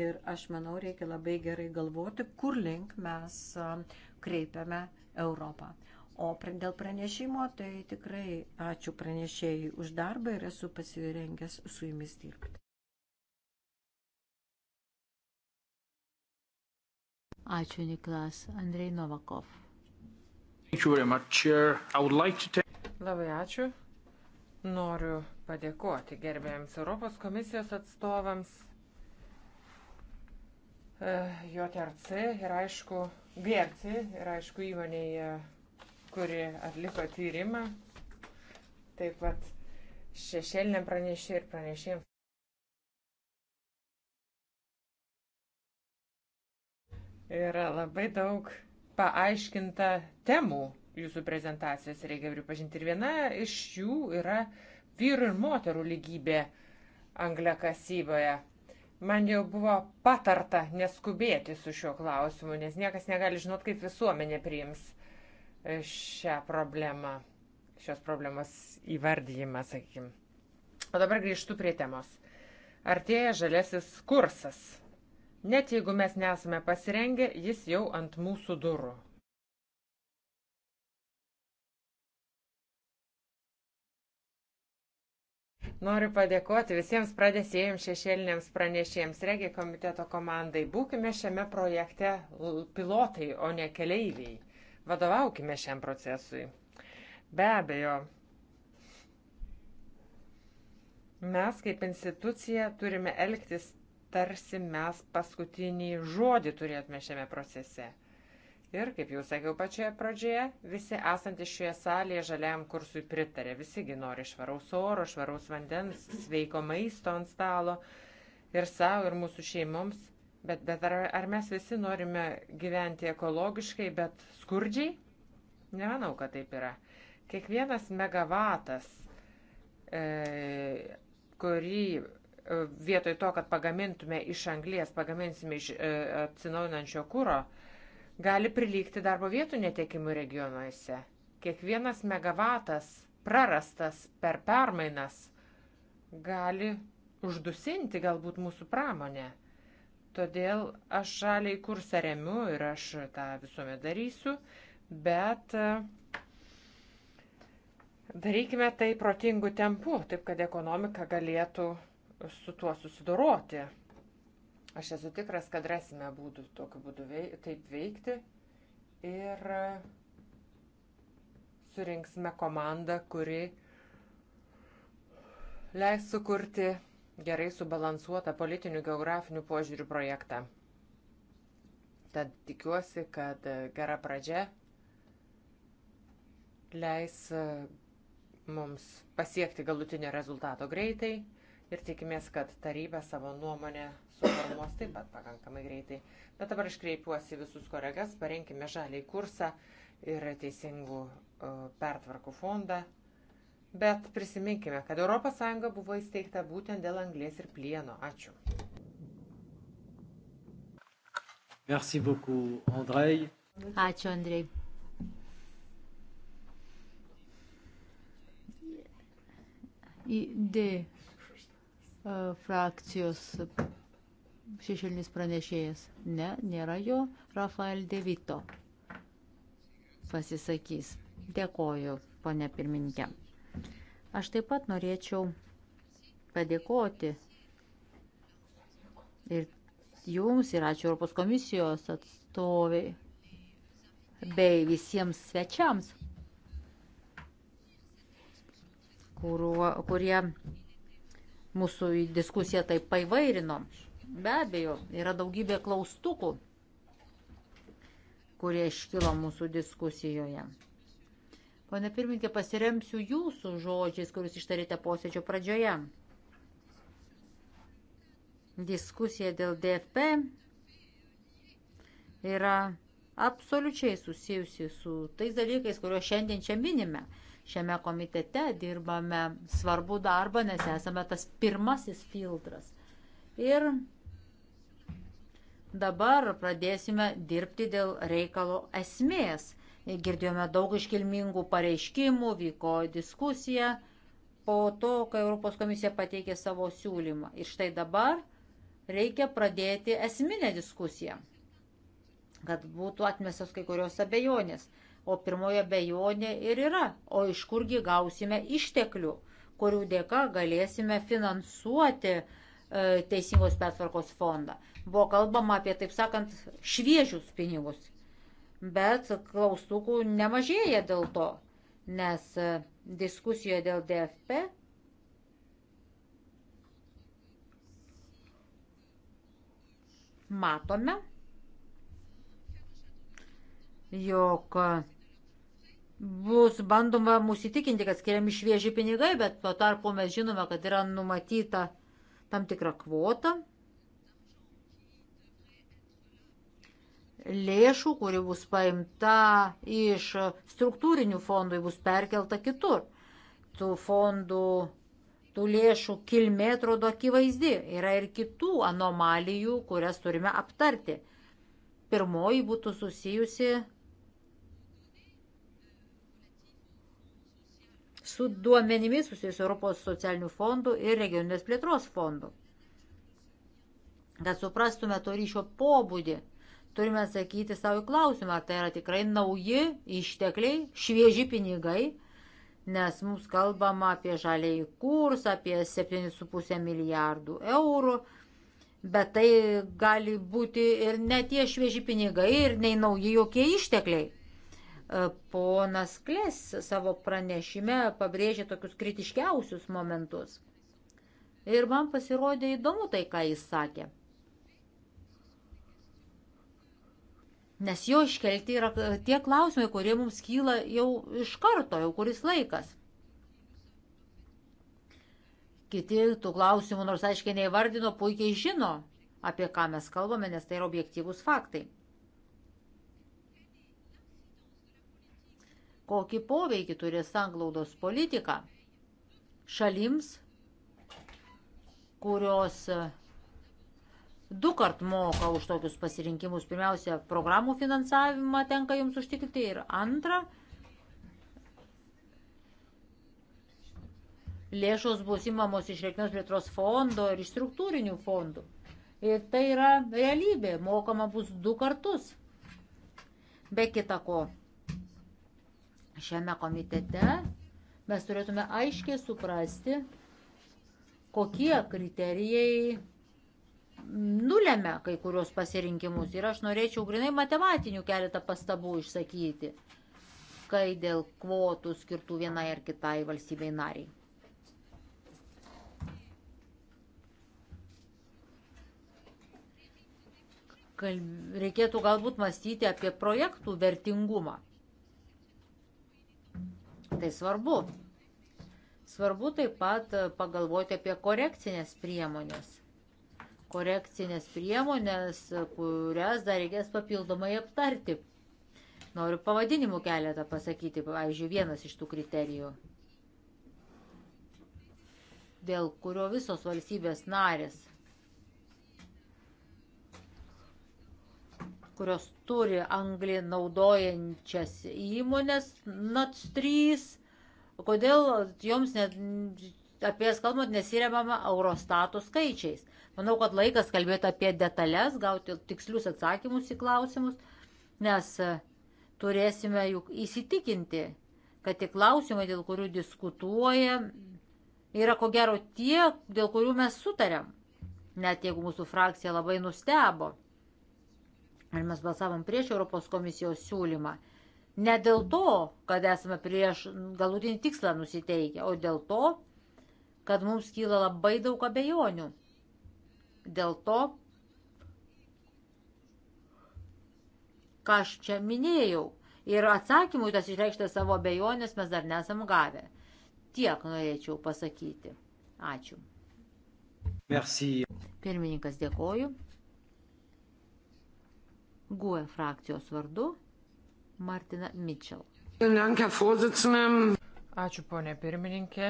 ir aš manau, reikia labai gerai galvoti, kur link mes kreipiame Europą. O dėl pranešimo, tai tikrai ačiū pranešėjai už darbą ir esu pasirengęs su jumis dirbti. Ačiū, Niklas. Andrei Novakov. Much, like to... Labai ačiū. Noriu padėkoti gerbėjams Europos komisijos atstovams, e, JRC ir aišku, GRC ir aišku įmonėje, kuri atliko tyrimą. Taip pat šešėlinėm pranešėjai ir pranešėjams. Yra labai daug paaiškinta temų jūsų prezentacijose, reikia pripažinti. Ir viena iš jų yra vyrų ir moterų lygybė anglekasyboje. Man jau buvo patarta neskubėti su šiuo klausimu, nes niekas negali žinot, kaip visuomenė priims e, šią problemą, šios problemos įvardyjimą, sakykim. O dabar grįžtu prie temos. Artėja žalesis kursas Net jeigu mes nesame pasirengę, jis jau ant mūsų durų. Noriu padėkoti visiems pradėsėjams šešėliniams pranešėjams regi komiteto komandai. Būkime šiame projekte pilotai, o ne keleiviai. Vadovaukime šiam procesui. Be abejo, mes kaip institucija turime elgtis tarsi mes paskutinį žodį turėtume šiame procese. Ir, kaip jau sakiau pačioje pradžioje, visi esantys šioje salėje žaliam kursui pritarė. Visigi nori švaraus oro, švaraus vandens, sveiko maisto ant stalo ir savo, ir mūsų šeimoms. Bet, bet ar, ar mes visi norime gyventi ekologiškai, bet skurdžiai? Nemanau, kad taip yra. Kiekvienas megavatas, e, kurį E, vietoj to, kad pagamintume iš anglies, pagaminsime iš e, atsinaujinančio kūro, gali prilygti darbo vietų netekimų regionuose. Kiekvienas megavatas prarastas per permainas gali uždusinti galbūt mūsų pramonę. Todėl aš šaliai kursą remiu ir aš tą visuomet darysiu, bet e, darykime tai protingų tempų, taip kad ekonomika galėtų su tuo susidoroti. Aš esu tikras, kad rasime būdų tokiu būdu vei, taip veikti ir surinksime komandą, kuri leis sukurti gerai subalansuotą politinių geografinių požiūrių projektą. Tad tikiuosi, kad gera pradžia leis mums pasiekti galutinio rezultato greitai ir tikimės, kad taryba savo nuomonę suformuos taip pat pakankamai greitai. Bet dabar aš kreipiuosi visus kolegas, parenkime žaliai kursą ir teisingų pertvarkų fondą. Bet prisiminkime, kad ES buvo įsteigta būtent dėl anglės ir plieno. Ačiū. Merci beaucoup, Andrei. Ačiū, Andrei. ID frakcijos šešėlinis pranešėjas. Ne, nėra jo. Rafael Devito pasisakys. Dėkoju, ponė pirmininkė. Aš taip pat norėčiau padėkoti ir jums, ir ačiū Europos komisijos atstoviai, bei visiems svečiams, kuruo, kurie Mūsų diskusiją taip paivairinom. Be abejo, yra daugybė klaustukų, kurie iškilo mūsų diskusijoje. Pone pirmininkė, pasiremsiu jūsų žodžiais, kuriuos ištarėte posėdžio pradžioje. Diskusija dėl DFP yra absoliučiai susijusi su tais dalykais, kuriuos šiandien čia minime šiame komitete dirbame svarbų darbą, nes esame tas pirmasis filtras. Ir dabar pradėsime dirbti dėl reikalo esmės. Girdėjome daug iškilmingų pareiškimų, vyko diskusija po to, kai Europos komisija pateikė savo siūlymą. Ir štai dabar reikia pradėti esminę diskusiją, kad būtų atmestos kai kurios abejonės. O pirmoje bejonė ir yra, o iš kurgi gausime išteklių, kurių dėka galėsime finansuoti e, Teisingos pertvarkos fondą. Buvo kalbama apie, taip sakant, šviežius pinigus, bet klaustukų nemažėja dėl to, nes e, diskusijoje dėl DFP matome, jog bus bandoma mūsų įtikinti, kad skiriami švieži pinigai, bet tuo tarpu mes žinome, kad yra numatyta tam tikra kvota lėšų, kuri bus paimta iš struktūrinių fondų, bus perkelta kitur. Tų fondų, tų lėšų kilmė atrodo akivaizdi. Yra ir kitų anomalijų, kurias turime aptarti. Pirmoji būtų susijusi su duomenimis susijus Europos socialinių fondų ir regioninės plėtros fondų. Kad suprastume to ryšio pobūdį, turime atsakyti savo klausimą, ar tai yra tikrai nauji ištekliai, švieži pinigai, nes mums kalbama apie žaliai kursą, apie 7,5 milijardų eurų, bet tai gali būti ir ne tie švieži pinigai, ir nei nauji jokie ištekliai. Ponas Klės savo pranešime pabrėžė tokius kritiškiausius momentus. Ir man pasirodė įdomu tai, ką jis sakė. Nes jo iškelti yra tie klausimai, kurie mums kyla jau iš karto, jau kuris laikas. Kiti tų klausimų, nors aiškiai neįvardino, puikiai žino, apie ką mes kalbame, nes tai yra objektyvūs faktai. kokį poveikį turi sanglaudos politika šalims, kurios e, du kart moka už tokius pasirinkimus. Pirmiausia, programų finansavimą tenka jums užtikrinti ir antra, lėšos bus įmamos iš reikmės plėtros fondo ir iš struktūrinių fondų. Ir tai yra realybė, mokama bus du kartus. Be kita ko, šiame komitete mes turėtume aiškiai suprasti, kokie kriterijai nulėmė kai kurios pasirinkimus. Ir aš norėčiau grinai matematinių keletą pastabų išsakyti, kai dėl kvotų skirtų vienai ar kitai valstybei nariai. Reikėtų galbūt mąstyti apie projektų vertingumą. Tai svarbu. Svarbu taip pat e, pagalvoti apie korekcinės priemonės. Korekcinės priemonės, e, kurias dar reikės papildomai aptarti. Noriu pavadinimų keletą pasakyti, pavyzdžiui, vienas iš tų kriterijų, dėl kurio visos valstybės narės kurios turi anglį naudojančias įmonės, NAT 3, kodėl joms net, apie jas kalbant nesiremama Eurostato skaičiais. Manau, kad laikas kalbėti apie detalės, gauti tikslius atsakymus į klausimus, nes e, turėsime juk įsitikinti, kad tie klausimai, dėl kurių diskutuoja, yra ko gero tie, dėl kurių mes sutarėm, net jeigu mūsų frakcija labai nustebo Ir mes balsavom prieš Europos komisijos siūlymą. Ne dėl to, kad esame prieš galutinį tikslą nusiteikę, o dėl to, kad mums kyla labai daug abejonių. Dėl to, ką aš čia minėjau. Ir atsakymų tas išreikštą savo abejonės mes dar nesam gavę. Tiek norėčiau pasakyti. Ačiū. Merci. Pirmininkas dėkoju. GUE frakcijos vardu Martina Mitchell. Ačiū, ponė pirmininkė.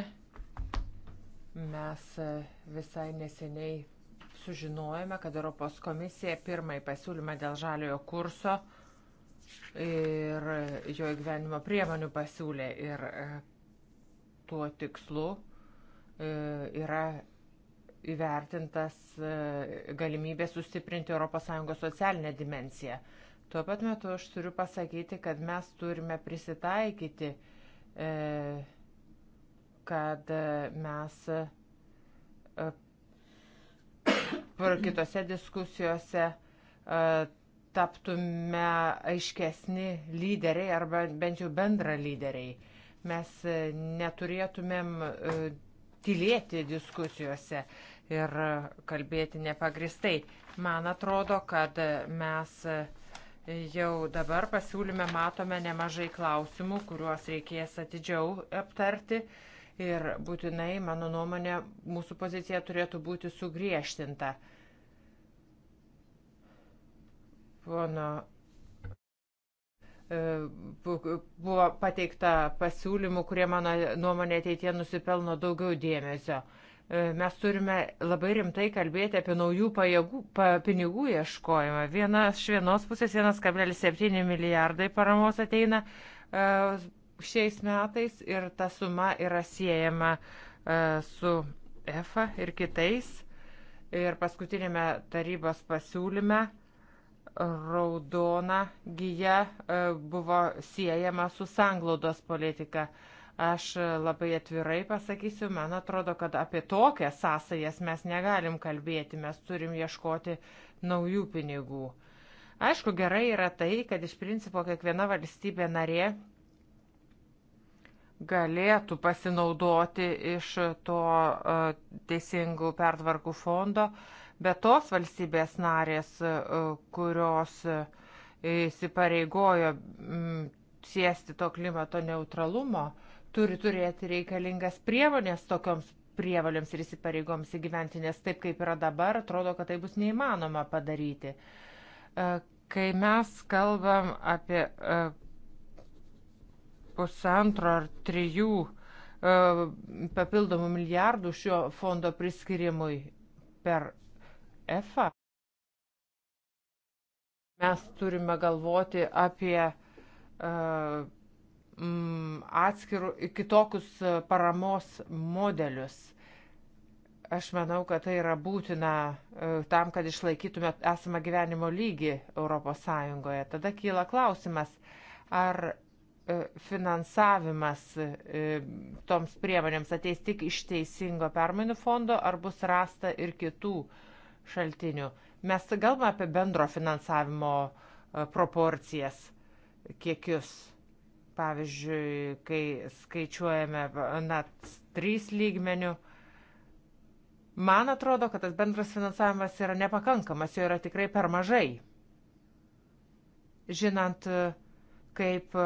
Mes e, visai neseniai sužinojome, kad Europos komisija pirmąjį pasiūlymą dėl žaliojo kurso ir jo įgyvenimo priemonių pasiūlė. Ir e, tuo tikslu e, yra įvertintas e, galimybė sustiprinti ES socialinę dimenciją. Tuo pat metu aš turiu pasakyti, kad mes turime prisitaikyti, e, kad e, mes kitose diskusijose taptume aiškesni lyderiai arba bent jau bendra lyderiai. Mes neturėtumėm tylėti diskusijose ir kalbėti nepagristai. Man atrodo, kad mes jau dabar pasiūlyme matome nemažai klausimų, kuriuos reikės atidžiau aptarti. Ir būtinai, mano nuomonė, mūsų pozicija turėtų būti sugriežtinta. Pono e, buvo pateikta pasiūlymų, kurie mano nuomonė ateitie nusipelno daugiau dėmesio. E, mes turime labai rimtai kalbėti apie naujų pajėgų, pa, pinigų ieškojimą. Viena, iš vienos pusės 1,7 milijardai paramos ateina e, šiais metais ir ta suma yra siejama e, su EFA ir kitais. Ir paskutinėme tarybos pasiūlyme raudona gyja buvo siejama su sanglaudos politika. Aš labai atvirai pasakysiu, man atrodo, kad apie tokias sąsajas mes negalim kalbėti, mes turim ieškoti naujų pinigų. Aišku, gerai yra tai, kad iš principo kiekviena valstybė narė galėtų pasinaudoti iš to e, teisingų pertvarkų fondo, bet tos valstybės narės, e, kurios e, įsipareigojo siesti to klimato neutralumo, turi turėti reikalingas priemonės tokioms prievalėms ir įsipareigoms įgyventi, nes taip kaip yra dabar, atrodo, kad tai bus neįmanoma padaryti. E, kai mes kalbam apie e, pusantro ar trijų e, papildomų milijardų šio fondo priskirimui per EFA, mes turime galvoti apie uh, Mm, atskirų, kitokius e, paramos modelius. Aš manau, kad tai yra būtina e, tam, kad išlaikytume esamą gyvenimo lygį ES. Tada kyla klausimas, ar e, finansavimas toms priemonėms ateis tik iš teisingo permainų fondo, ar bus rasta ir kitų šaltinių. Mes galvame apie bendro finansavimo proporcijas, kiekius Pavyzdžiui, kai skaičiuojame NAT 3 lygmenių, man atrodo, kad tas bendras finansavimas yra nepakankamas, jo yra tikrai per mažai. Žinant, kaip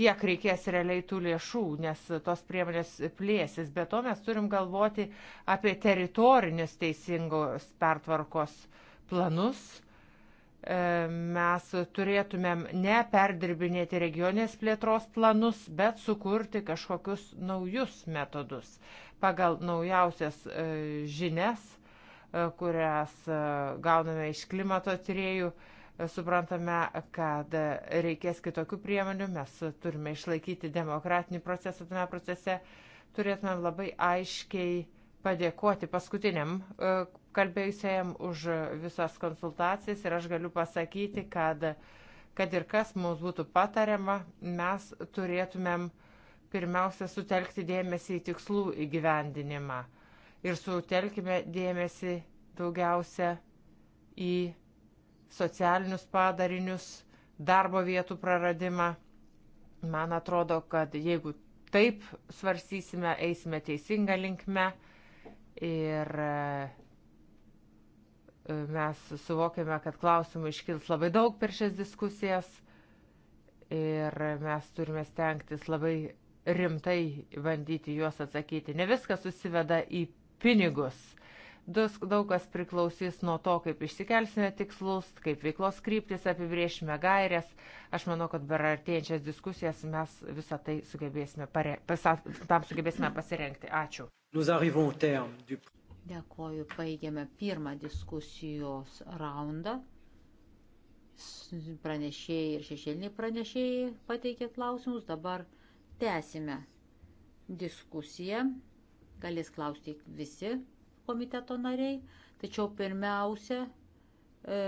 kiek reikės realiai tų lėšų, nes tos priemonės plėsis. Be to mes turim galvoti apie teritorinius teisingos pertvarkos planus E, mes turėtumėm neperdirbinėti regionės plėtros planus, bet sukurti kažkokius naujus metodus pagal naujausias e, žinias, e, kurias gauname iš klimato tyriejų. Suprantame, kad reikės kitokių priemonių, mes turime išlaikyti demokratinį procesą tame procese, turėtumėm labai aiškiai padėkoti paskutiniam kalbėjusiajam už visas konsultacijas ir aš galiu pasakyti, kad, kad ir kas mums būtų patariama, mes turėtumėm pirmiausia sutelkti dėmesį į tikslų įgyvendinimą ir sutelkime dėmesį daugiausia į socialinius padarinius, darbo vietų praradimą. Man atrodo, kad jeigu taip svarstysime, eisime teisinga linkme ir Mes suvokiame, kad klausimų iškils labai daug per šias diskusijas ir mes turime stengtis labai rimtai bandyti juos atsakyti. Ne viskas susiveda į pinigus. Dus daug kas priklausys nuo to, kaip išsikelsime tikslus, kaip veiklos kryptis apibriešime gairias. Aš manau, kad per artėjančias diskusijas mes visą tai sugebėsime, pare, pasa, tam sugebėsime pasirengti. Ačiū. Dėkoju, baigiame pirmą diskusijos raundą. Pranešėjai ir šešėliniai pranešėjai pateikė klausimus, dabar tęsime diskusiją. Galės klausti visi komiteto nariai, tačiau pirmiausia, e,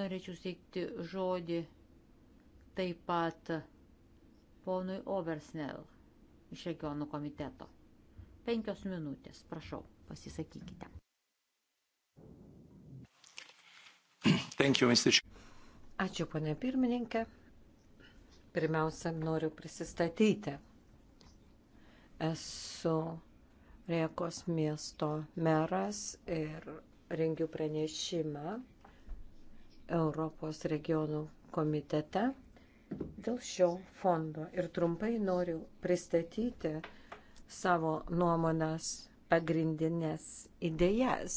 norėčiau steigti žodį taip pat ponui Oversnell iš regionų komiteto. Penkios minutės, prašau. Pasisakykite. Thank you, Mr. Ačiū, ponė pirmininkė. Pirmiausia, noriu prisistatyti. Esu Riekos miesto meras ir rengiu pranešimą Europos regionų komitete dėl šio fondo. Ir trumpai noriu pristatyti savo nuomonės pagrindinės idėjas,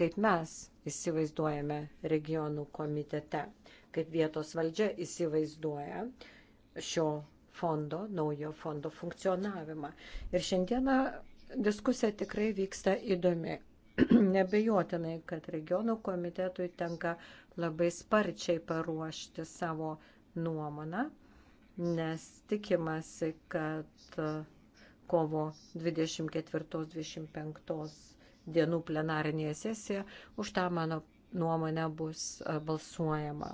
kaip mes įsivaizduojame regionų komitete, kaip vietos valdžia įsivaizduoja šio fondo, naujo fondo funkcionavimą. Ir šiandieną diskusija tikrai vyksta įdomi. (clears throat) Nebejotinai, kad regionų komitetui tenka labai sparčiai paruošti savo nuomonę, nes tikimasi, kad kovo 24-25 dienų plenarinėje sesijoje. Už tą mano nuomonę bus balsuojama.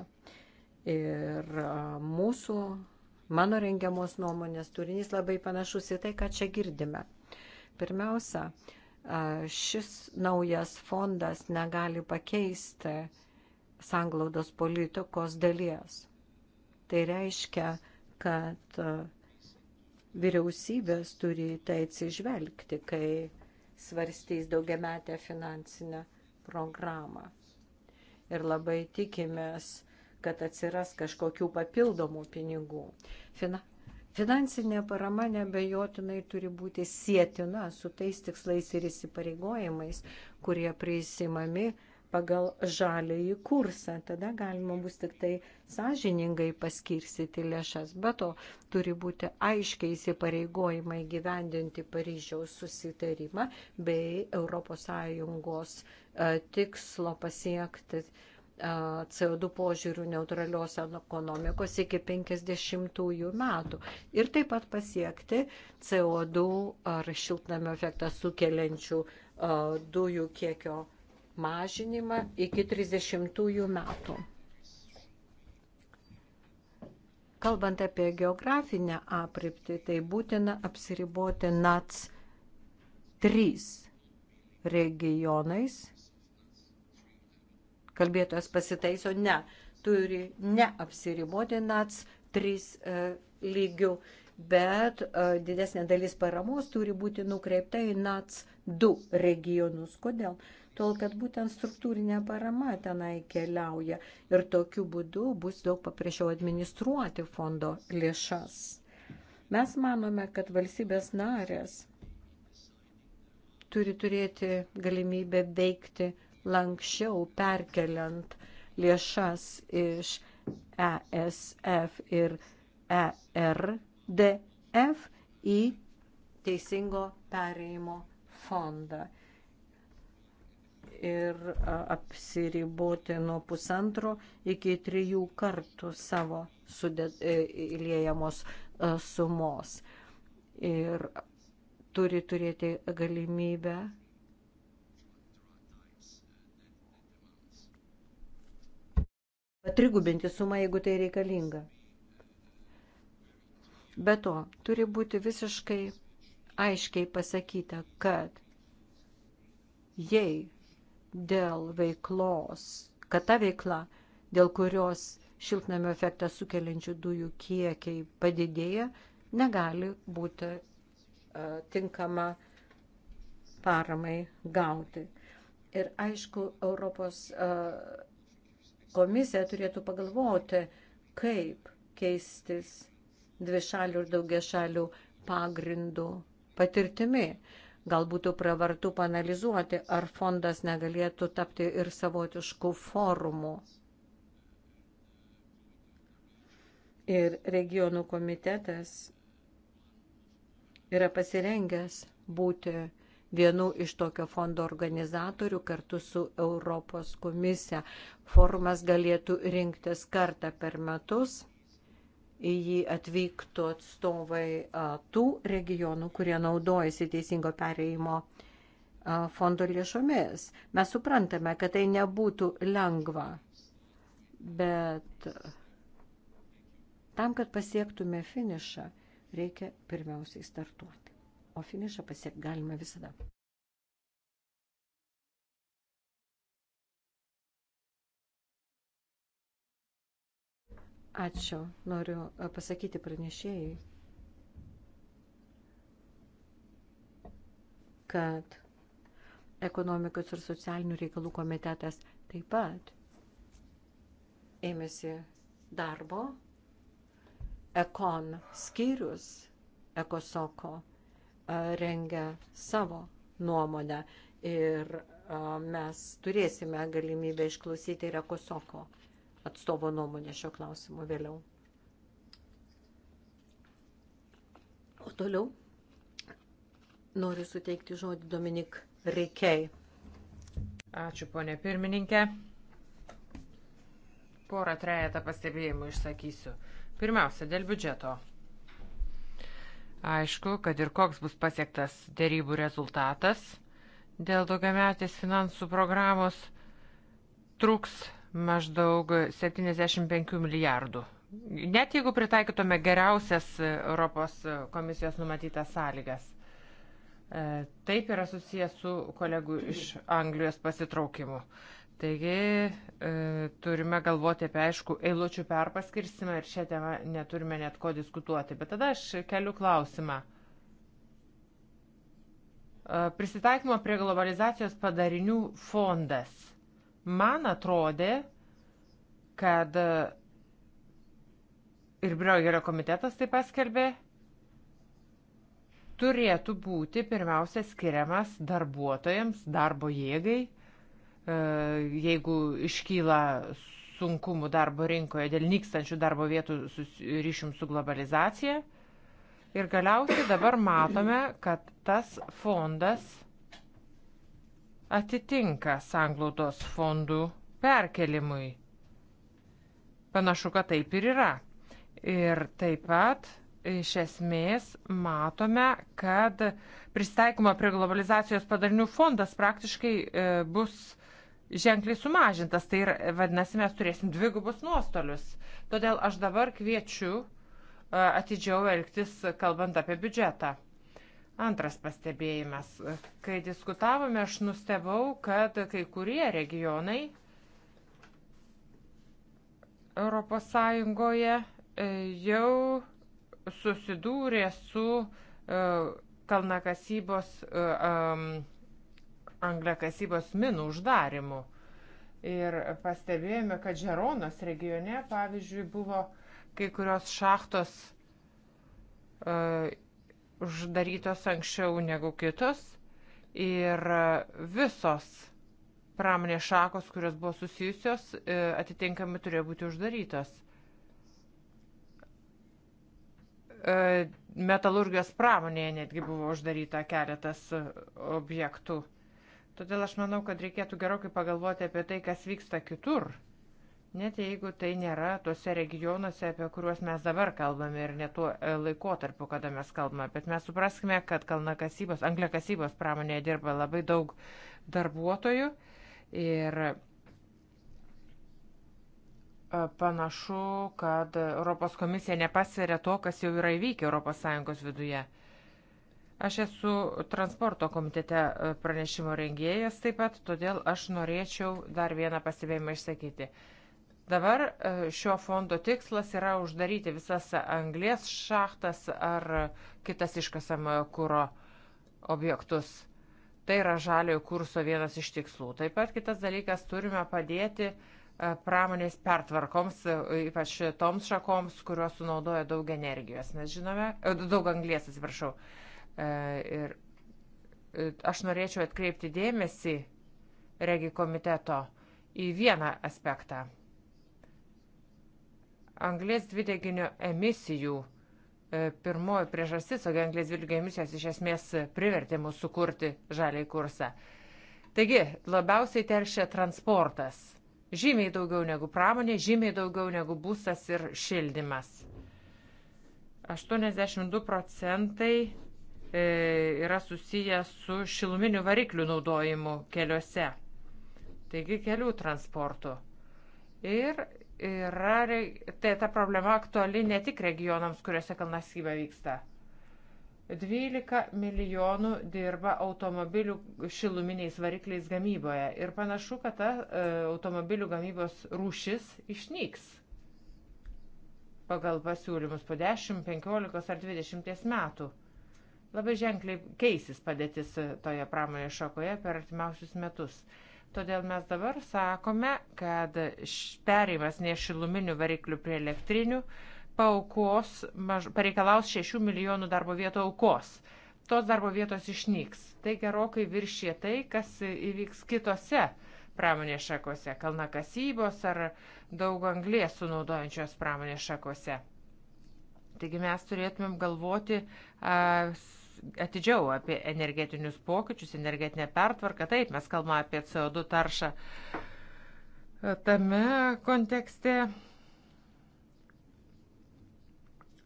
Ir mūsų, mano rengiamos nuomonės turinys labai panašus į tai, ką čia girdime. Pirmiausia, šis naujas fondas negali pakeisti sanglaudos politikos dalies. Tai reiškia, kad vyriausybės turi tai atsižvelgti, kai svarstys daugiametę finansinę programą. Ir labai tikimės, kad atsiras kažkokių papildomų pinigų. Fina, finansinė parama nebejotinai turi būti sėtina su tais tikslais ir įsipareigojimais, kurie prisimami pagal žalėjį kursą. Tada galima bus tik tai sąžiningai paskirstyti lėšas. Be to, turi būti aiškiai įsipareigojimai gyvendinti Paryžiaus susitarimą bei ES e, tikslo pasiekti e, CO2 požiūrių neutralios ekonomikos iki 50 metų ir taip pat pasiekti CO2 ar šiltnamio efektą sukeliančių e, dujų kiekio mažinimą iki 30 metų. Kalbant apie geografinę apriptį, tai būtina apsiriboti NATS 3 regionais. Kalbėtojas pasitaiso, ne, turi neapsiriboti NATS 3 e, lygių, bet e, didesnė dalis paramos turi būti nukreipta į NATS 2 regionus. Kodėl? E, tol kad būtent struktūrinė parama tenai keliauja ir tokiu būdu bus daug paprasčiau administruoti fondo lėšas. Mes manome, kad valstybės narės turi turėti galimybę veikti lankščiau, perkeliant lėšas iš ESF ir ERDF į teisingo pereimo fondą ir apsiriboti nuo pusantro iki trijų kartų savo sudėt, e, įliejamos sumos. Ir turi turėti galimybę patrigubinti sumą, jeigu tai reikalinga. Be to, turi būti visiškai aiškiai pasakyta, kad jei dėl veiklos, kad ta veikla, dėl kurios šiltnamio efektą sukeliančių dujų kiekiai padidėja, negali būti e, tinkama paramai gauti. Ir aišku, Europos e, komisija turėtų pagalvoti, kaip keistis dvišalių ir daugia šalių pagrindų patirtimi. Gal būtų pravartu panalizuoti, ar fondas negalėtų tapti ir savotiškų forumų. Ir regionų komitetas yra pasirengęs būti vienu iš tokio fondo organizatorių kartu su Europos komisija. Forumas galėtų rinktis kartą per metus į jį atvyktų atstovai tų regionų, kurie naudojasi teisingo pereimo fondo lėšomis. Mes suprantame, kad tai nebūtų lengva, bet tam, kad pasiektume finišą, reikia pirmiausiai startuoti. O finišą pasiekti galima visada. Ačiū. Noriu e, pasakyti pranešėjai, kad ekonomikos ir socialinių reikalų komitetas taip pat ėmėsi darbo. Ekon skyrius Ekosoko e, rengia savo nuomonę ir e, mes turėsime galimybę išklausyti ir Ekosoko atstovo nuomonę šio klausimo vėliau. O toliau noriu suteikti žodį Dominik Reikiai. Ačiū, ponė pirmininkė. Porą trejetą pastebėjimų išsakysiu. Pirmiausia, dėl biudžeto. Aišku, kad ir koks bus pasiektas dėrybų rezultatas dėl daugiametės finansų programos, truks maždaug 75 milijardų. Net jeigu pritaikytume geriausias Europos komisijos numatytas sąlygas. E, taip yra susijęs su kolegų iš Anglijos pasitraukimu. Taigi e, turime galvoti apie aišku eilučių perpaskirstimą ir šią temą neturime net ko diskutuoti. Bet tada aš keliu klausimą. E, prisitaikymo prie globalizacijos padarinių fondas Man atrodė, kad ir Briogerio komitetas taip paskelbė, turėtų būti pirmiausia skiriamas darbuotojams, darbo jėgai, e, jeigu iškyla sunkumų darbo rinkoje dėl nykstančių darbo vietų ryšium su globalizacija. Ir galiausiai dabar matome, kad tas fondas atitinka sanglaudos fondų perkelimui. Panašu, kad taip ir yra. Ir taip pat iš esmės matome, kad pristaikymo prie globalizacijos padarinių fondas praktiškai e, bus ženkliai sumažintas. Tai ir, vadinasi, mes turėsim dvigubus nuostolius. Todėl aš dabar kviečiu e, atidžiau elgtis, kalbant apie biudžetą. Antras pastebėjimas. Kai diskutavome, aš nustebau, kad kai kurie regionai ES e, jau susidūrė su e, kalnakasybos, e, angliakasybos minų uždarimu. Ir pastebėjome, kad Žeronos regione, pavyzdžiui, buvo kai kurios šachtos uždarytos anksčiau negu kitos ir visos pramonės šakos, kurios buvo susijusios, e, atitinkamai turėjo būti uždarytos. E, metalurgijos pramonėje netgi buvo uždaryta keletas objektų. Todėl aš manau, kad reikėtų gerokai pagalvoti apie tai, kas vyksta kitur net jeigu tai nėra tuose regionuose, apie kuriuos mes dabar kalbame ir ne tuo e, laikotarpiu, kada mes kalbame, bet mes supraskime, kad kalnakasybos, angliakasybos pramonėje dirba labai daug darbuotojų ir e, panašu, kad Europos komisija nepasveria to, kas jau yra įvykę ES viduje. Aš esu transporto komitete e, pranešimo rengėjas taip pat, todėl aš norėčiau dar vieną pasibėjimą išsakyti. Dabar e, šio fondo tikslas yra uždaryti visas anglės šachtas ar kitas iškasamojo kūro objektus. Tai yra žaliojo kurso vienas iš tikslų. Taip pat kitas dalykas turime padėti e, pramonės pertvarkoms, e, ypač toms šakoms, kurios sunaudoja daug energijos, mes žinome, daug anglės, atsiprašau. Ir aš norėčiau atkreipti dėmesį regi komiteto į vieną aspektą. Anglės dvideginio emisijų e, pirmoji priežastis, ogi anglės dvideginio emisijos iš esmės privertė mus sukurti žaliai kursą. Taigi, labiausiai teršia transportas. Žymiai daugiau negu pramonė, žymiai daugiau negu būsas ir šildymas. 82 procentai e, yra susijęs su šiluminių variklių naudojimu keliuose. Taigi kelių transportu. Ir yra, tai ta problema aktuali ne tik regionams, kuriuose kalnasyba vyksta. 12 milijonų dirba automobilių šiluminiais varikliais gamyboje ir panašu, kad ta e, automobilių gamybos rūšis išnyks pagal pasiūlymus po 10, 15 ar 20 metų. Labai ženkliai keisis padėtis toje pramonės šakoje per artimiausius metus. Todėl mes dabar sakome, kad perėjimas nešiluminių variklių prie elektrinių paukos, maž, pareikalaus 6 milijonų darbo vietų aukos. Tos darbo vietos išnyks. Tai gerokai viršė tai, kas įvyks kitose pramonės šakose - kalnakasybos ar daug anglės sunaudojančios pramonės šakose. Taigi mes turėtumėm galvoti, atidžiau apie energetinius pokyčius, energetinę pertvarką. Taip, mes kalbame apie CO2 taršą. Tame kontekste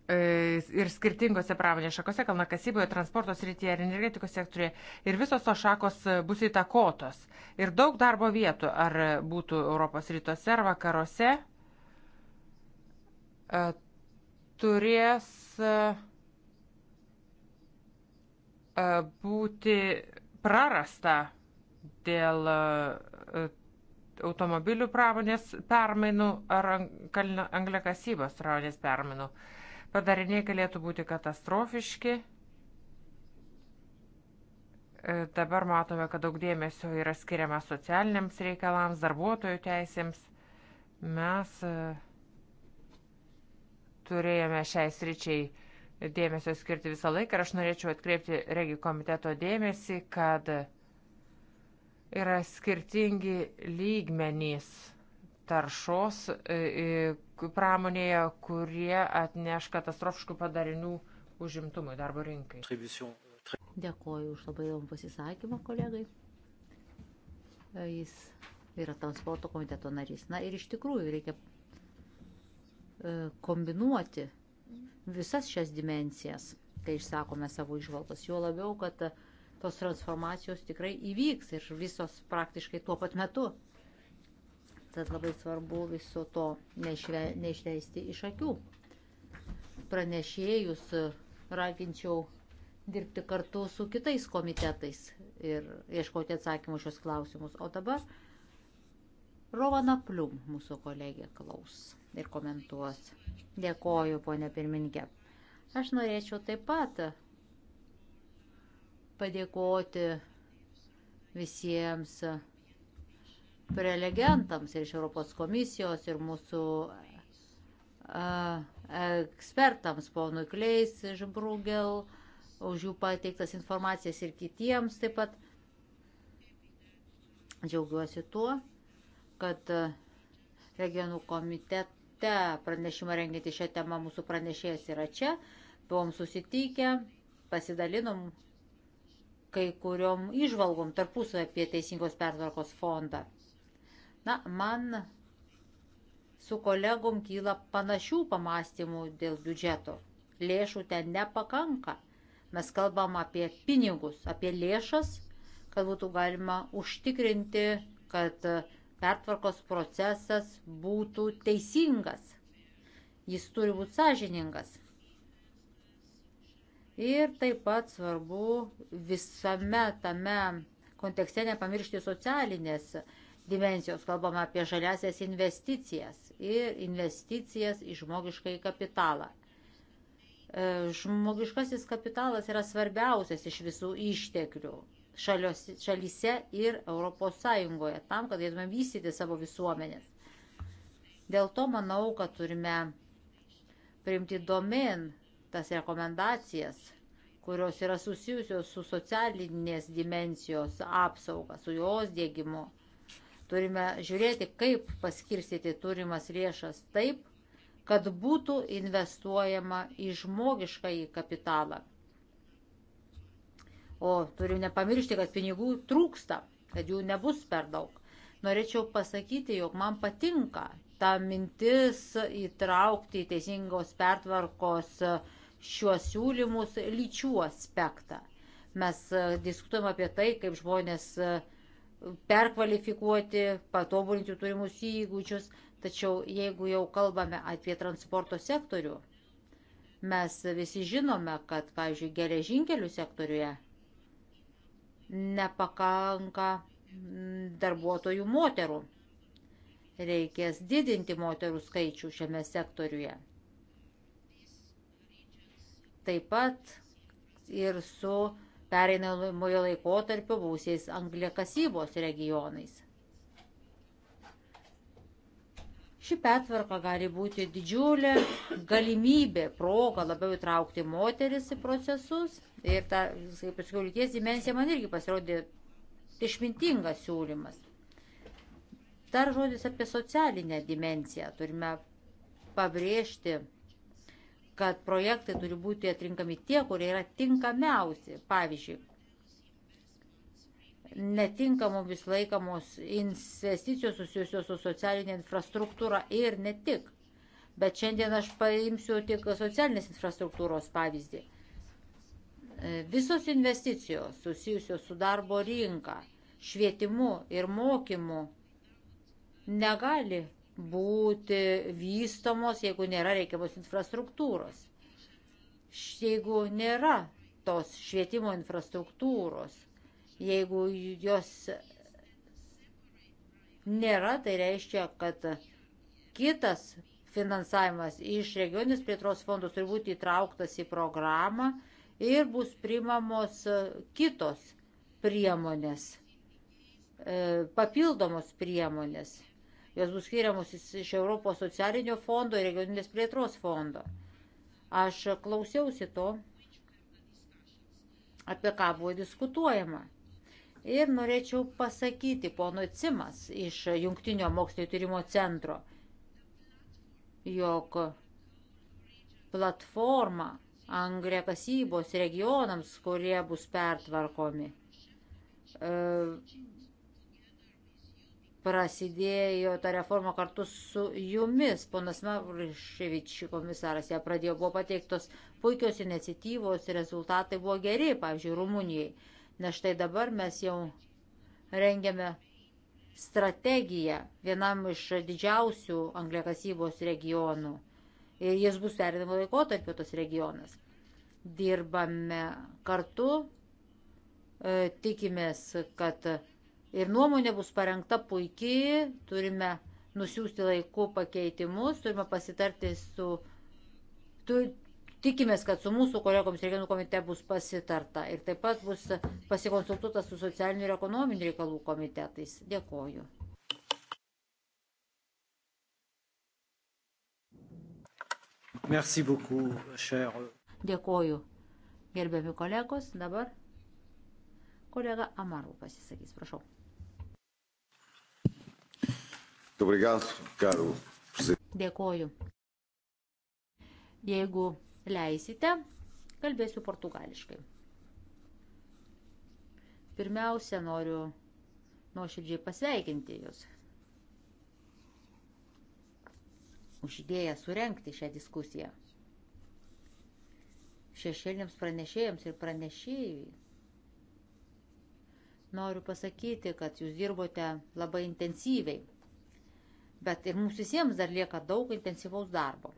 e, ir skirtingose pramonės šakose, kalnakasyboje, transporto srityje ir energetikos sektoriuje. Ir visos tos šakos e, bus įtakotos. Ir daug darbo vietų, ar būtų Europos rytuose ar vakaruose, e, turės būti prarasta dėl automobilių pramonės permainų ar angliakasybos pramonės permainų. Padariniai galėtų būti katastrofiški. E, dabar matome, kad daug dėmesio yra skiriama socialiniams reikalams, darbuotojų teisėms. Mes e, turėjome šiai sričiai dėmesio skirti visą laiką ir aš norėčiau atkreipti regi komiteto dėmesį, kad yra skirtingi lygmenys taršos e, e, pramonėje, kurie atneš katastrofiškų padarinių užimtumui darbo rinkai. Dėkoju už labai įdomų pasisakymą, kolegai. E, jis yra transporto komiteto narys. Na ir iš tikrųjų reikia kombinuoti visas šias dimencijas, kai išsakome savo išvalgos. Juo labiau, kad tos transformacijos tikrai įvyks ir visos praktiškai tuo pat metu. Tad labai svarbu viso to neišve, neišleisti iš akių. Pranešėjus raginčiau dirbti kartu su kitais komitetais ir ieškoti atsakymų šios klausimus. O dabar Rovana Plum mūsų kolegė klaus ir komentuos. Dėkoju, ponė pirmininkė. Aš norėčiau taip pat padėkoti visiems prelegentams ir iš Europos komisijos ir mūsų uh, ekspertams, ponui Kleis, Žbrugel, už jų pateiktas informacijas ir kitiems taip pat. Džiaugiuosi tuo, kad e, regionų komitete pranešimą renginti šią temą mūsų pranešėjas yra čia. Buvom susitikę, pasidalinom kai kuriom išvalgom tarpusavę apie teisingos pertvarkos fondą. Na, man su kolegom kyla panašių pamastymų dėl biudžeto. Lėšų ten nepakanka. Mes kalbam apie pinigus, apie lėšas, kad būtų galima užtikrinti, kad uh, pertvarkos procesas būtų teisingas. Jis turi būti sąžiningas. Ir taip pat svarbu visame tame kontekste nepamiršti socialinės dimensijos. Kalbame apie žaliasias investicijas ir investicijas į žmogišką į kapitalą. E, žmogiškasis kapitalas yra svarbiausias iš visų išteklių šalios, šalyse ir ES, tam, kad galėtume vystyti savo visuomenės. Dėl to manau, kad turime priimti domen tas rekomendacijas, kurios yra susijusios su socialinės dimensijos apsauga, su jos dėgymu. Turime žiūrėti, kaip paskirstyti turimas lėšas taip, kad būtų investuojama į žmogiškąjį kapitalą, O turim nepamiršti, kad pinigų trūksta, kad jų nebus per daug. Norėčiau pasakyti, jog man patinka ta mintis įtraukti į teisingos pertvarkos šiuos siūlymus lyčių aspektą. Mes e, diskutuojam apie tai, kaip žmonės e, perkvalifikuoti, patobulinti turimus įgūdžius, tačiau jeigu jau kalbame apie transporto sektorių, mes visi žinome, kad, pavyzdžiui, geležinkelių sektoriuje nepakanka mm, darbuotojų moterų. Reikės didinti moterų skaičių šiame sektoriuje. Taip pat ir su pereinamojo laikotarpio būsiais angliakasybos regionais. Ši petvarka gali būti didžiulė galimybė, proga labiau įtraukti moteris į procesus Ir ta, kaip aš sakiau, lyties dimensija man irgi pasirodė išmintingas siūlymas. Dar žodis apie socialinę dimensiją. Turime pabrėžti, kad projektai turi būti atrinkami tie, kurie yra tinkamiausi. Pavyzdžiui, netinkamomis laikomos investicijos susijusios su socialinė infrastruktūra ir ne tik. Bet šiandien aš paimsiu tik socialinės infrastruktūros pavyzdį. E, visos investicijos susijusios su darbo rinka, švietimu ir mokymu negali būti vystomos, jeigu nėra reikiamos infrastruktūros. Jeigu nėra tos švietimo infrastruktūros, jeigu jos nėra, tai reiškia, kad kitas finansavimas iš regioninės plėtros fondos turi būti įtrauktas į programą ir bus primamos e, kitos priemonės, e, papildomos priemonės. Jos bus skiriamos iš Europos socialinio fondo ir regioninės plėtros fondo. Aš klausiausi to, apie ką buvo diskutuojama. Ir norėčiau pasakyti ponui Cimas iš Jungtinio mokslinio tyrimo centro, jog platforma anglė kasybos regionams, kurie bus pertvarkomi. E, prasidėjo ta reforma kartu su jumis, ponas Mavriševič, komisaras, ją pradėjo, buvo pateiktos puikios iniciatyvos, rezultatai buvo geri, pavyzdžiui, Rumunijai. Nes štai dabar mes jau rengiame strategiją vienam iš didžiausių anglėkasybos regionų ir jis bus perinamo laikotarpio tas regionas. Dirbame kartu, e, tikimės, kad ir nuomonė bus parengta puikiai, turime nusiųsti laiku pakeitimus, turime pasitarti su, tu, tikimės, kad su mūsų kolegoms regionų komite bus pasitarta ir taip pat bus pasikonsultuota su socialiniu ir ekonominiu reikalų komitetais. Dėkoju. Merci beaucoup, cher. Dėkoju. Gerbiami kolegos, dabar kolega Amaru pasisakys, prašau. Dėkoju. Jeigu leisite, kalbėsiu portugališkai. Pirmiausia, noriu nuoširdžiai pasveikinti jūs už idėją surenkti šią diskusiją. Šešėlėms pranešėjams ir pranešėjai. Noriu pasakyti, kad jūs dirbote labai intensyviai, bet ir mums visiems dar lieka daug intensyvaus darbo.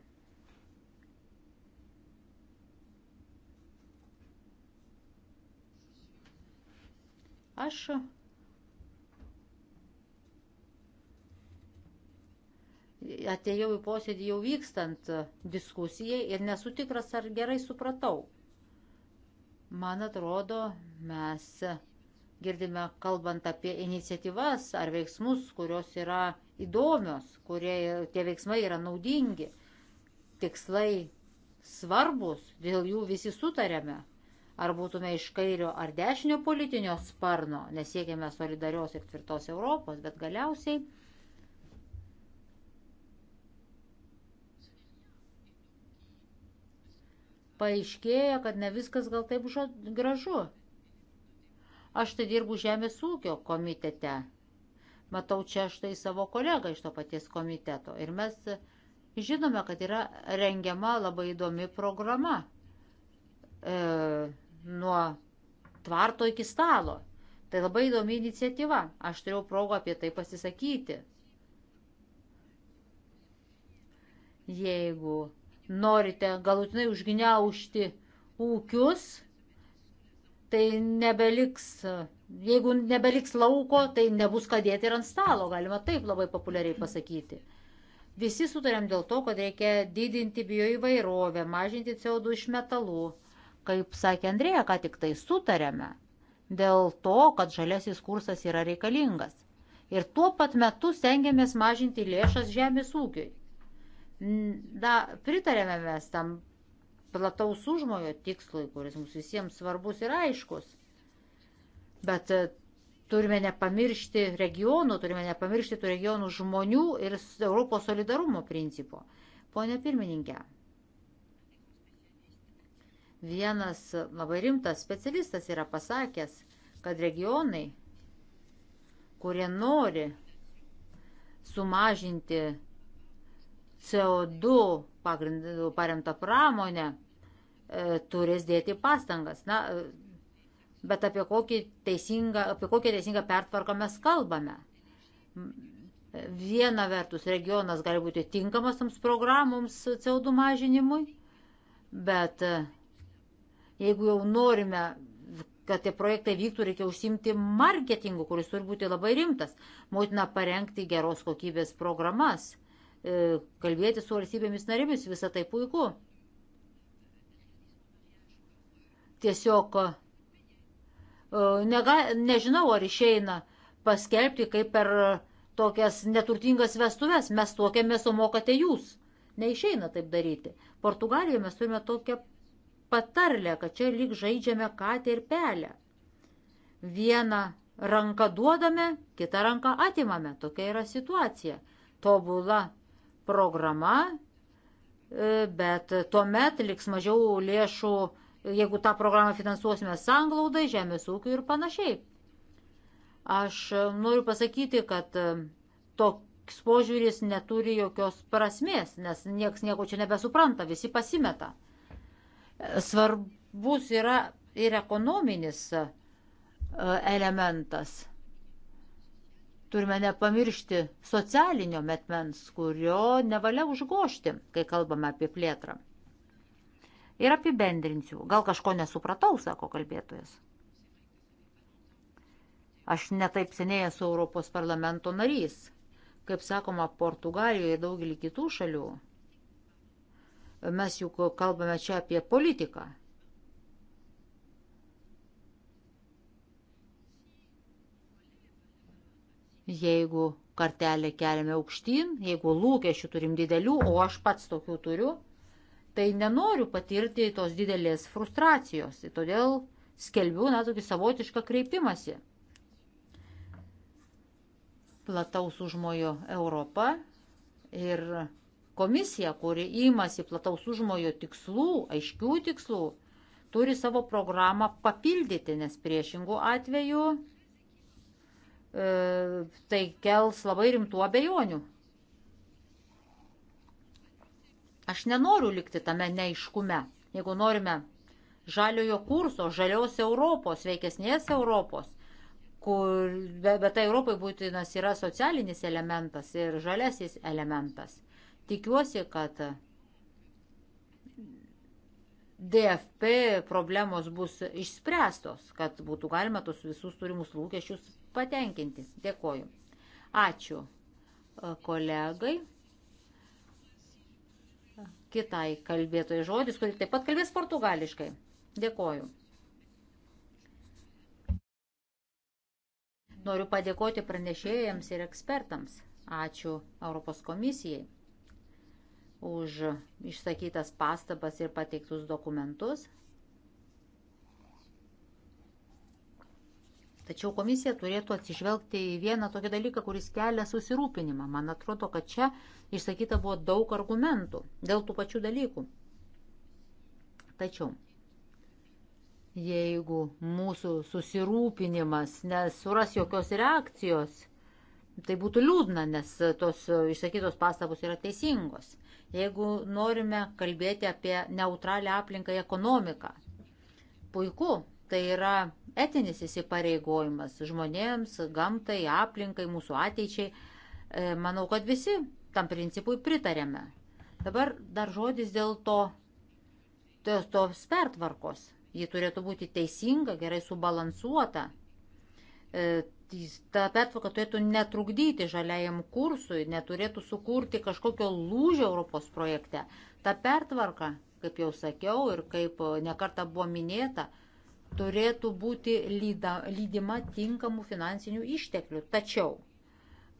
Aš atėjau į posėdį jau vykstant diskusijai ir nesu tikras, ar gerai supratau. Man atrodo, mes girdime kalbant apie iniciatyvas ar veiksmus, kurios yra įdomios, kurie tie veiksmai yra naudingi, tikslai svarbus, dėl jų visi sutarėme. Ar būtume iš kairio ar dešinio politinio sparno, nesiekėme solidarios ir tvirtos Europos, bet galiausiai paaiškėja, kad ne viskas gal taip gražu. Aš tai dirbu Žemės ūkio komitete. Matau čia štai savo kolegą iš to paties komiteto. Ir mes žinome, kad yra rengiama labai įdomi programa. E, nuo tvarto iki stalo. Tai labai įdomi iniciatyva. Aš turėjau progą apie tai pasisakyti. Jeigu norite galutinai užgniaušti ūkius, tai nebeliks, jeigu nebeliks lauko, tai nebus ką dėti ir ant stalo, galima taip labai populiariai pasakyti. Visi sutarėm dėl to, kad reikia didinti bioįvairovę, mažinti CO2 iš metalų. Kaip sakė Andrėja, ką tik tai sutarėme dėl to, kad žaliasis kursas yra reikalingas. Ir tuo pat metu stengiamės mažinti lėšas žemės ūkiui. Na, pritarėme mes tam plataus užmojo tikslui, kuris mums visiems svarbus ir aiškus. Bet e, turime nepamiršti regionų, turime nepamiršti tų regionų žmonių ir Europos solidarumo principo. Pone pirmininkė, vienas labai rimtas specialistas yra pasakęs, kad regionai, kurie nori sumažinti CO2 pagrindų paremta pramonė e, turės dėti pastangas. Na, e, bet apie, kokį teisingą, apie kokią teisingą pertvarką mes kalbame. Viena vertus regionas gali būti tinkamas toms programoms CO2 mažinimui, bet e, jeigu jau norime, kad tie projektai vyktų, reikia užsimti marketingu, kuris turi būti labai rimtas. Būtina parengti geros kokybės programas E, kalbėti su valstybėmis narėmis, visą tai puiku. Tiesiog e, nega, nežinau, ar išeina paskelbti kaip per tokias neturtingas vestuves, mes tokią mėsą mokate jūs. Neišeina taip daryti. Portugalijoje mes turime tokią patarlę, kad čia lyg žaidžiame katę ir pelę. Vieną ranką duodame, kitą ranką atimame. Tokia yra situacija. Tobula programa, e, bet tuomet liks mažiau lėšų, jeigu tą programą finansuosime sanglaudai, žemės ūkiu ir panašiai. Aš noriu pasakyti, kad e, toks požiūris neturi jokios prasmės, nes nieks nieko čia nebesupranta, visi pasimeta. Svarbus yra ir ekonominis e, elementas. Turime nepamiršti socialinio metmens, kurio nevalia užgošti, kai kalbame apie plėtrą. Ir apibendrinsiu. Gal kažko nesupratau, sako kalbėtojas. Aš netaip seniai esu Europos parlamento narys. Kaip sakoma, Portugalijoje ir daugelį kitų šalių. Mes juk kalbame čia apie politiką. Jeigu kartelę keliame aukštyn, jeigu lūkesčių turim didelių, o aš pats tokių turiu, tai nenoriu patirti tos didelės frustracijos. Tai todėl skelbiu, na, tokį savotišką kreipimąsi. Plataus užmojo Europa ir komisija, kuri įmasi plataus užmojo tikslų, aiškių tikslų, turi savo programą papildyti, nes priešingų atveju E, tai kels labai rimtų abejonių. Aš nenoriu likti tame neiškume. Jeigu norime žaliojo kurso, žalios Europos, veikesnės Europos, kur, bet, bet tai Europai būtinas yra socialinis elementas ir žalesis elementas. Tikiuosi, kad DFP problemos bus išspręstos, kad būtų galima tos visus turimus lūkesčius patenkinti. Dėkoju. Ačiū e, kolegai. Kitai kalbėtojai žodis, kuris taip pat kalbės portugališkai. Dėkoju. Noriu padėkoti pranešėjams ir ekspertams. Ačiū Europos komisijai už išsakytas pastabas ir pateiktus dokumentus. Tačiau komisija turėtų atsižvelgti į vieną tokį dalyką, kuris kelia susirūpinimą. Man atrodo, kad čia išsakyta buvo daug argumentų dėl tų pačių dalykų. Tačiau, jeigu mūsų susirūpinimas nesuras jokios reakcijos, tai būtų liūdna, nes tos išsakytos pastabos yra teisingos jeigu norime kalbėti apie neutralią aplinką ekonomiką. Puiku, tai yra etinis įsipareigojimas žmonėms, gamtai, aplinkai, mūsų ateičiai. E, manau, kad visi tam principui pritarėme. Dabar dar žodis dėl to, tos, tos pertvarkos. Ji turėtų būti teisinga, gerai subalansuota. E, ta pertvarka turėtų netrukdyti žaliajam kursui, neturėtų sukurti kažkokio lūžio Europos projekte. Ta pertvarka, kaip jau sakiau ir kaip e, nekarta buvo minėta, turėtų būti lyda, lydima tinkamų finansinių išteklių. Tačiau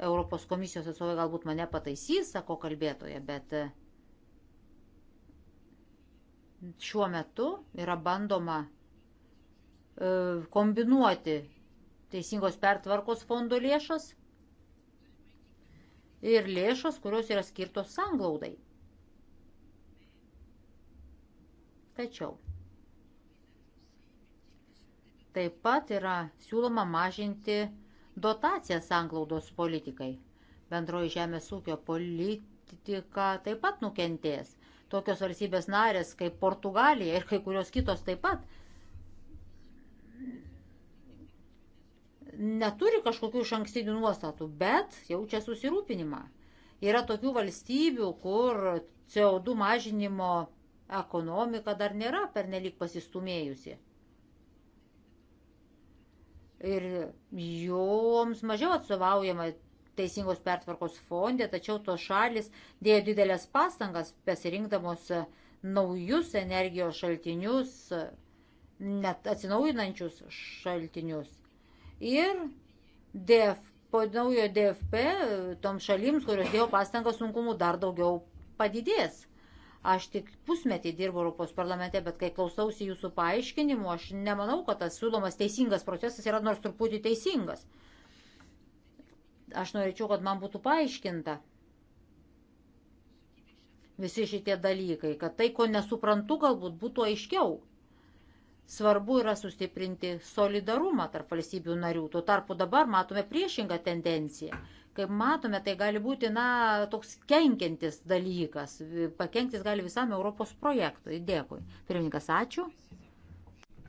Europos komisijos atstovai galbūt mane pataisys, sako kalbėtoje, bet e, šiuo metu yra bandoma e, kombinuoti teisingos pertvarkos fondo lėšas ir lėšos, kurios yra skirtos sanglaudai. Tačiau taip pat yra siūloma mažinti dotaciją sanglaudos politikai. Bendroji žemės ūkio politika taip pat nukentės. Tokios valstybės narės kaip Portugalija ir kai kurios kitos taip pat neturi kažkokių iš ankstinių nuostatų, bet jaučia susirūpinimą. Yra tokių valstybių, kur CO2 mažinimo ekonomika dar nėra pernelik pasistumėjusi. Ir joms mažiau atsovaujama teisingos pertvarkos fonde, tačiau tos šalis dėjo didelės pastangas pasirinkdamos naujus energijos šaltinius, net atsinaujinančius šaltinius. Ir DF, po naujo DFP tom šalims, kurios dėjo pastangą sunkumų, dar daugiau padidės. Aš tik pusmetį dirbu Europos parlamente, bet kai klausausi jūsų paaiškinimų, aš nemanau, kad tas siūlomas teisingas procesas yra nors truputį teisingas. Aš norėčiau, kad man būtų paaiškinta visi šitie dalykai, kad tai, ko nesuprantu, galbūt būtų aiškiau. Svarbu yra sustiprinti solidarumą tarp valstybių narių. Tuo tarpu dabar matome priešingą tendenciją. Kaip matome, tai gali būti, na, toks kenkiantis dalykas. Pakenktis gali visam Europos projektui. Dėkui. Pirmininkas, ačiū.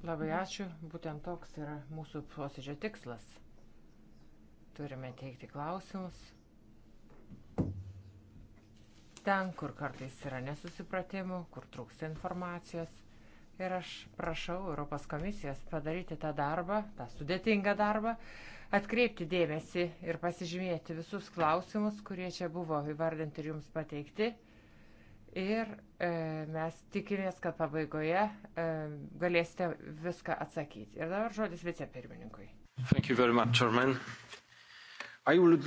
Labai ačiū. Būtent toks yra mūsų posėdžio tikslas. Turime teikti klausimus. Ten, kur kartais yra nesusipratimų, kur trūksta informacijos Ir aš prašau Europos komisijos padaryti tą darbą, tą sudėtingą darbą, atkreipti dėmesį ir pasižymėti visus klausimus, kurie čia buvo įvardinti ir jums pateikti. Ir e, mes tikimės, kad pabaigoje e, galėsite viską atsakyti. Ir dabar žodis vicepirmininkui.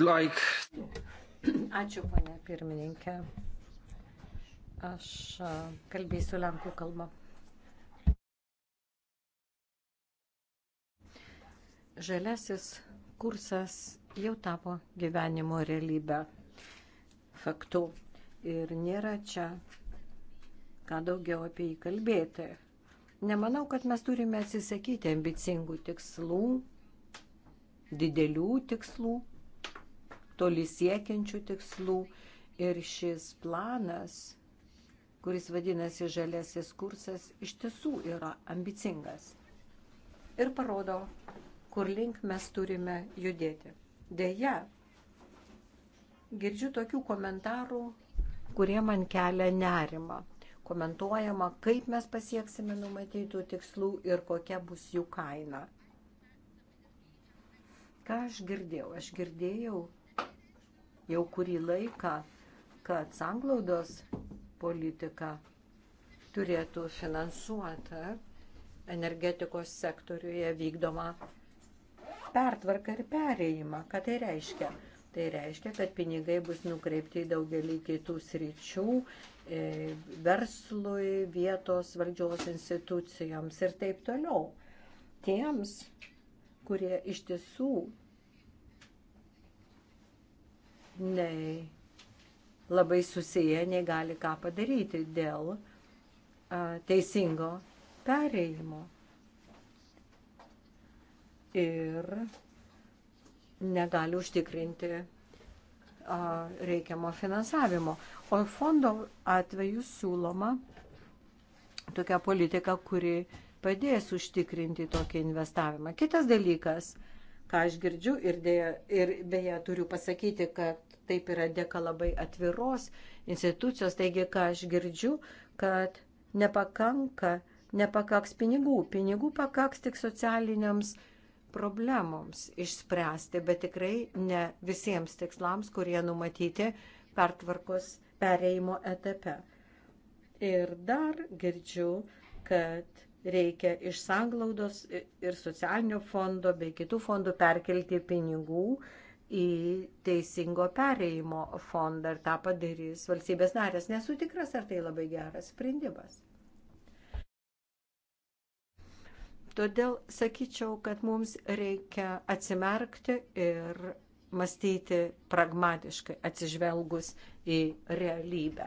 Like... Ačiū, ponė pirmininkė. Aš e, kalbėsiu lenkų kalbą. žaliasis kursas jau tapo gyvenimo realybę faktu. Ir nėra čia ką daugiau apie jį kalbėti. Nemanau, kad mes turime atsisakyti ambicingų tikslų, didelių tikslų, toli siekiančių tikslų. Ir šis planas, kuris vadinasi žaliasis kursas, iš tiesų yra ambicingas. Ir parodo kur link mes turime judėti. Deja, girdžiu tokių komentarų, kurie man kelia nerimą. Komentuojama, kaip mes pasieksime numatytų tikslų ir kokia bus jų kaina. Ką aš girdėjau? Aš girdėjau jau kurį laiką, kad sanglaudos politika turėtų finansuoti energetikos sektoriuje vykdomą pertvarką ir perėjimą. Ką tai reiškia? Tai reiškia, kad pinigai bus nukreipti į daugelį kitų sričių, e, verslui, vietos valdžios institucijoms ir taip toliau. Tiems, kurie iš tiesų nei labai susiję, nei gali ką padaryti dėl a, teisingo pereimo ir negali užtikrinti reikiamo finansavimo. O fondo atveju siūloma tokia politika, kuri padės užtikrinti tokį investavimą. Kitas dalykas, ką aš girdžiu ir, dėja, ir beje turiu pasakyti, kad taip yra dėka labai atviros institucijos, taigi ką aš girdžiu, kad nepakanka, nepakaks pinigų. Pinigų pakaks tik socialiniams uh, problemoms išspręsti, bet tikrai ne visiems tikslams, kurie numatyti pertvarkos pereimo etape. Ir dar girdžiu, kad reikia iš sanglaudos ir socialinio fondo bei kitų fondų perkelti pinigų į teisingo pereimo fondą ir tą padarys valstybės narės. Nesu tikras, ar tai labai geras sprendimas. Todėl sakyčiau, kad mums reikia atsimerkti ir mąstyti pragmatiškai, atsižvelgus į realybę.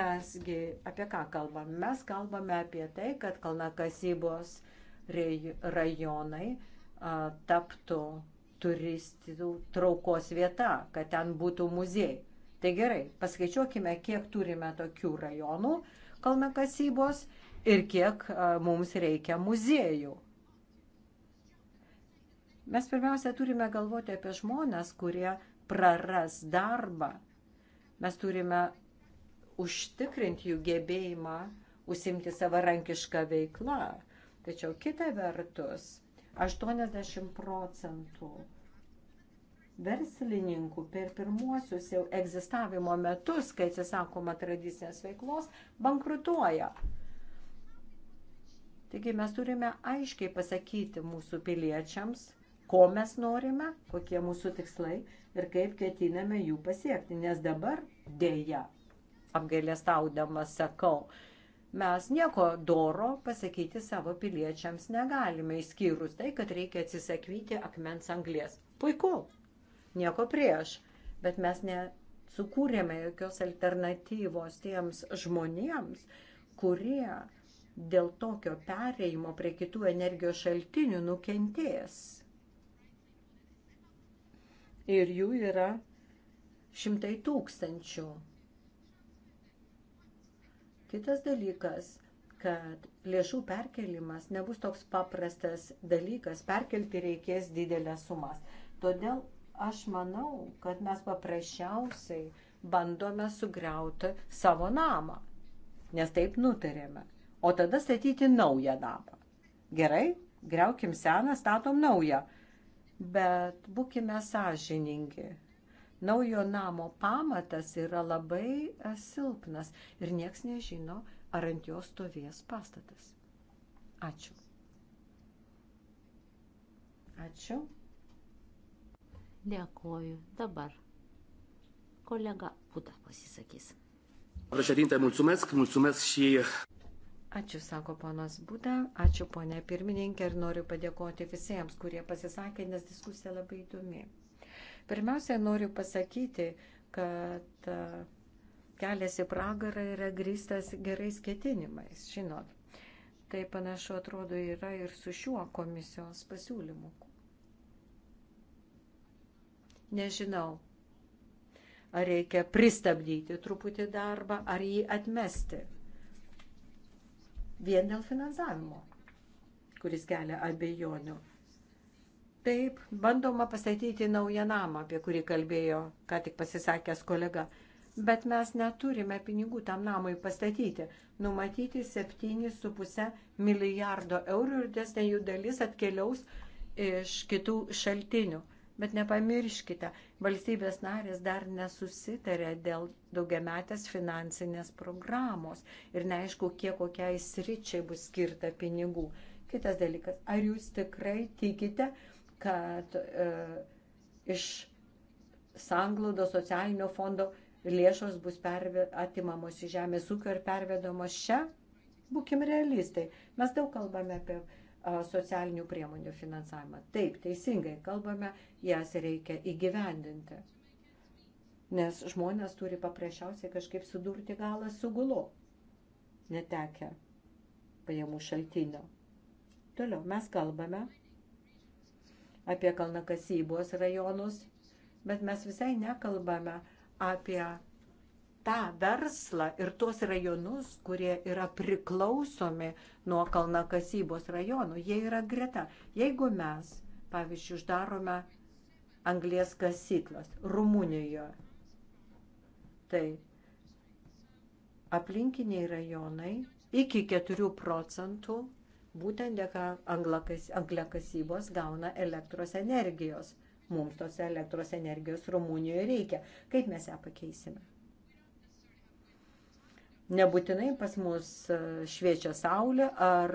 Mesgi apie ką kalbame? Mes kalbame apie tai, kad kalnakasybos rajonai a, taptų turistų traukos vieta, kad ten būtų muziejai. Tai gerai, paskaičiuokime, kiek turime tokių rajonų kalnakasybos kasybos ir kiek mums reikia muziejų. Mes pirmiausia turime galvoti apie žmonės, kurie praras darbą. Mes turime užtikrinti jų gebėjimą užsimti savarankišką veiklą. Tačiau kita vertus, 80 procentų verslininkų per pirmuosius jau egzistavimo metus, kai atsisakoma tradicinės veiklos, bankrutuoja. Taigi mes turime aiškiai pasakyti mūsų piliečiams, ko mes norime, kokie mūsų tikslai ir kaip ketiname jų pasiekti. Nes dabar dėja, apgailėstaudama sakau, mes nieko doro pasakyti savo piliečiams negalime, išskyrus tai, kad reikia atsisakyti akmens anglės. Puiku, nieko prieš, bet mes nesukūrėme jokios alternatyvos tiems žmonėms, kurie dėl tokio pereimo prie kitų energijos šaltinių nukentės. Ir jų yra šimtai tūkstančių. Kitas dalykas, kad lėšų perkelimas nebus toks paprastas dalykas, perkelti reikės didelės sumas. Todėl aš manau, kad mes paprasčiausiai bandome sugriauti savo namą, nes taip nutarėme o tada statyti naują namą. Gerai, greukim seną, statom naują. Bet būkime sąžiningi. Naujo namo pamatas yra labai e, silpnas ir nieks nežino, ar ant jo stovės pastatas. Ačiū. Ačiū. Dėkoju. Dabar colega Buda pasisakys. Președinte, mulțumesc, mulțumesc și Ačiū, sako ponas Būda, ačiū ponė pirmininkė ir noriu padėkoti visiems, kurie pasisakė, nes diskusija labai įdomi. Pirmiausia, noriu pasakyti, kad e, kelias į pragarą yra grįstas gerais ketinimais, žinot. Tai panašu atrodo yra ir su šiuo komisijos pasiūlymu. Nežinau, ar reikia pristabdyti truputį darbą, ar jį atmesti vien dėl finansavimo, kuris kelia abejonių. Taip, bandoma pastatyti naują namą, apie kurį kalbėjo, ką tik pasisakęs kolega. Bet mes neturime pinigų tam namui pastatyti. Numatyti 7,5 milijardo eurų ir desnė jų dalis atkeliaus iš kitų šaltinių. Bet nepamirškite, valstybės narės dar nesusitarė dėl daugiametės finansinės programos ir neaišku, kiek kokiai sričiai bus skirta pinigų. Kitas dalykas, ar jūs tikrai tikite, kad e, iš sanglaudo socialinio fondo lėšos bus pervė, atimamos į žemės ūkio ir pervedamos čia? Būkim realistai. Mes daug kalbame apie socialinių priemonių finansavimą. Taip, teisingai kalbame, jas reikia įgyvendinti. Nes žmonės turi paprasčiausiai kažkaip sudurti galą su gulu, netekę pajamų šaltinio. Toliau mes kalbame apie kalnakasybos rajonus, bet mes visai nekalbame apie tą verslą ir tuos rajonus, kurie yra priklausomi nuo kalnakasybos rajonų, jie yra greta. Jeigu mes, pavyzdžiui, uždarome anglės kasyklas Rumunijoje, tai aplinkiniai rajonai iki 4 procentų būtent dėka angliakasybos gauna elektros energijos. Mums tos elektros energijos Rumunijoje reikia. Kaip mes ją pakeisime? Nebūtinai pas mus e, šviečia saulė ar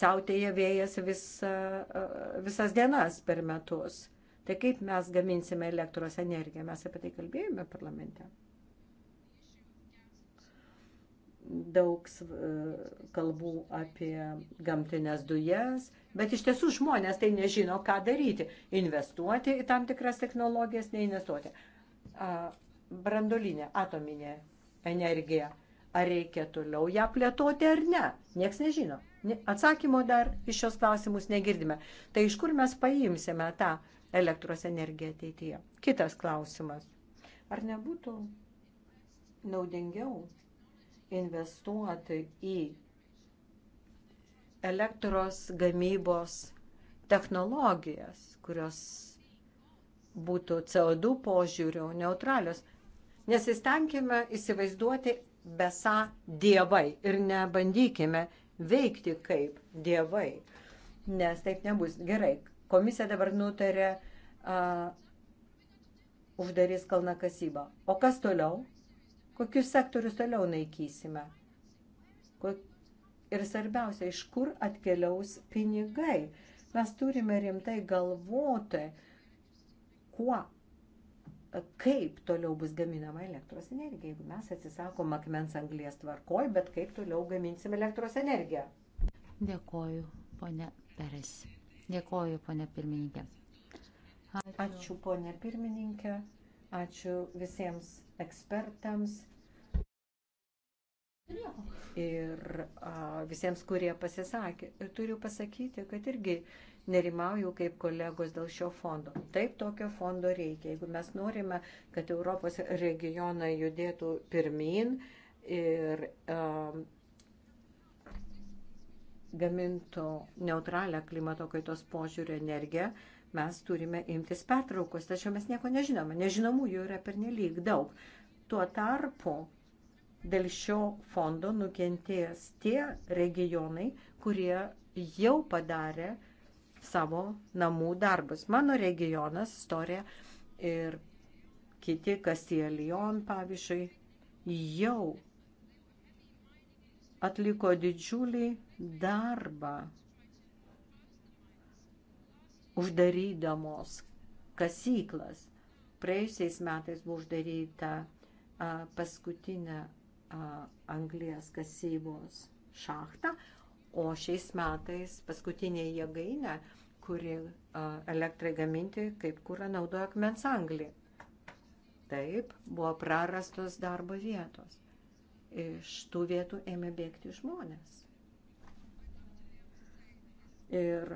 siautėja vėjas visa, e, visas dienas per metus. Tai kaip mes gaminsime elektros energiją? Mes apie tai kalbėjome parlamente. Daug e, kalbų apie gamtinės dujas, bet iš tiesų žmonės tai nežino, ką daryti. Investuoti į tam tikras technologijas, neinvestuoti. Brandolinė, atominė energiją. Ar reikia toliau ją plėtoti ar ne? Niekas nežino. Atsakymo dar iš šios klausimus negirdime. Tai iš kur mes paimsime tą elektros energiją ateityje? Kitas klausimas. Ar nebūtų naudingiau investuoti į elektros gamybos technologijas, kurios būtų CO2 požiūrių neutralios. Nesistengime įsivaizduoti besą dievai ir nebandykime veikti kaip dievai, nes taip nebus gerai. Komisija dabar nutarė uh, uždarys kalnakasybą. O kas toliau? Kokius sektorius toliau naikysime? Ir svarbiausia, iš kur atkeliaus pinigai? Mes turime rimtai galvoti, kuo kaip toliau bus gaminama elektros energija, jeigu mes atsisakom akmens anglės tvarkoj, bet kaip toliau gaminsim elektros energiją. Dėkoju, ponė Peres. Dėkoju, ponė pirmininkė. Ačiū, ačiū ponė pirmininkė. Ačiū visiems ekspertams. Ir a, visiems, kurie pasisakė. Ir turiu pasakyti, kad irgi nerimauju kaip kolegos dėl šio fondo. Taip tokio fondo reikia. Jeigu mes norime, kad Europos regionai judėtų pirmin ir um, gamintų neutralią klimato kaitos požiūrį energiją, mes turime imtis pertraukos. Tačiau mes nieko nežinome. Nežinomųjų yra pernelyg daug. Tuo tarpu dėl šio fondo nukentėjęs tie regionai, kurie jau padarė savo namų darbus. Mano regionas, Storė ir kiti, Kastilijon pavyzdžiui, jau atliko didžiulį darbą uždarydamos kasyklas. Praėjusiais metais buvo uždaryta a, paskutinė a, anglijas kasybos šachtą, O šiais metais paskutinė jėgainė, kuri elektrai gaminti, kaip kūra naudoja akmens anglį. Taip, buvo prarastos darbo vietos. Iš tų vietų ėmė bėgti žmonės. Ir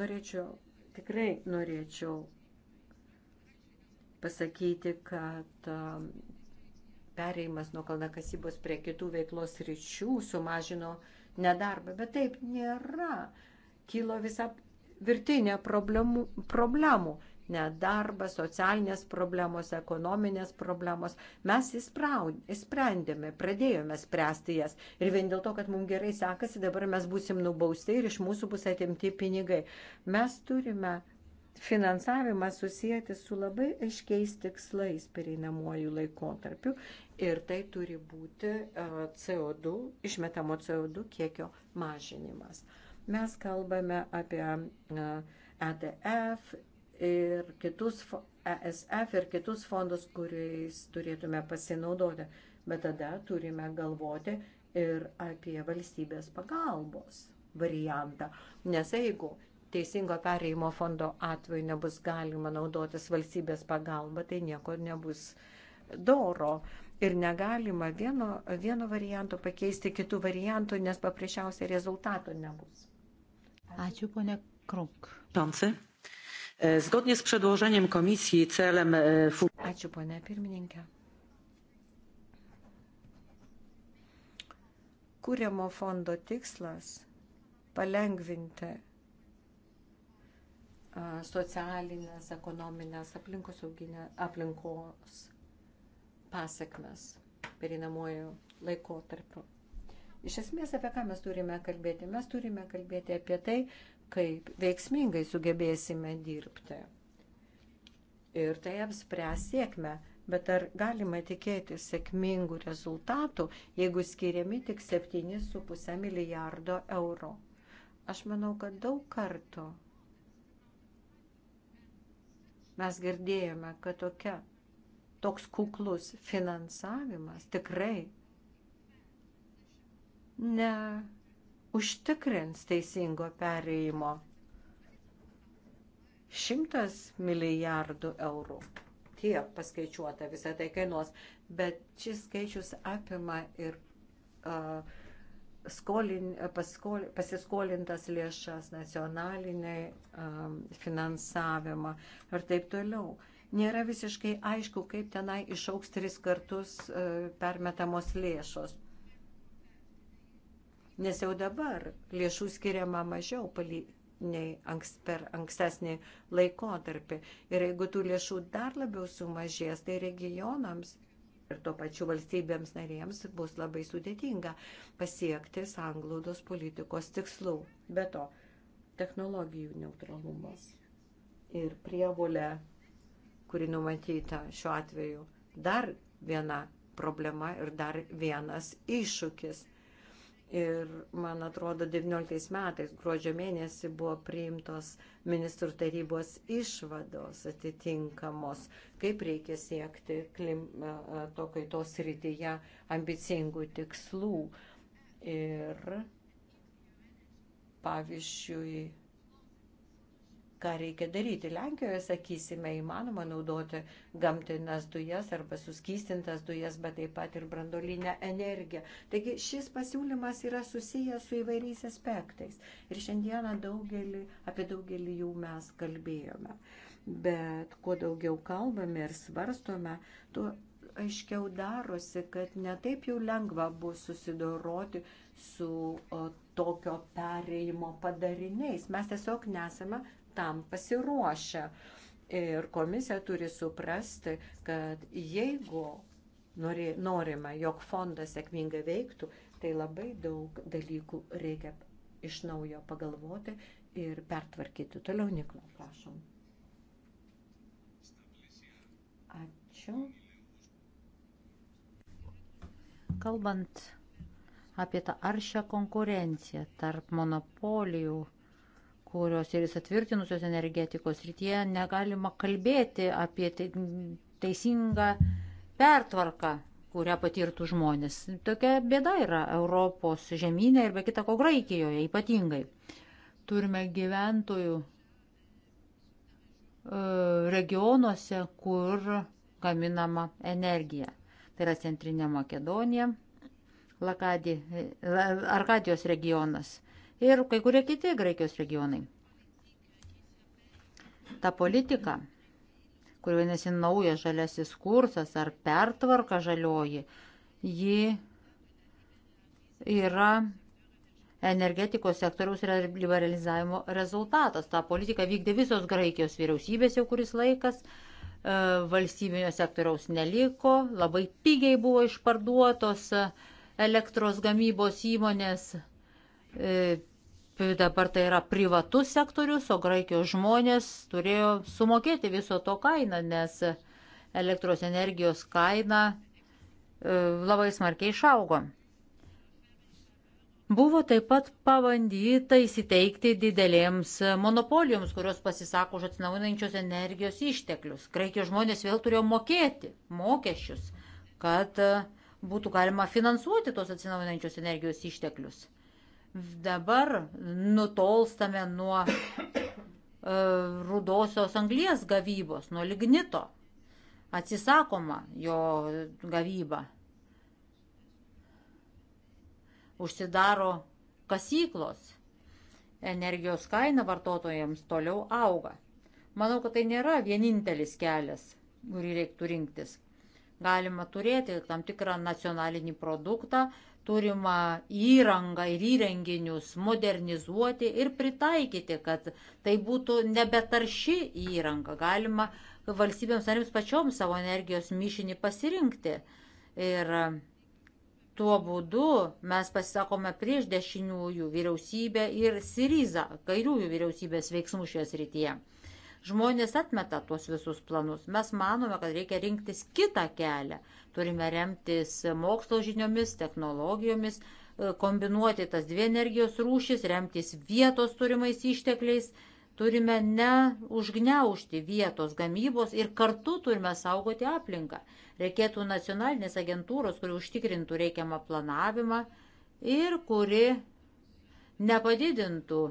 norėčiau, tikrai norėčiau pasakyti, kad pereimas nuo kalnakasybos prie kitų veiklos ryčių sumažino uh, nedarbą, bet taip nėra. Kilo visa virtinė problemų, problemų. Nedarbas, socialinės problemos, ekonominės problemos. Mes įsprendėme, pradėjome spręsti jas. Ir vien dėl to, kad mums gerai sekasi, dabar mes būsim nubausti ir iš mūsų bus atimti pinigai. Mes turime finansavimą susijęti su labai aiškiais tikslais pereinamuoju laikotarpiu ir tai turi būti e, CO2, išmetamo CO2 kiekio mažinimas. Mes kalbame apie ETF e ir kitus, ESF ir kitus fondus, kuriais turėtume pasinaudoti, bet tada turime galvoti ir apie valstybės pagalbos variantą. Nes jeigu teisingo pereimo fondo atveju nebus galima naudotis valstybės pagalba, tai nieko nebus doro ir negalima vieno, vieno varianto pakeisti kitų variantų, nes paprasčiausiai rezultato nebus. Ačiū, ponė Kruk. Tonsi. E, zgodnie z przedłożeniem komisji celem... E, Ačiū, ponė pirmininkė. Kūrimo fondo tikslas palengvinti socialinės, ekonominės aplinkos, auginė, aplinkos pasiekmes perinamojų laikotarpiu. Iš esmės, apie ką mes turime kalbėti? Mes turime kalbėti apie tai, kaip veiksmingai sugebėsime dirbti. Ir tai apspręs sėkmę. Bet ar galima tikėti sėkmingų rezultatų, jeigu skiriami tik 7,5 milijardo eurų? Aš manau, kad daug kartų mes girdėjome, kad tokia toks kuklus finansavimas tikrai neužtikrins teisingo pereimo. Šimtas milijardų eurų. Tiek paskaičiuota visą tai kainuos, bet šis skaičius apima ir uh, skolin, paskol, pasiskolintas lėšas, nacionalinį um, finansavimą ir taip toliau. Uh, nėra visiškai aišku, kaip tenai išauks tris kartus e, permetamos lėšos. Nes jau dabar lėšų skiriama mažiau nei anks, per ankstesnį laikotarpį. Ir jeigu tų lėšų dar labiau sumažės, tai regionams ir to pačiu valstybėms narėms bus labai sudėtinga pasiekti sanglaudos politikos tikslų. Be to, technologijų neutralumas ir prievolė kuri numatyta šiuo atveju. Dar viena problema ir dar vienas iššūkis. Ir, man atrodo, 19 metais gruodžio mėnesį buvo priimtos ministrų tarybos išvados atitinkamos, kaip reikia siekti klimato kaitos rytyje ambicingų tikslų. Ir, pavyzdžiui, ką reikia daryti. Lenkijoje, sakysime, įmanoma naudoti gamtinas dujas arba suskystintas dujas, bet taip pat ir brandolinę energiją. Taigi šis pasiūlymas yra susijęs su įvairiais aspektais. Ir šiandieną daugelį, apie daugelį jų mes kalbėjome. Bet kuo daugiau kalbame ir svarstome, tuo aiškiau darosi, kad netaip jau lengva bus susidoroti su o, tokio pereimo padariniais. Mes tiesiog nesame tam pasiruošę. Ir komisija turi suprasti, kad jeigu nori, norima, jog fondas sėkmingai veiktų, tai labai daug dalykų reikia iš naujo pagalvoti ir pertvarkyti. Toliau, Nikla, prašom. Ačiū. Kalbant apie tą aršią konkurenciją tarp monopolijų, kurios ir įsatvirtinusios energetikos rytyje negalima kalbėti apie teisingą pertvarką, kurią patirtų žmonės. Tokia bėda yra Europos žemynė ir be kita ko Graikijoje ypatingai. Turime gyventojų e, regionuose, kur gaminama energija. Tai yra Centrinė Makedonija, e, Arkadijos regionas ir kai kurie kiti Graikijos regionai. Ta politika, kuriuo nesi naujas žaliasis kursas ar pertvarka žalioji, ji yra energetikos sektoriaus liberalizavimo rezultatas. Ta politika vykdė visos Graikijos vyriausybės jau kuris laikas, e, valstybinio sektoriaus neliko, labai pigiai buvo išparduotos e, elektros gamybos įmonės, e, Dabar tai yra privatus sektorius, o Graikijos žmonės turėjo sumokėti viso to kainą, nes elektros energijos kaina e, labai smarkiai išaugo. Buvo taip pat pabandyta įsiteikti didelėms monopolijoms, kurios pasisako už atsinaujinančios energijos išteklius. Graikijos žmonės vėl turėjo mokėti mokesčius, kad e, būtų galima finansuoti tos atsinaujinančios energijos išteklius dabar nutolstame nuo (coughs) e, rudosios anglies gavybos, nuo lignito. Atsisakoma jo gavyba. Užsidaro kasyklos. Energijos kaina vartotojams toliau auga. Manau, kad tai nėra vienintelis kelias, kurį reiktų rinktis. Galima turėti tam tikrą nacionalinį produktą, turimą įrangą ir įrenginius modernizuoti ir pritaikyti, kad tai būtų nebetarši įranga. Galima valstybėms narėms pačioms savo energijos mišinį pasirinkti. Ir tuo būdu mes pasisakome prieš dešiniųjų vyriausybę ir Syrizą, kairiųjų vyriausybės veiksmų šioje srityje. Žmonės atmeta tuos visus planus. Mes manome, kad reikia rinktis kitą kelią. Turime remtis mokslo žiniomis, technologijomis, e, kombinuoti tas dvi energijos rūšis, remtis vietos turimais ištekliais. Turime neužgneušti vietos gamybos ir kartu turime saugoti aplinką. Reikėtų nacionalinės agentūros, kuri užtikrintų reikiamą planavimą ir kuri nepadidintų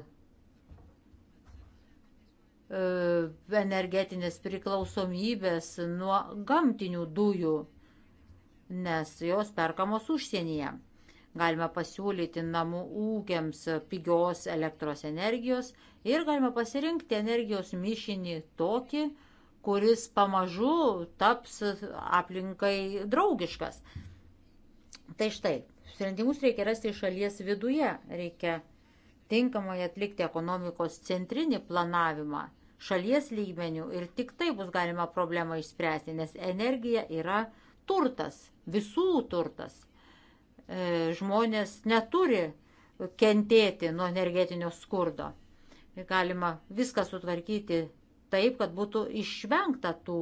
E, energetinės priklausomybės nuo gamtinių dujų, nes jos perkamos užsienyje. Galima pasiūlyti namų ūkiams pigios elektros energijos ir galima pasirinkti energijos mišinį tokį, kuris pamažu taps aplinkai draugiškas. Tai štai, sprendimus reikia rasti šalies viduje, reikia tinkamai atlikti ekonomikos centrinį planavimą šalies lygmenių ir tik tai bus galima problemą išspręsti, nes energija yra turtas, visų turtas. E, žmonės neturi kentėti nuo energetinio skurdo. Galima viską sutvarkyti taip, kad būtų išvengta tų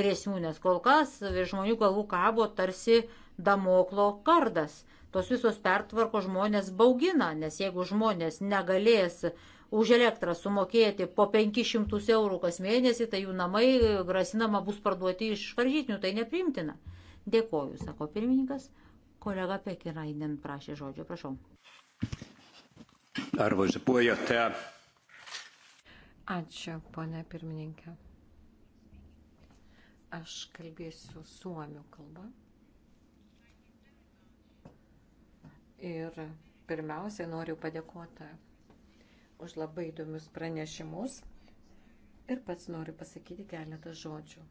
grėsmių, nes kol kas virš žmonių galvų kabo tarsi damoklo kardas. Tos visos pertvarko žmonės baugina, nes jeigu žmonės negalės uh, už elektrą sumokėti po 500 eurų kas mėnesį, tai jų namai e, grasinama bus parduoti iš varžytinių, tai neprimtina. Dėkoju, sako pirmininkas. Kolega Pekirainen prašė žodžio, prašau. Arvoisa puheenjohtaja. Ačiū, ponė pirmininkė. Aš kalbėsiu suomių kalbą. Ir pirmiausia, noriu padėkoti už labai įdomius pranešimus ir pats noriu pasakyti keletą žodžių.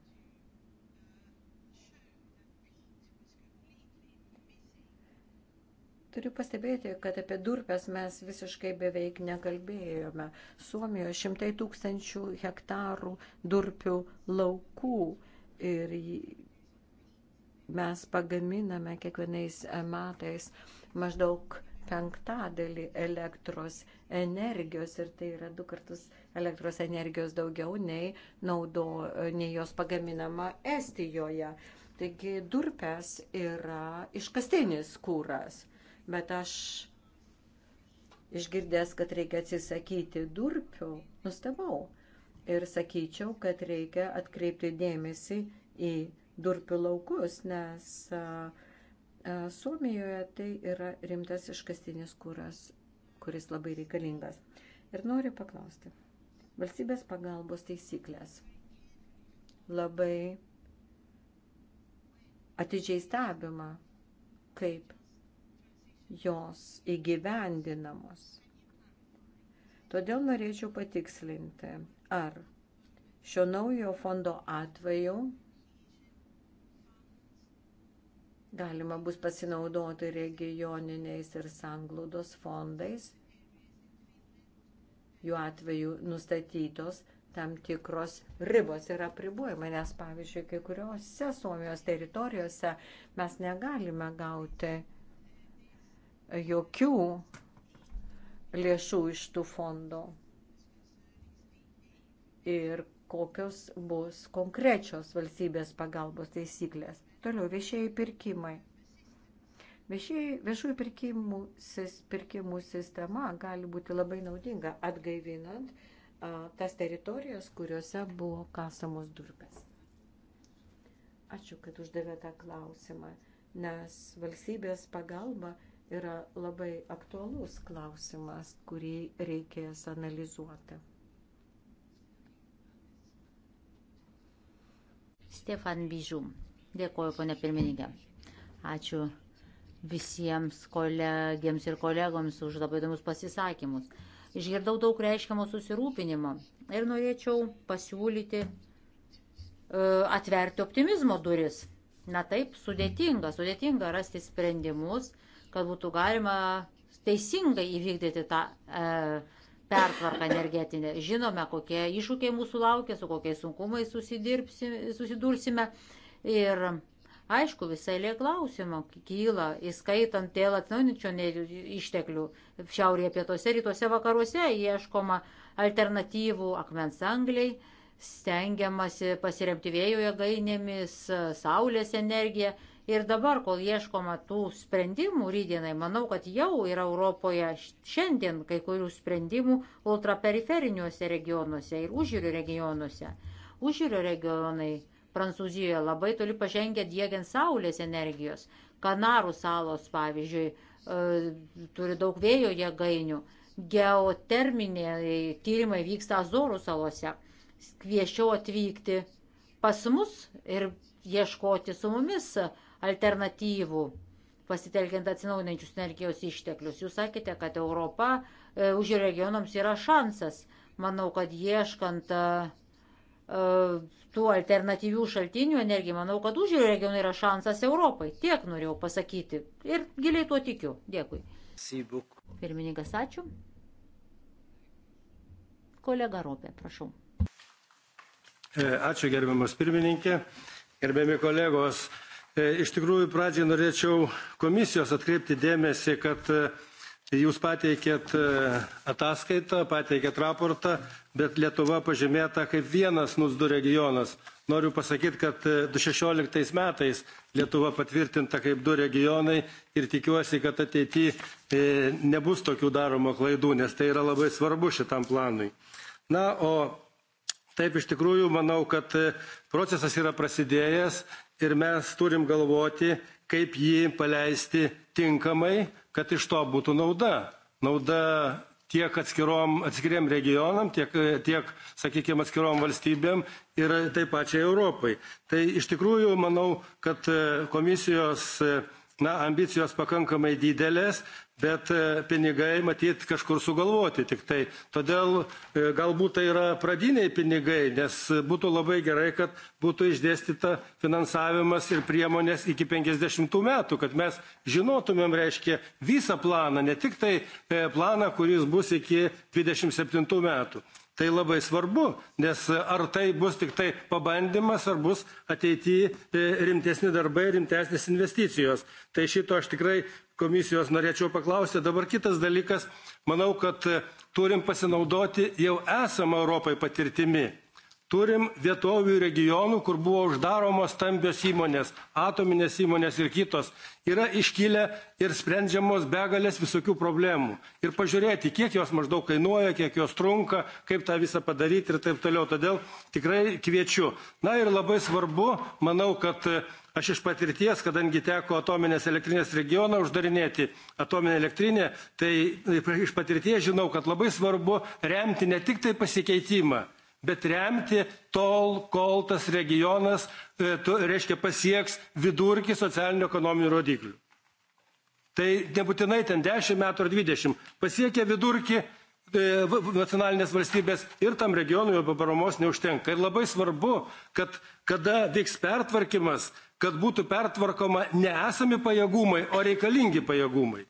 Turiu pastebėti, kad apie durpes mes visiškai beveik nekalbėjome. Suomijoje šimtai tūkstančių hektarų durpių laukų ir mes pagaminame kiekvienais metais maždaug penktadalį elektros energijos ir tai yra du kartus elektros energijos daugiau nei, naudo, nei jos pagaminama Estijoje. Taigi durpės yra iškastinis kūras, bet aš išgirdęs, kad reikia atsisakyti durpių, nustebau ir sakyčiau, kad reikia atkreipti dėmesį į durpių laukus, nes uh, E, Suomijoje tai yra rimtas iškastinis kūras, kuris labai reikalingas. Ir noriu paklausti. Valstybės pagalbos taisyklės labai atidžiai stebima, kaip jos įgyvendinamos. Todėl norėčiau patikslinti, ar šio naujo fondo atveju Galima bus pasinaudoti regioniniais ir sanglaudos fondais. Jų atveju nustatytos tam tikros ribos yra pribuojama, nes pavyzdžiui, kai kuriuose Suomijos teritorijose mes negalime gauti jokių lėšų iš tų fondų. Ir kokios bus konkrečios valstybės pagalbos taisyklės. Toliau viešieji pirkimai. Viešieji, viešųjų pirkimų, pirkimų sistema gali būti labai naudinga atgaivinant a, tas teritorijas, kuriuose buvo kasamos durpės. Ačiū, kad uždavė tą klausimą, nes valstybės pagalba yra labai aktualus klausimas, kurį reikės analizuoti. Stefan Bižum. Dėkuoju, ponė pirmininkė. Ačiū visiems kolegiems ir kolegoms už labai įdomus pasisakymus. Išgirdau daug reiškiamo susirūpinimo ir norėčiau pasiūlyti e, atverti optimizmo duris. Na taip, sudėtinga, sudėtinga rasti sprendimus, kad būtų galima teisingai įvykdyti tą e, pertvarką energetinę. Žinome, kokie iššūkiai mūsų laukia, su kokiais sunkumais susidursime Ir aišku, visai lė klausimų kyla, įskaitant dėl atnaujinčio išteklių. Šiaurėje, pietuose, rytuose, vakaruose ieškoma alternatyvų akmens angliai, stengiamasi pasiremti vėjo jėgainėmis, saulės energiją. Ir dabar, kol ieškoma tų sprendimų rydienai, manau, kad jau yra Europoje šiandien kai kurių sprendimų ultraperiferiniuose regionuose ir užjūrių regionuose. Užjūrių regionai Prancūzijoje labai toli pažengę diegiant saulės energijos. Kanarų salos, pavyzdžiui, e, turi daug vėjo jėgainių. Geoterminiai tyrimai vyksta Azorų salose. Kviečiau atvykti pas mus ir ieškoti su mumis alternatyvų, pasitelkiant atsinaujinančius energijos išteklius. Jūs sakėte, kad Europa e, už regionams yra šansas. Manau, kad ieškant e, E, tų alternatyvių šaltinių energijai, manau, kad užjūrio regionai yra šansas Europai. Tiek norėjau pasakyti ir giliai tuo tikiu. Dėkui. Sybuk. Pirmininkas, ačiū. Kolega Ropė, prašau. E, ačiū gerbiamas pirmininkė, gerbiami kolegos. E, iš tikrųjų, pradžiai norėčiau komisijos atkreipti dėmesį, kad Tai jūs pateikėt e, ataskaitą, pateikėt raportą, bet Lietuva pažymėta kaip vienas NUSDU regionas. Noriu pasakyti, kad 2016 e, metais Lietuva patvirtinta kaip du regionai ir tikiuosi, kad ateityje nebus tokių daroma klaidų, nes tai yra labai svarbu šitam planui. Na, o taip iš tikrųjų manau, kad e, procesas yra prasidėjęs ir mes turim galvoti, kaip jį paleisti tinkamai, kad iš to būtų nauda. Nauda tiek atskirom, atskiriam regionam, tiek, tiek sakykime, atskirom valstybėm ir taip pačiai Europai. Tai iš tikrųjų manau, kad e, komisijos e, na, ambicijos pakankamai didelės, bet e, pinigai matyt kažkur sugalvoti tiktai todėl e, galbūt tai yra pradiniai pinigai nes būtų labai gerai kad būtų išdėstyta finansavimas ir priemonės iki penkiasdešimtų metų kad mes žinotumėm reiškia visą planą ne tiktai e, planą kuris bus iki dvidešimt septintų metų tai labai svarbu nes ar tai bus tiktai pabandymas ar bus ateity rimtesni darbai rimtesnės investicijos tai šito aš tikrai komisijos norėčiau paklausti. Dabar kitas dalykas, manau, kad e, turim pasinaudoti jau esamą Europai patirtimi. Turim vietovių regionų, kur buvo uždaromos stambios įmonės, atominės įmonės ir kitos. Yra iškilę ir sprendžiamos begalės visokių problemų. Ir pažiūrėti, kiek jos maždaug kainuoja, kiek jos trunka, kaip tą visą padaryti ir taip toliau. Todėl tikrai kviečiu. Na ir labai svarbu, manau, kad e, aš iš patirties kadangi teko atominės elektrinės regioną uždarinėti atominę elektrinę tai e, iš patirties žinau kad labai svarbu remti ne tik tai pasikeitimą bet remti tol kol tas regionas e, reiškia pasieks vidurkį socialinių ekonominių rodiklių tai nebūtinai ten dešimt metų ar dvidešimt pasiekia vidurkį e, nacionalinės valstybės ir tam regionui paramos neužtenka ir labai svarbu kad kada vyks pertvarkymas kad būtų pertvarkoma ne esami pajėgumai, o reikalingi pajėgumai.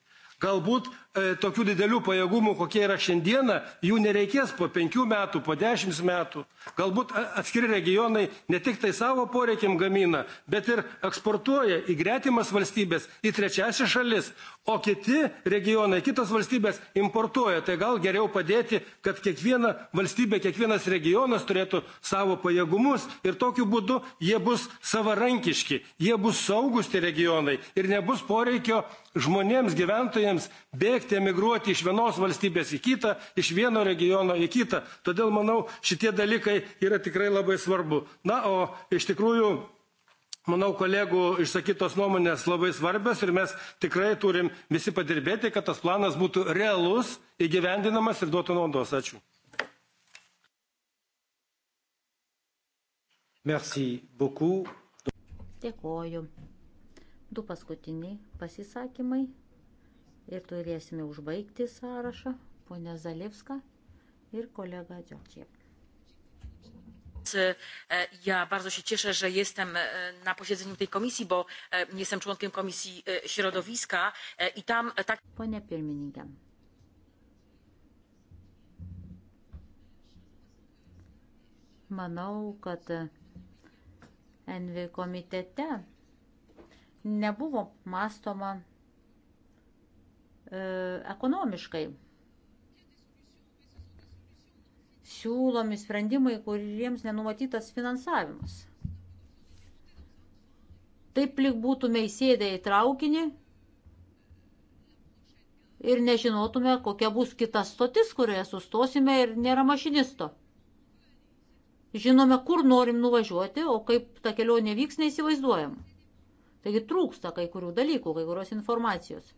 Galbūt e, tokių didelių pajėgumų, kokie yra šiandieną, jų nereikės po penkių metų, po dešimt metų. Galbūt e, atskiri regionai ne tik tai savo poreikim gamina, bet ir eksportuoja į gretimas valstybės, į trečiasis šalis, o kiti regionai kitos valstybės importuoja tai gal geriau padėti kad kiekviena valstybė kiekvienas regionas turėtų savo pajėgumus ir tokiu būdu jie bus savarankiški jie bus saugūs tie regionai ir nebus poreikio žmonėms gyventojams bėgti emigruoti iš vienos valstybės į kitą iš vieno regiono į kitą todėl manau šitie dalykai yra tikrai labai svarbu na o iš tikrųjų manau kolegų išsakytos nuomonės labai svarbios ir mes tikrai turim visi padirbėti kad tas planas būtų realus įgyvendinamas ir duotų naudos ačiū Merci beaucoup. Dėkoju. Du paskutiniai pasisakymai ir turėsime užbaigti sąrašą, ponė Zalevska ir kolega Džordžieva przewodniczący! ja bardzo się cieszę że jestem e, na posiedzeniu tej komisji bo e, jestem członkiem komisji e, środowiska i tam tak. pone pirmininke manau kad envi komitete nebuvo mąstoma e, ekonomiškai siūlomi sprendimai, kuriems nenumatytas finansavimas. Taip lik būtume įsėdę į traukinį ir nežinotume, kokia bus kita stotis, kurioje sustosime ir nėra mašinisto. Žinome, kur norim nuvažiuoti, o kaip ta kelionė vyks, neįsivaizduojam. Taigi trūksta kai kurių dalykų, kai kurios informacijos.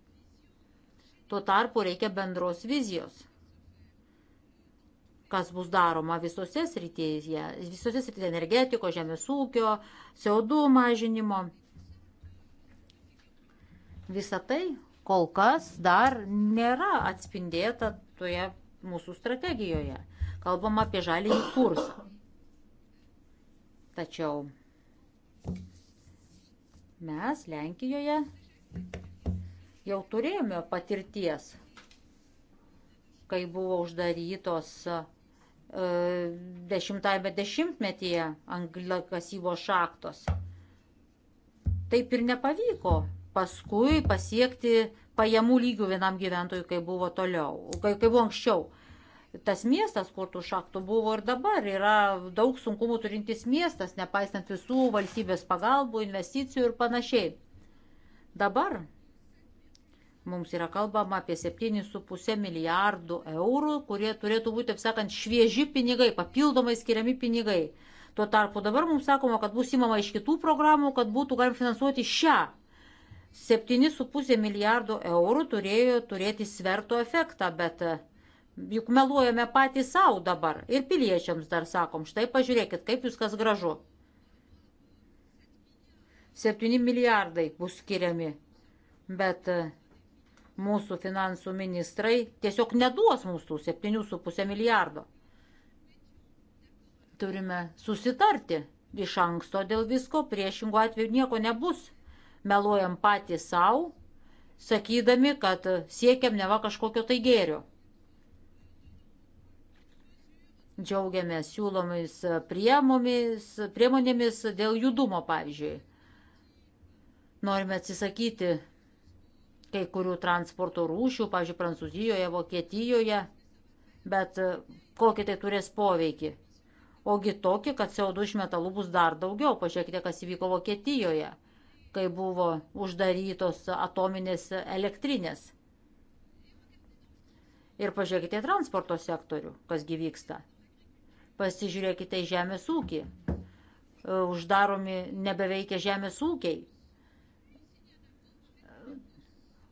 Tuo tarpu reikia bendros vizijos kas bus daroma visose srityje, visose srityje energetiko, žemės ūkio, CO2 mažinimo. Visa tai kol kas dar nėra atspindėta toje mūsų strategijoje. Kalbam apie žalį kursą. Tačiau mes Lenkijoje jau turėjome patirties, kai buvo uždarytos E, dešimtajame dešimtmetyje anglakasybos šaktos. Taip ir nepavyko paskui pasiekti pajamų lygių vienam gyventojui, kai buvo toliau, kai, kai buvo anksčiau. Tas miestas, kur tų šaktų buvo ir dabar, yra daug sunkumų turintis miestas, nepaisant visų valstybės pagalbų, investicijų ir panašiai. Dabar Mums yra kalbama apie 7,5 milijardų eurų, kurie turėtų būti, taip sakant, švieži pinigai, papildomai skiriami pinigai. Tuo tarpu dabar mums sakoma, kad bus įmama iš kitų programų, kad būtų galim finansuoti šią. 7,5 milijardų eurų turėjo turėti sverto efektą, bet e, juk meluojame patys savo dabar ir piliečiams dar sakom, štai pažiūrėkit, kaip viskas gražu. 7 milijardai bus skiriami, bet e, mūsų finansų ministrai tiesiog neduos mūsų 7,5 milijardo. Turime susitarti iš anksto dėl visko, priešingų atveju nieko nebus. Meluojam patys savo, sakydami, kad siekiam neva kažkokio tai gėrio. Džiaugiamės siūlomis priemonėmis dėl judumo, pavyzdžiui. Norime atsisakyti kai kurių transporto rūšių, pavyzdžiui, Prancūzijoje, Vokietijoje, bet e, kokį tai turės poveikį. Ogi tokį, kad CO2 iš metalų bus dar daugiau. Pažiūrėkite, kas įvyko Vokietijoje, kai buvo uždarytos atominės elektrinės. Ir pažiūrėkite transporto sektorių, kas gyvyksta. Pasižiūrėkite į žemės ūkį. E, uždaromi nebeveikia žemės ūkiai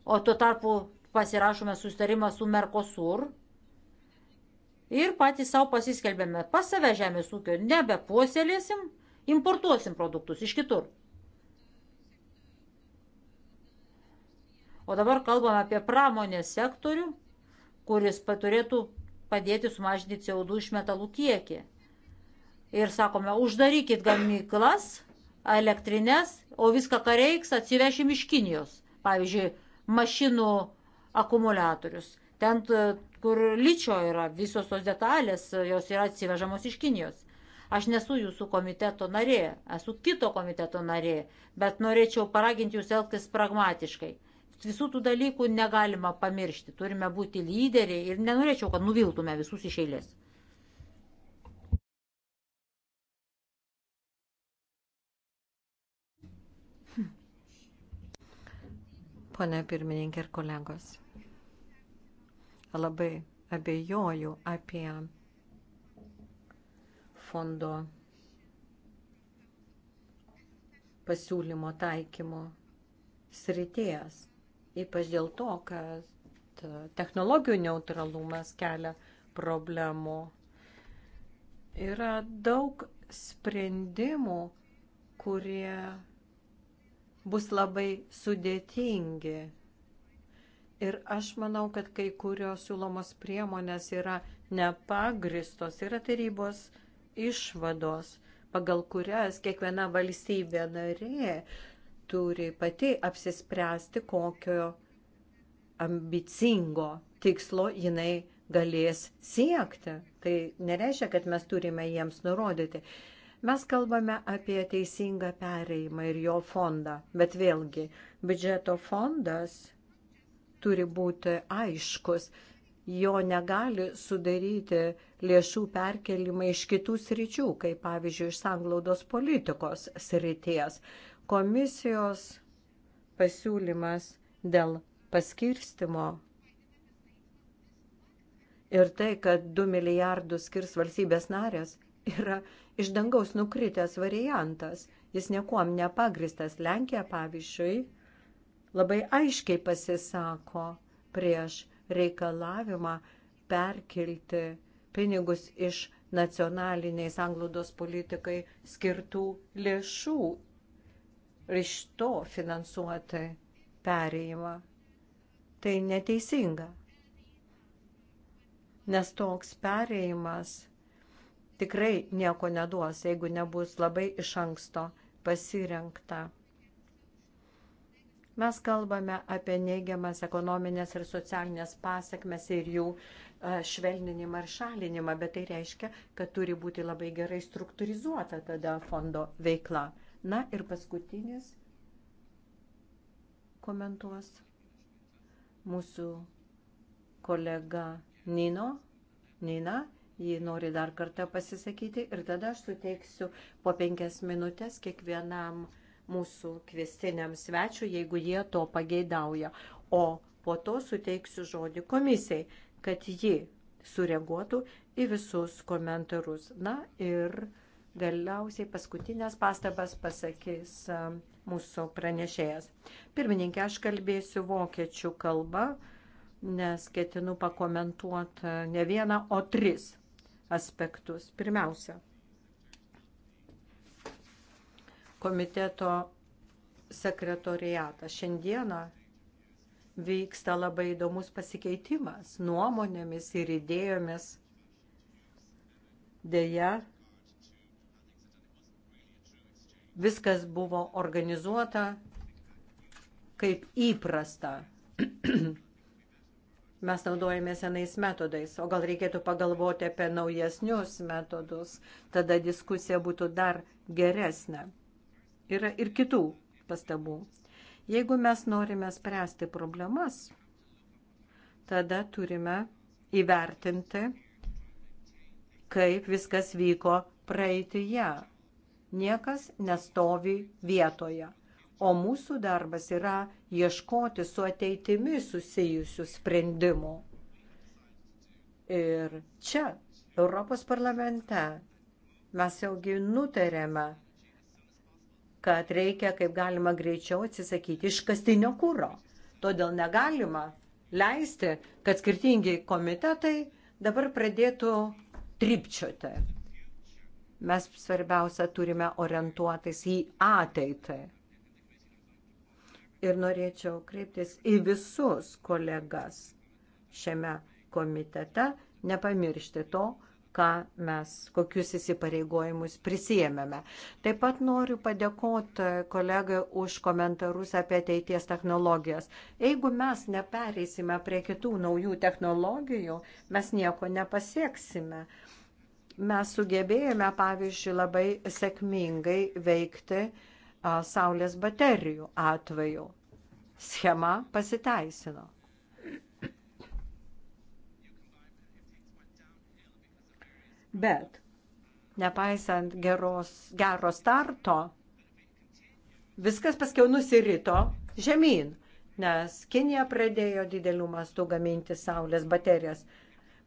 o tuo tarpu pasirašome sustarimą su Mercosur ir patys savo pasiskelbėme, pas save žemės ūkio nebepuoselėsim, importuosim produktus iš kitur. O dabar kalbame apie pramonės sektorių, kuris turėtų padėti sumažinti CO2 išmetalų kiekį. Ir sakome, uždarykit gamyklas, elektrinės, o viską, ką reiks, atsivešim iš Kinijos. Pavyzdžiui, mašinų akumuliatorius. Ten, e, kur lyčio yra, visos tos detalės, e, jos yra atsivežamos iš Kinijos. Aš nesu jūsų komiteto narė, esu kito komiteto narė, bet norėčiau paraginti jūs elgtis pragmatiškai. Visų tų dalykų negalima pamiršti, turime būti lyderiai ir nenorėčiau, kad nuviltume visus iš eilės. Pone pirmininkė ir kolegos, labai abejoju apie fondo pasiūlymo taikymo srities, ypač dėl to, kad technologijų neutralumas kelia problemų. Yra daug sprendimų, kurie bus labai sudėtingi. Ir aš manau, kad kai kurios siūlomos priemonės yra nepagristos, yra tarybos išvados, pagal kurias kiekviena valstybė narė turi pati apsispręsti, kokio ambicingo tikslo jinai galės siekti. Tai nereiškia, kad mes turime jiems nurodyti. Mes kalbame apie teisingą pereimą ir jo fondą, bet vėlgi biudžeto fondas turi būti aiškus, jo negali sudaryti lėšų perkelimai iš kitų sričių, kaip pavyzdžiui, iš sanglaudos politikos srities. Komisijos pasiūlymas dėl paskirstimo ir tai, kad 2 milijardus skirs valstybės narės, yra iš dangaus nukritęs variantas. Jis niekuom nepagristas. Lenkija, pavyzdžiui, labai aiškiai pasisako prieš reikalavimą perkelti pinigus iš nacionaliniais anglodos politikai skirtų lėšų iš to finansuoti perėjimą. Tai neteisinga, nes toks perėjimas – tikrai nieko neduos, jeigu nebus labai iš anksto pasirinkta. Mes kalbame apie neigiamas ekonominės ir socialinės pasiekmes ir jų e, švelninimą ir šalinimą, bet tai reiškia, kad turi būti labai gerai struktūrizuota tada fondo veikla. Na ir paskutinis komentuos mūsų kolega Nino, Nina ji nori dar kartą pasisakyti ir tada aš suteiksiu po penkias minutės kiekvienam mūsų kvestiniam svečiu, jeigu jie to pageidauja. O po to suteiksiu žodį komisijai, kad ji sureaguotų į visus komentarus. Na ir galiausiai paskutinės pastabas pasakys mūsų pranešėjas. Pirmininkė, aš kalbėsiu vokiečių kalbą, nes ketinu pakomentuoti ne vieną, o tris aspektus. Pirmiausia, komiteto sekretoriatas. Šiandieną vyksta labai įdomus pasikeitimas nuomonėmis ir idėjomis. Deja, viskas buvo organizuota kaip įprasta (clears throat) mes naudojame senais metodais, o gal reikėtų pagalvoti apie naujesnius metodus, tada diskusija būtų dar geresnė. Yra ir kitų pastabų. Jeigu mes norime spręsti problemas, tada turime įvertinti, kaip viskas vyko praeitįje. Niekas nestovi vietoje, o mūsų darbas yra ieškoti su ateitimi susijusių sprendimų. Ir čia, Europos parlamente, mes jaugi nutarėme, kad reikia kaip galima greičiau atsisakyti iškastinio kūro. Todėl negalima leisti, kad skirtingi komitetai dabar pradėtų tripčioti. Mes svarbiausia turime orientuotis į ateitį ir norėčiau kreiptis į visus kolegas šiame komitete, nepamiršti to, ką mes, kokius įsipareigojimus prisijėmėme. Taip pat noriu padėkoti kolegai už komentarus apie ateities technologijas. Jeigu mes nepereisime prie kitų naujų technologijų, mes nieko nepasieksime. Mes sugebėjome, pavyzdžiui, labai sėkmingai veikti uh, saulės baterijų atveju. Schema pasiteisino. Bet nepaisant geros, gero starto, viskas paskiau nusirito žemyn, nes Kinija pradėjo didelių mastų gaminti saulės baterijas.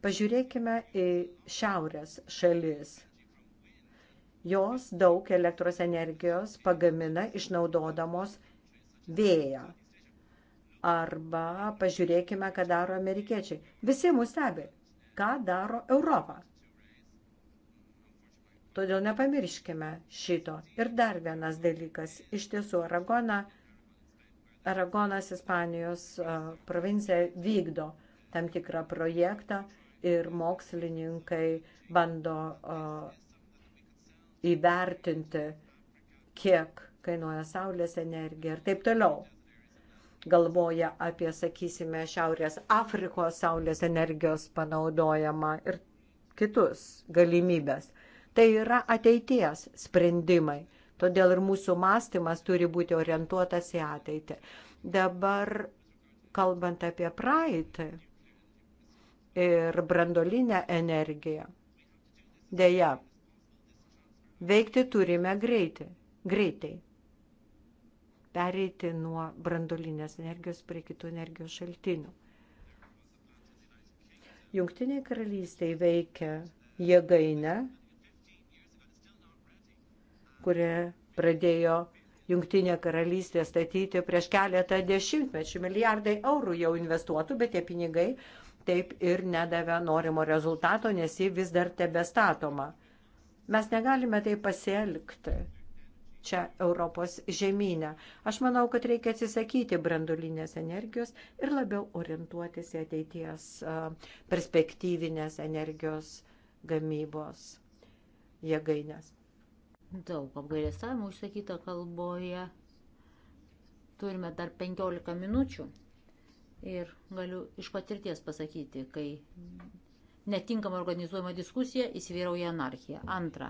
Pažiūrėkime į šiaurės šalis. Jos daug elektros energijos pagamina išnaudodamos vėją. Arba pažiūrėkime, ką daro amerikiečiai. Visi mus stebi, ką daro Europą. Todėl nepamirškime šito. Ir dar vienas dalykas. Iš tiesų, Aragona, Aragonas Ispanijos uh, provincija vykdo tam tikrą projektą ir mokslininkai bando uh, įvertinti, kiek kainuoja saulės energija ir taip toliau. Galvoja apie, sakysime, Šiaurės Afrikos saulės energijos panaudojimą ir kitus galimybės. Tai yra ateities sprendimai. Todėl ir mūsų mąstymas turi būti orientuotas į ateitį. Dabar, kalbant apie praeitį ir brandolinę energiją, dėja, Veikti turime greitai. greitai. Pereiti nuo brandolinės energijos prie kitų energijos šaltinių. Jungtiniai karalystiai veikia jėgainę, kurią pradėjo Jungtinė karalystė statyti prieš keletą dešimtmečių. Milijardai eurų jau investuotų, bet tie pinigai taip ir nedavė norimo rezultato, nes jį vis dar tebestatoma. statoma Mes negalime tai pasielgti čia Europos žemynę. Aš manau, kad reikia atsisakyti brandulinės energijos ir labiau orientuotis į ateities perspektyvinės energijos gamybos jėgainės. Daug apgailestavimų užsakyta kalboje. Turime dar 15 minučių ir galiu iš patirties pasakyti, kai netinkama organizuojama diskusija, įsivyrauja anarchija. Antra,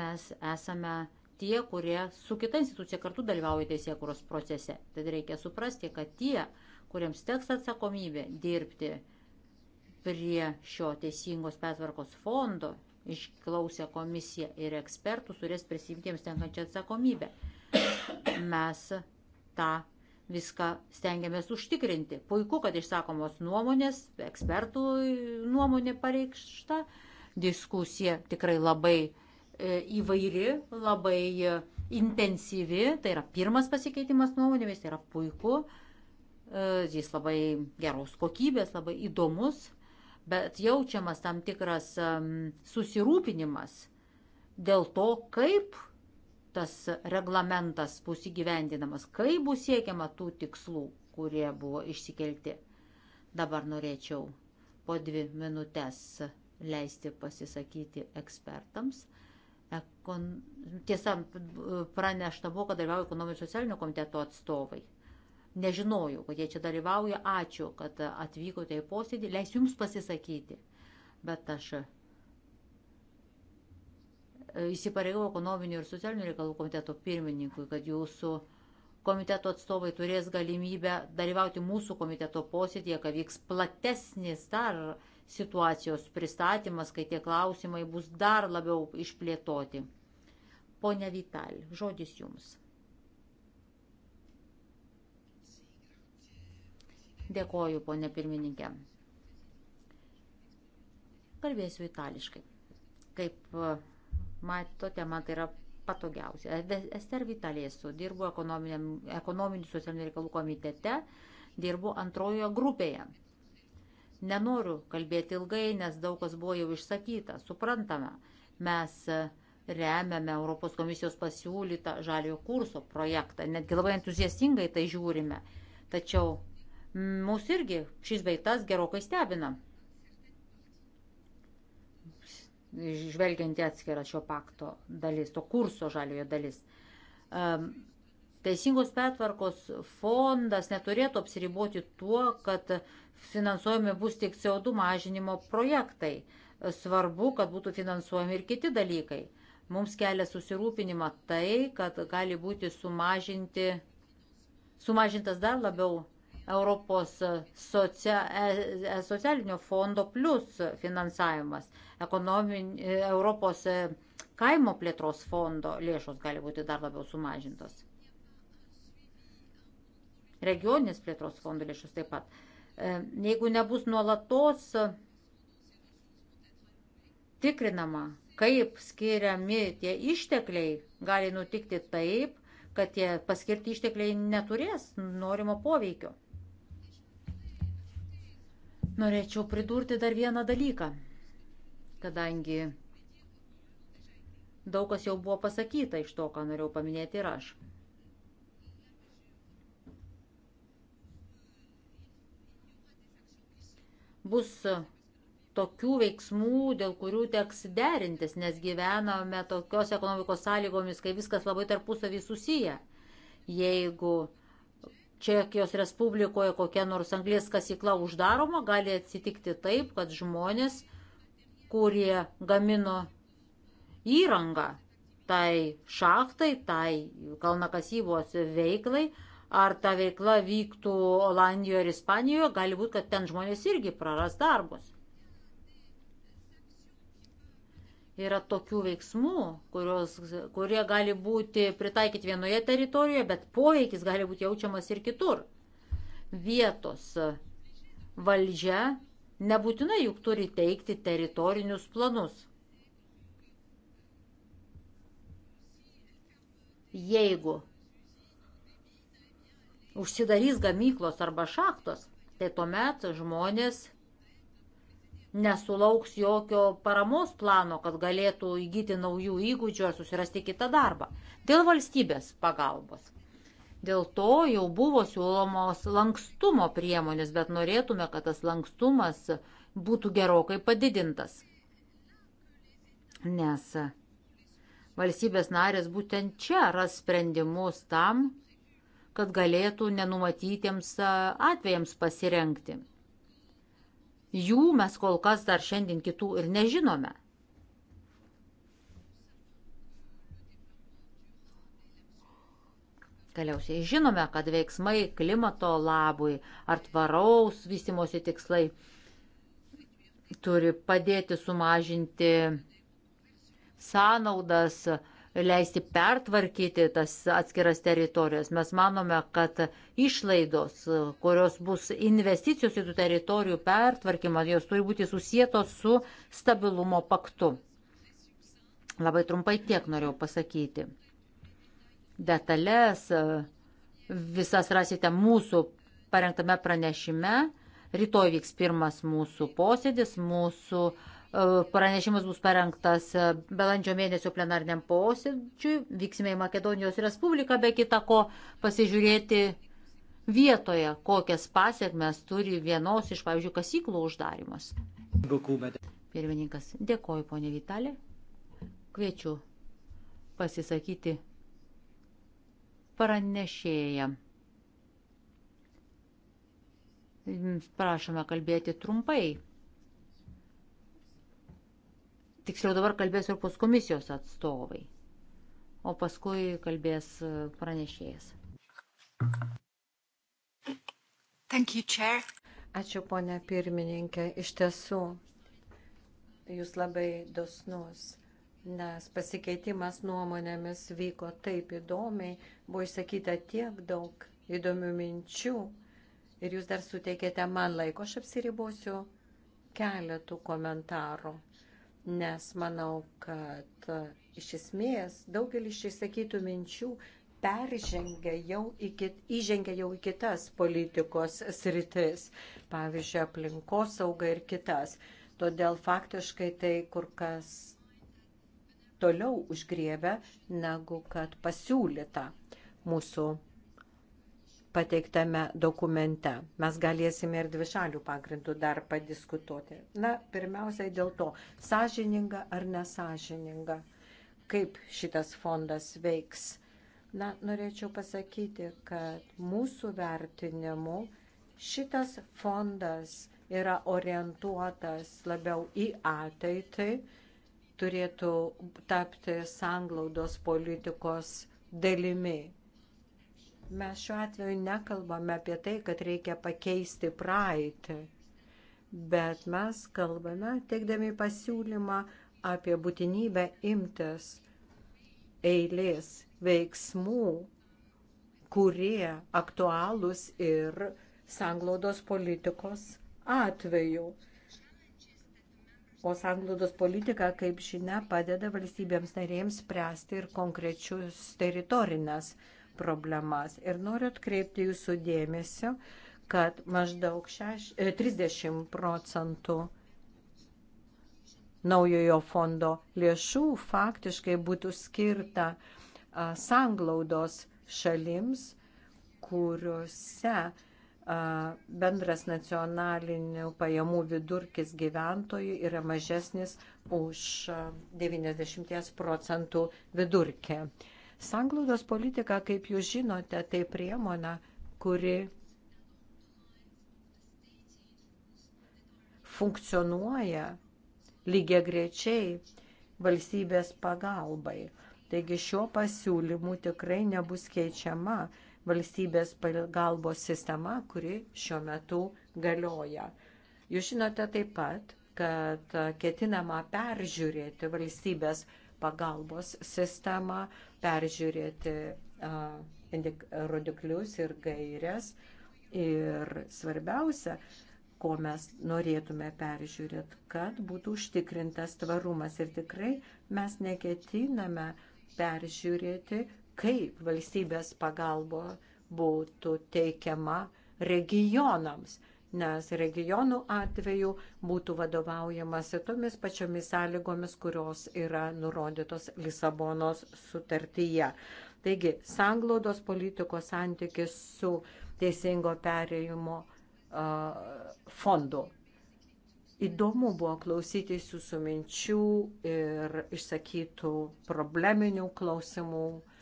mes esame tie, kurie su kita institucija kartu dalyvauja teisėkuros procese. Tad reikia suprasti, kad tie, kuriems teks atsakomybė dirbti prie šio teisingos pertvarkos fondo, išklausę komisiją ir ekspertus, turės prisimti jiems tenkančią atsakomybę. Mes tą viską stengiamės užtikrinti. Puiku, kad išsakomos nuomonės, ekspertų nuomonė pareikšta, diskusija tikrai labai e, įvairi, labai e, intensyvi, tai yra pirmas pasikeitimas nuomonėmis, tai yra puiku, e, jis labai geros kokybės, labai įdomus, bet jaučiamas tam tikras susirūpinimas dėl to, kaip tas reglamentas bus įgyvendinamas, kaip bus siekiama tų tikslų, kurie buvo išsikelti. Dabar norėčiau po dvi minutės leisti pasisakyti ekspertams. Ekon... Tiesa, pranešta buvo, kad dalyvauja ekonominio socialinio komiteto atstovai. Nežinojau, kad jie čia dalyvauja. Ačiū, kad atvykote į posėdį. Leisiu jums pasisakyti. Bet aš E, įsipareigau ekonominių ir socialinių reikalų komiteto pirmininkui, kad jūsų komiteto atstovai turės galimybę dalyvauti mūsų komiteto posėdėje, kad vyks platesnis dar situacijos pristatymas, kai tie klausimai bus dar labiau išplėtoti. Pone Vital, žodis jums. Dėkoju, ponė pirmininkė. Kalbėsiu itališkai. Kaip Matote, man tai yra patogiausia. Ester Vitalėsų dirbu ekonominių socialinių reikalų komitete, dirbu antrojoje grupėje. Nenoriu kalbėti ilgai, nes daug kas buvo jau išsakyta. Suprantame, mes remiame Europos komisijos pasiūlytą žaliojo kurso projektą, netgi labai entuziastingai tai žiūrime. Tačiau mūsų irgi šis beitas gerokai stebina žvelgianti atskira šio pakto dalis, to kurso žaliojo dalis. Teisingos pertvarkos fondas neturėtų apsiriboti tuo, kad finansuojami bus tik CO2 mažinimo projektai. Svarbu, kad būtų finansuojami ir kiti dalykai. Mums kelia susirūpinimą tai, kad gali būti sumažinti, sumažintas dar labiau Europos socia, e-, e-, socialinio fondo plus finansavimas ekonomin, e, Europos e, kaimo plėtros fondo lėšos gali būti dar labiau sumažintos. Regioninės plėtros fondo lėšos taip pat. E, jeigu nebus nuolatos tikrinama, kaip skiriami tie ištekliai, gali nutikti taip, kad tie paskirti ištekliai neturės norimo poveikio. Norėčiau pridurti dar vieną dalyką kadangi daug kas jau buvo pasakyta iš to, ką norėjau paminėti ir aš. Bus tokių veiksmų, dėl kurių teks derintis, nes gyvename tokios ekonomikos sąlygomis, kai viskas labai tarpusavį susiję. Jeigu Čekijos Respublikoje kokia nors anglės kasykla uždaroma, gali atsitikti taip, kad žmonės uh, kurie gamino įrangą tai šachtai, tai kalnakasybos veiklai, ar ta veikla vyktų Olandijoje ar Ispanijoje, gali būti, kad ten žmonės irgi praras darbus. Yra tokių veiksmų, kurios, kurie gali būti pritaikyti vienoje teritorijoje, bet poveikis gali būti jaučiamas ir kitur. Vietos valdžia Nebūtinai juk turi teikti teritorinius planus. Jeigu užsidarys gamyklos arba šaktos, tai tuomet žmonės nesulauks jokio paramos plano, kad galėtų įgyti naujų įgūdžių ar susirasti kitą darbą. Dėl valstybės pagalbos. Dėl to jau buvo siūlomos lankstumo priemonės, bet norėtume, kad tas lankstumas būtų gerokai padidintas. Nes valstybės narės būtent čia ras sprendimus tam, kad galėtų nenumatytiems atvejams pasirenkti. Jų mes kol kas dar šiandien kitų ir nežinome. Galiausiai žinome, kad veiksmai klimato labui ar tvaraus vystimosi tikslai turi padėti sumažinti sąnaudas, leisti pertvarkyti tas atskiras teritorijas. Mes manome, kad išlaidos, kurios bus investicijos į tų teritorijų pertvarkymą, jos turi būti susijėtos su stabilumo paktu. Labai trumpai tiek norėjau pasakyti detalės, visas rasite mūsų parengtame pranešime. Rytoj vyks pirmas mūsų posėdis, mūsų e, pranešimas bus parengtas e, balandžio mėnesio plenarniam posėdžiui. Vyksime į Makedonijos Respubliką, be kita ko, pasižiūrėti vietoje, kokias pasiekmes turi vienos iš, pavyzdžiui, kasyklų uždarimas. Pirmininkas, dėkoju, ponė Vitalė. Kviečiu pasisakyti pranešėją. Prašome kalbėti trumpai. Tiksliau dabar kalbės Europos komisijos atstovai, o paskui kalbės pranešėjas. Thank you, Chair. Ačiū, ponė pirmininkė. Iš tiesų, jūs labai dosnus nes pasikeitimas nuomonėmis vyko taip įdomiai, buvo išsakyta tiek daug įdomių minčių ir jūs dar suteikėte man laiko, aš apsiribosiu keletų komentarų, nes manau, kad iš esmės daugelis išsakytų minčių peržengia jau į, kit, įžengia jau į kitas politikos sritis, pavyzdžiui, aplinkosauga ir kitas. Todėl faktiškai tai kur kas toliau užgriebę, negu kad pasiūlyta mūsų pateiktame dokumente. Mes galėsime ir dvišalių pagrindų dar padiskutuoti. Na, pirmiausiai dėl to, sąžininga ar nesažininga, kaip šitas fondas veiks. Na, norėčiau pasakyti, kad mūsų vertinimu šitas fondas yra orientuotas labiau į ateitį turėtų tapti sanglaudos politikos dalimi. Mes šiuo atveju nekalbame apie tai, kad reikia pakeisti praeitį, bet mes kalbame, teikdami pasiūlymą apie būtinybę imtis eilės veiksmų, kurie aktualūs ir sanglaudos politikos atveju. O sanglaudos politika, kaip žinia, padeda valstybėms narėms spręsti ir konkrečius teritorinės problemas. Ir noriu atkreipti jūsų dėmesio, kad maždaug šeš, 30 e, procentų naujojo fondo lėšų faktiškai būtų skirta sanglaudos šalims, kuriuose bendras nacionalinių pajamų vidurkis gyventojų yra mažesnis už 90 procentų vidurkį. Sanglaudos politika, kaip jūs žinote, tai priemona, kuri funkcionuoja lygiai grečiai valstybės pagalbai. Taigi šiuo pasiūlymu tikrai nebus keičiama valstybės pagalbos sistema, kuri šiuo metu galioja. Jūs žinote taip pat, kad ketinama peržiūrėti valstybės pagalbos sistemą, peržiūrėti rodiklius ir gairias. Ir svarbiausia, ko mes norėtume peržiūrėti, kad būtų užtikrintas tvarumas. Ir tikrai mes neketiname peržiūrėti kaip valstybės pagalba būtų teikiama regionams, nes regionų atveju būtų vadovaujamas tomis pačiomis sąlygomis, kurios yra nurodytos Lisabonos sutartyje. Taigi, sanglaudos politikos santykis su teisingo perėjimo uh, fondu. Įdomu buvo klausytis jūsų minčių ir išsakytų probleminių klausimų, uh,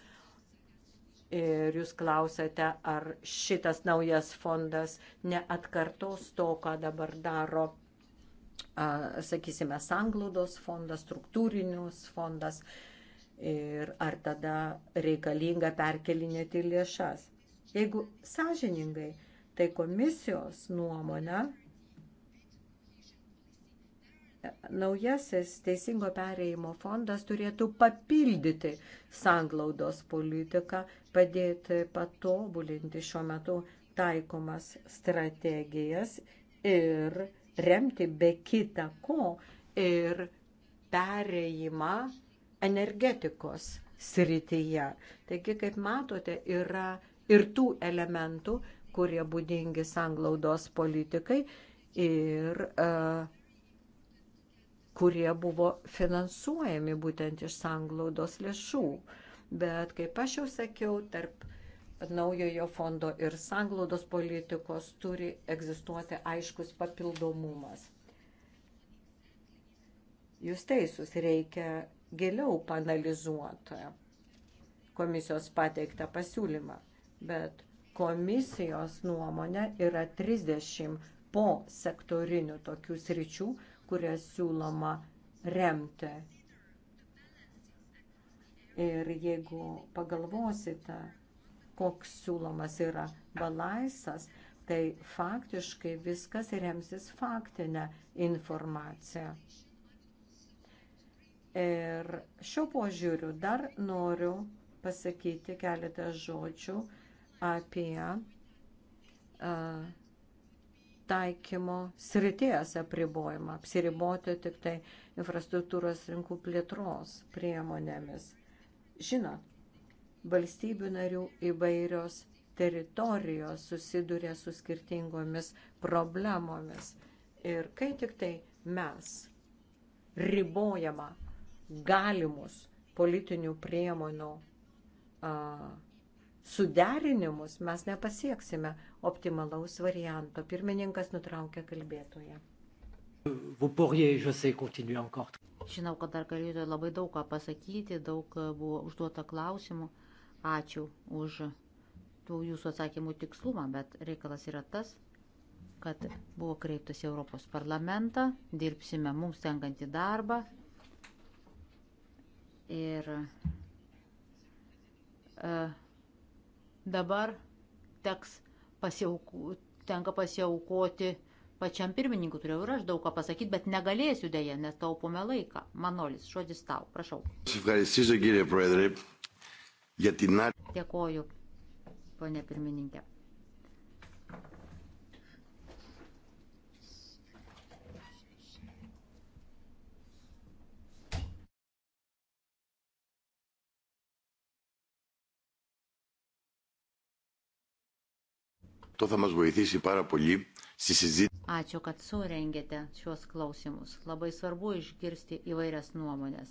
Ir jūs klausėte, ar šitas naujas fondas neatkartos to, ką dabar daro, sakysime, sanglaudos fondas, struktūrinius fondas ir ar tada reikalinga perkelinėti lėšas. Jeigu sąžiningai, tai komisijos nuomonė naujasis teisingo pereimo fondas turėtų papildyti sanglaudos politiką padėti patobulinti šiuo metu taikomas strategijas ir remti be kita ko ir pereimą energetikos srityje. Taigi, kaip matote, yra ir tų elementų, kurie būdingi sanglaudos politikai ir uh, kurie buvo finansuojami būtent iš sanglaudos lėšų. Uh, bet kaip aš jau sakiau, tarp naujojo fondo ir sanglaudos politikos turi egzistuoti aiškus papildomumas. Jūs teisus, reikia giliau panalizuoti komisijos pateiktą pasiūlymą, bet komisijos nuomonė yra 30 po sektorinių tokių sričių, kurias siūloma remti Ir jeigu pagalvosite, koks siūlomas yra balaisas, tai faktiškai viskas remsis faktinę informaciją. Ir šiuo požiūriu dar noriu pasakyti keletą žodžių apie uh, taikymo srities apribojimą, apsiriboti tik tai infrastruktūros rinkų plėtros priemonėmis. Žinot, valstybių narių įvairios teritorijos susiduria su skirtingomis problemomis. Ir kai tik tai mes ribojama galimus politinių priemonių a, suderinimus, mes nepasieksime optimalaus varianto. Pirmininkas nutraukė kalbėtoje. Vous pourriez, je sais, continuer encore. Žinau, kad dar galėjote labai daug ką pasakyti, daug e, buvo užduota klausimų. Ačiū už tų jūsų atsakymų tikslumą, bet reikalas yra tas, kad buvo kreiptas į Europos parlamentą, dirbsime mums tenkantį darbą ir e, dabar teks pasiaukoti, tenka pasiaukoti pačiam pirmininkui turėjau ir aš daug ką pasakyti, bet negalėsiu dėje, nes taupome laiką. Manolis, žodis tau, prašau. Dėkoju, ponė pirmininkė. Αυτό θα μας βοηθήσει πάρα πολύ Ačiū, kad surengėte šios klausimus. Labai svarbu išgirsti įvairias nuomonės.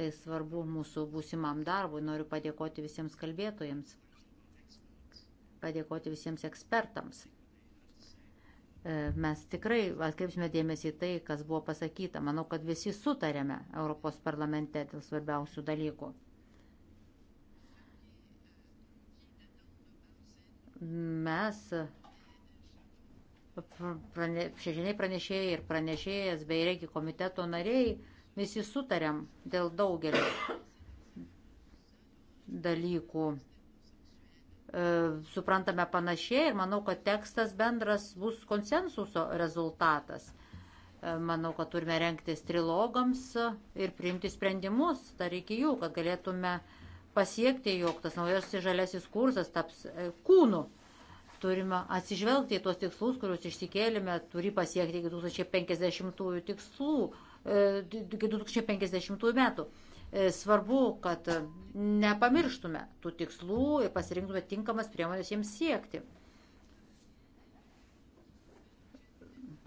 Tai svarbu mūsų būsimam darbui. Noriu padėkoti visiems kalbėtojams, padėkoti visiems ekspertams. E, mes tikrai atkreipsime dėmesį į tai, kas buvo pasakyta. Manau, kad visi sutarėme Europos parlamente dėl svarbiausių dalykų. Mes prane, šešiniai pranešėjai ir pranešėjas bei reikia komiteto nariai, visi sutarėm dėl daugelio dalykų. E, suprantame panašiai ir manau, kad tekstas bendras bus konsensuso rezultatas. E, manau, kad turime renktis trilogams ir priimti sprendimus dar iki jų, kad galėtume pasiekti, jog tas naujasis žaliasis kursas taps e, kūnu turime atsižvelgti į tuos tikslus, kuriuos išsikėlėme, turi pasiekti iki 2050 tikslų, e, iki 2050 metų. E, svarbu, kad nepamirštume tų tikslų ir pasirinktume tinkamas priemonės jiems siekti.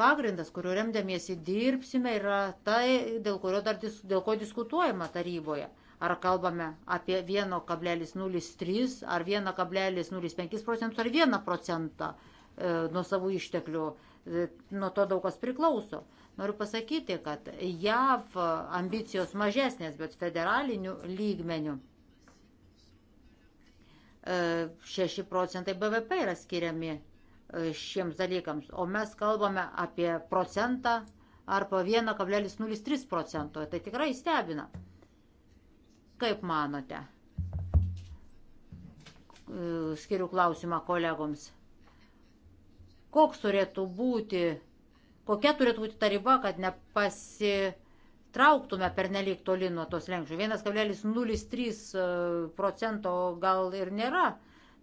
Pagrindas, kuriuo remdamiesi dirbsime, yra tai, dėl, dėl ko diskutuojama taryboje – Ar kalbame apie 1,03 ar 1,05 procentų ar 1 procentą e, nuo savų išteklių. E, nuo to daug kas priklauso. Noriu pasakyti, kad JAV ambicijos mažesnės, bet federalinių lygmenių 6 e, procentai BVP yra skiriami šiems dalykams, o mes kalbame apie procentą arba 1,03 procento. Tai tikrai stebina. Kaip manote? E, skiriu klausimą kolegoms. Koks turėtų būti, kokia turėtų būti ta riba, kad nepasitrauktume per nelik toli nuo tos lenkščių? 1,03 e, procento gal ir nėra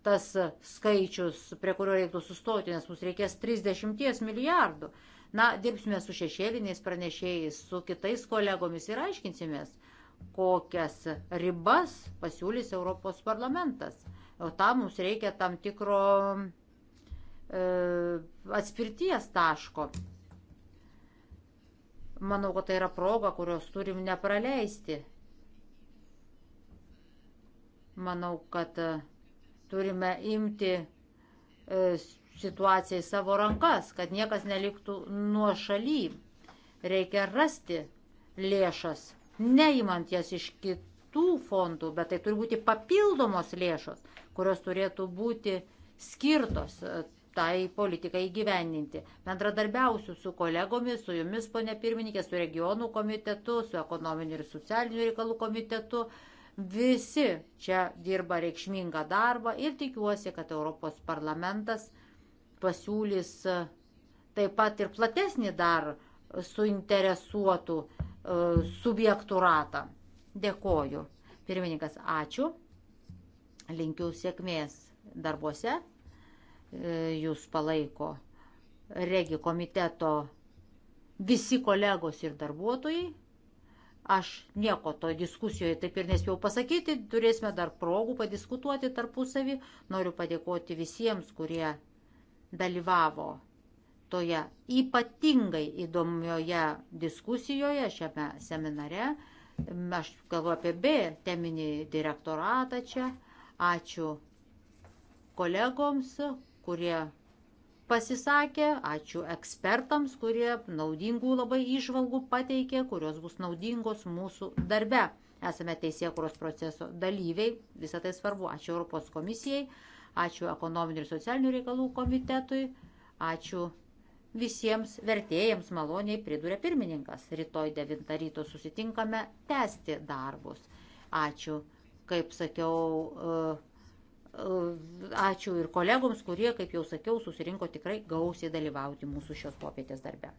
tas skaičius, prie kurio reiktų sustoti, nes mums reikės 30 milijardų. Na, dirbsime su šešėliniais pranešėjais, su kitais kolegomis ir aiškinsimės, kokias ribas pasiūlys Europos parlamentas. O tam mums reikia tam tikro e, atspirties taško. Manau, kad tai yra proga, kurios turim nepraleisti. Manau, kad e, turime imti e, situaciją į savo rankas, kad niekas neliktų nuo šaly. Reikia rasti lėšas neimant jas iš kitų fondų, bet tai turi būti papildomos lėšos, kurios turėtų būti skirtos e, tai politikai įgyveninti. Bendradarbiausiu su kolegomis, su jumis, ponė pirmininkė, su regionų komitetu, su ekonominiu ir socialiniu reikalų komitetu. Visi čia dirba reikšmingą darbą ir tikiuosi, kad Europos parlamentas pasiūlys e, taip pat ir platesnį dar suinteresuotų E, subjektų ratą. Dėkoju. Pirmininkas, ačiū. Linkiu sėkmės darbuose. E, jūs palaiko regi komiteto visi kolegos ir darbuotojai. Aš nieko to diskusijoje taip ir nespėjau pasakyti, turėsime dar progų padiskutuoti tarpusavį. Noriu padėkoti visiems, kurie dalyvavo toje ypatingai įdomioje diskusijoje šiame seminare. Aš kalbu apie B teminį direktoratą čia. Ačiū kolegoms, kurie pasisakė, ačiū ekspertams, kurie naudingų labai išvalgų pateikė, kurios bus naudingos mūsų darbe. Esame teisėkuros proceso dalyviai, visą tai svarbu. Ačiū Europos komisijai, ačiū ekonominių ir socialinių reikalų komitetui, ačiū visiems vertėjams maloniai pridūrė pirmininkas. Rytoj 9 ryto susitinkame tęsti darbus. Ačiū, kaip sakiau, e, e, ačiū ir kolegoms, kurie, kaip jau sakiau, susirinko tikrai gausiai dalyvauti mūsų šios popietės darbe.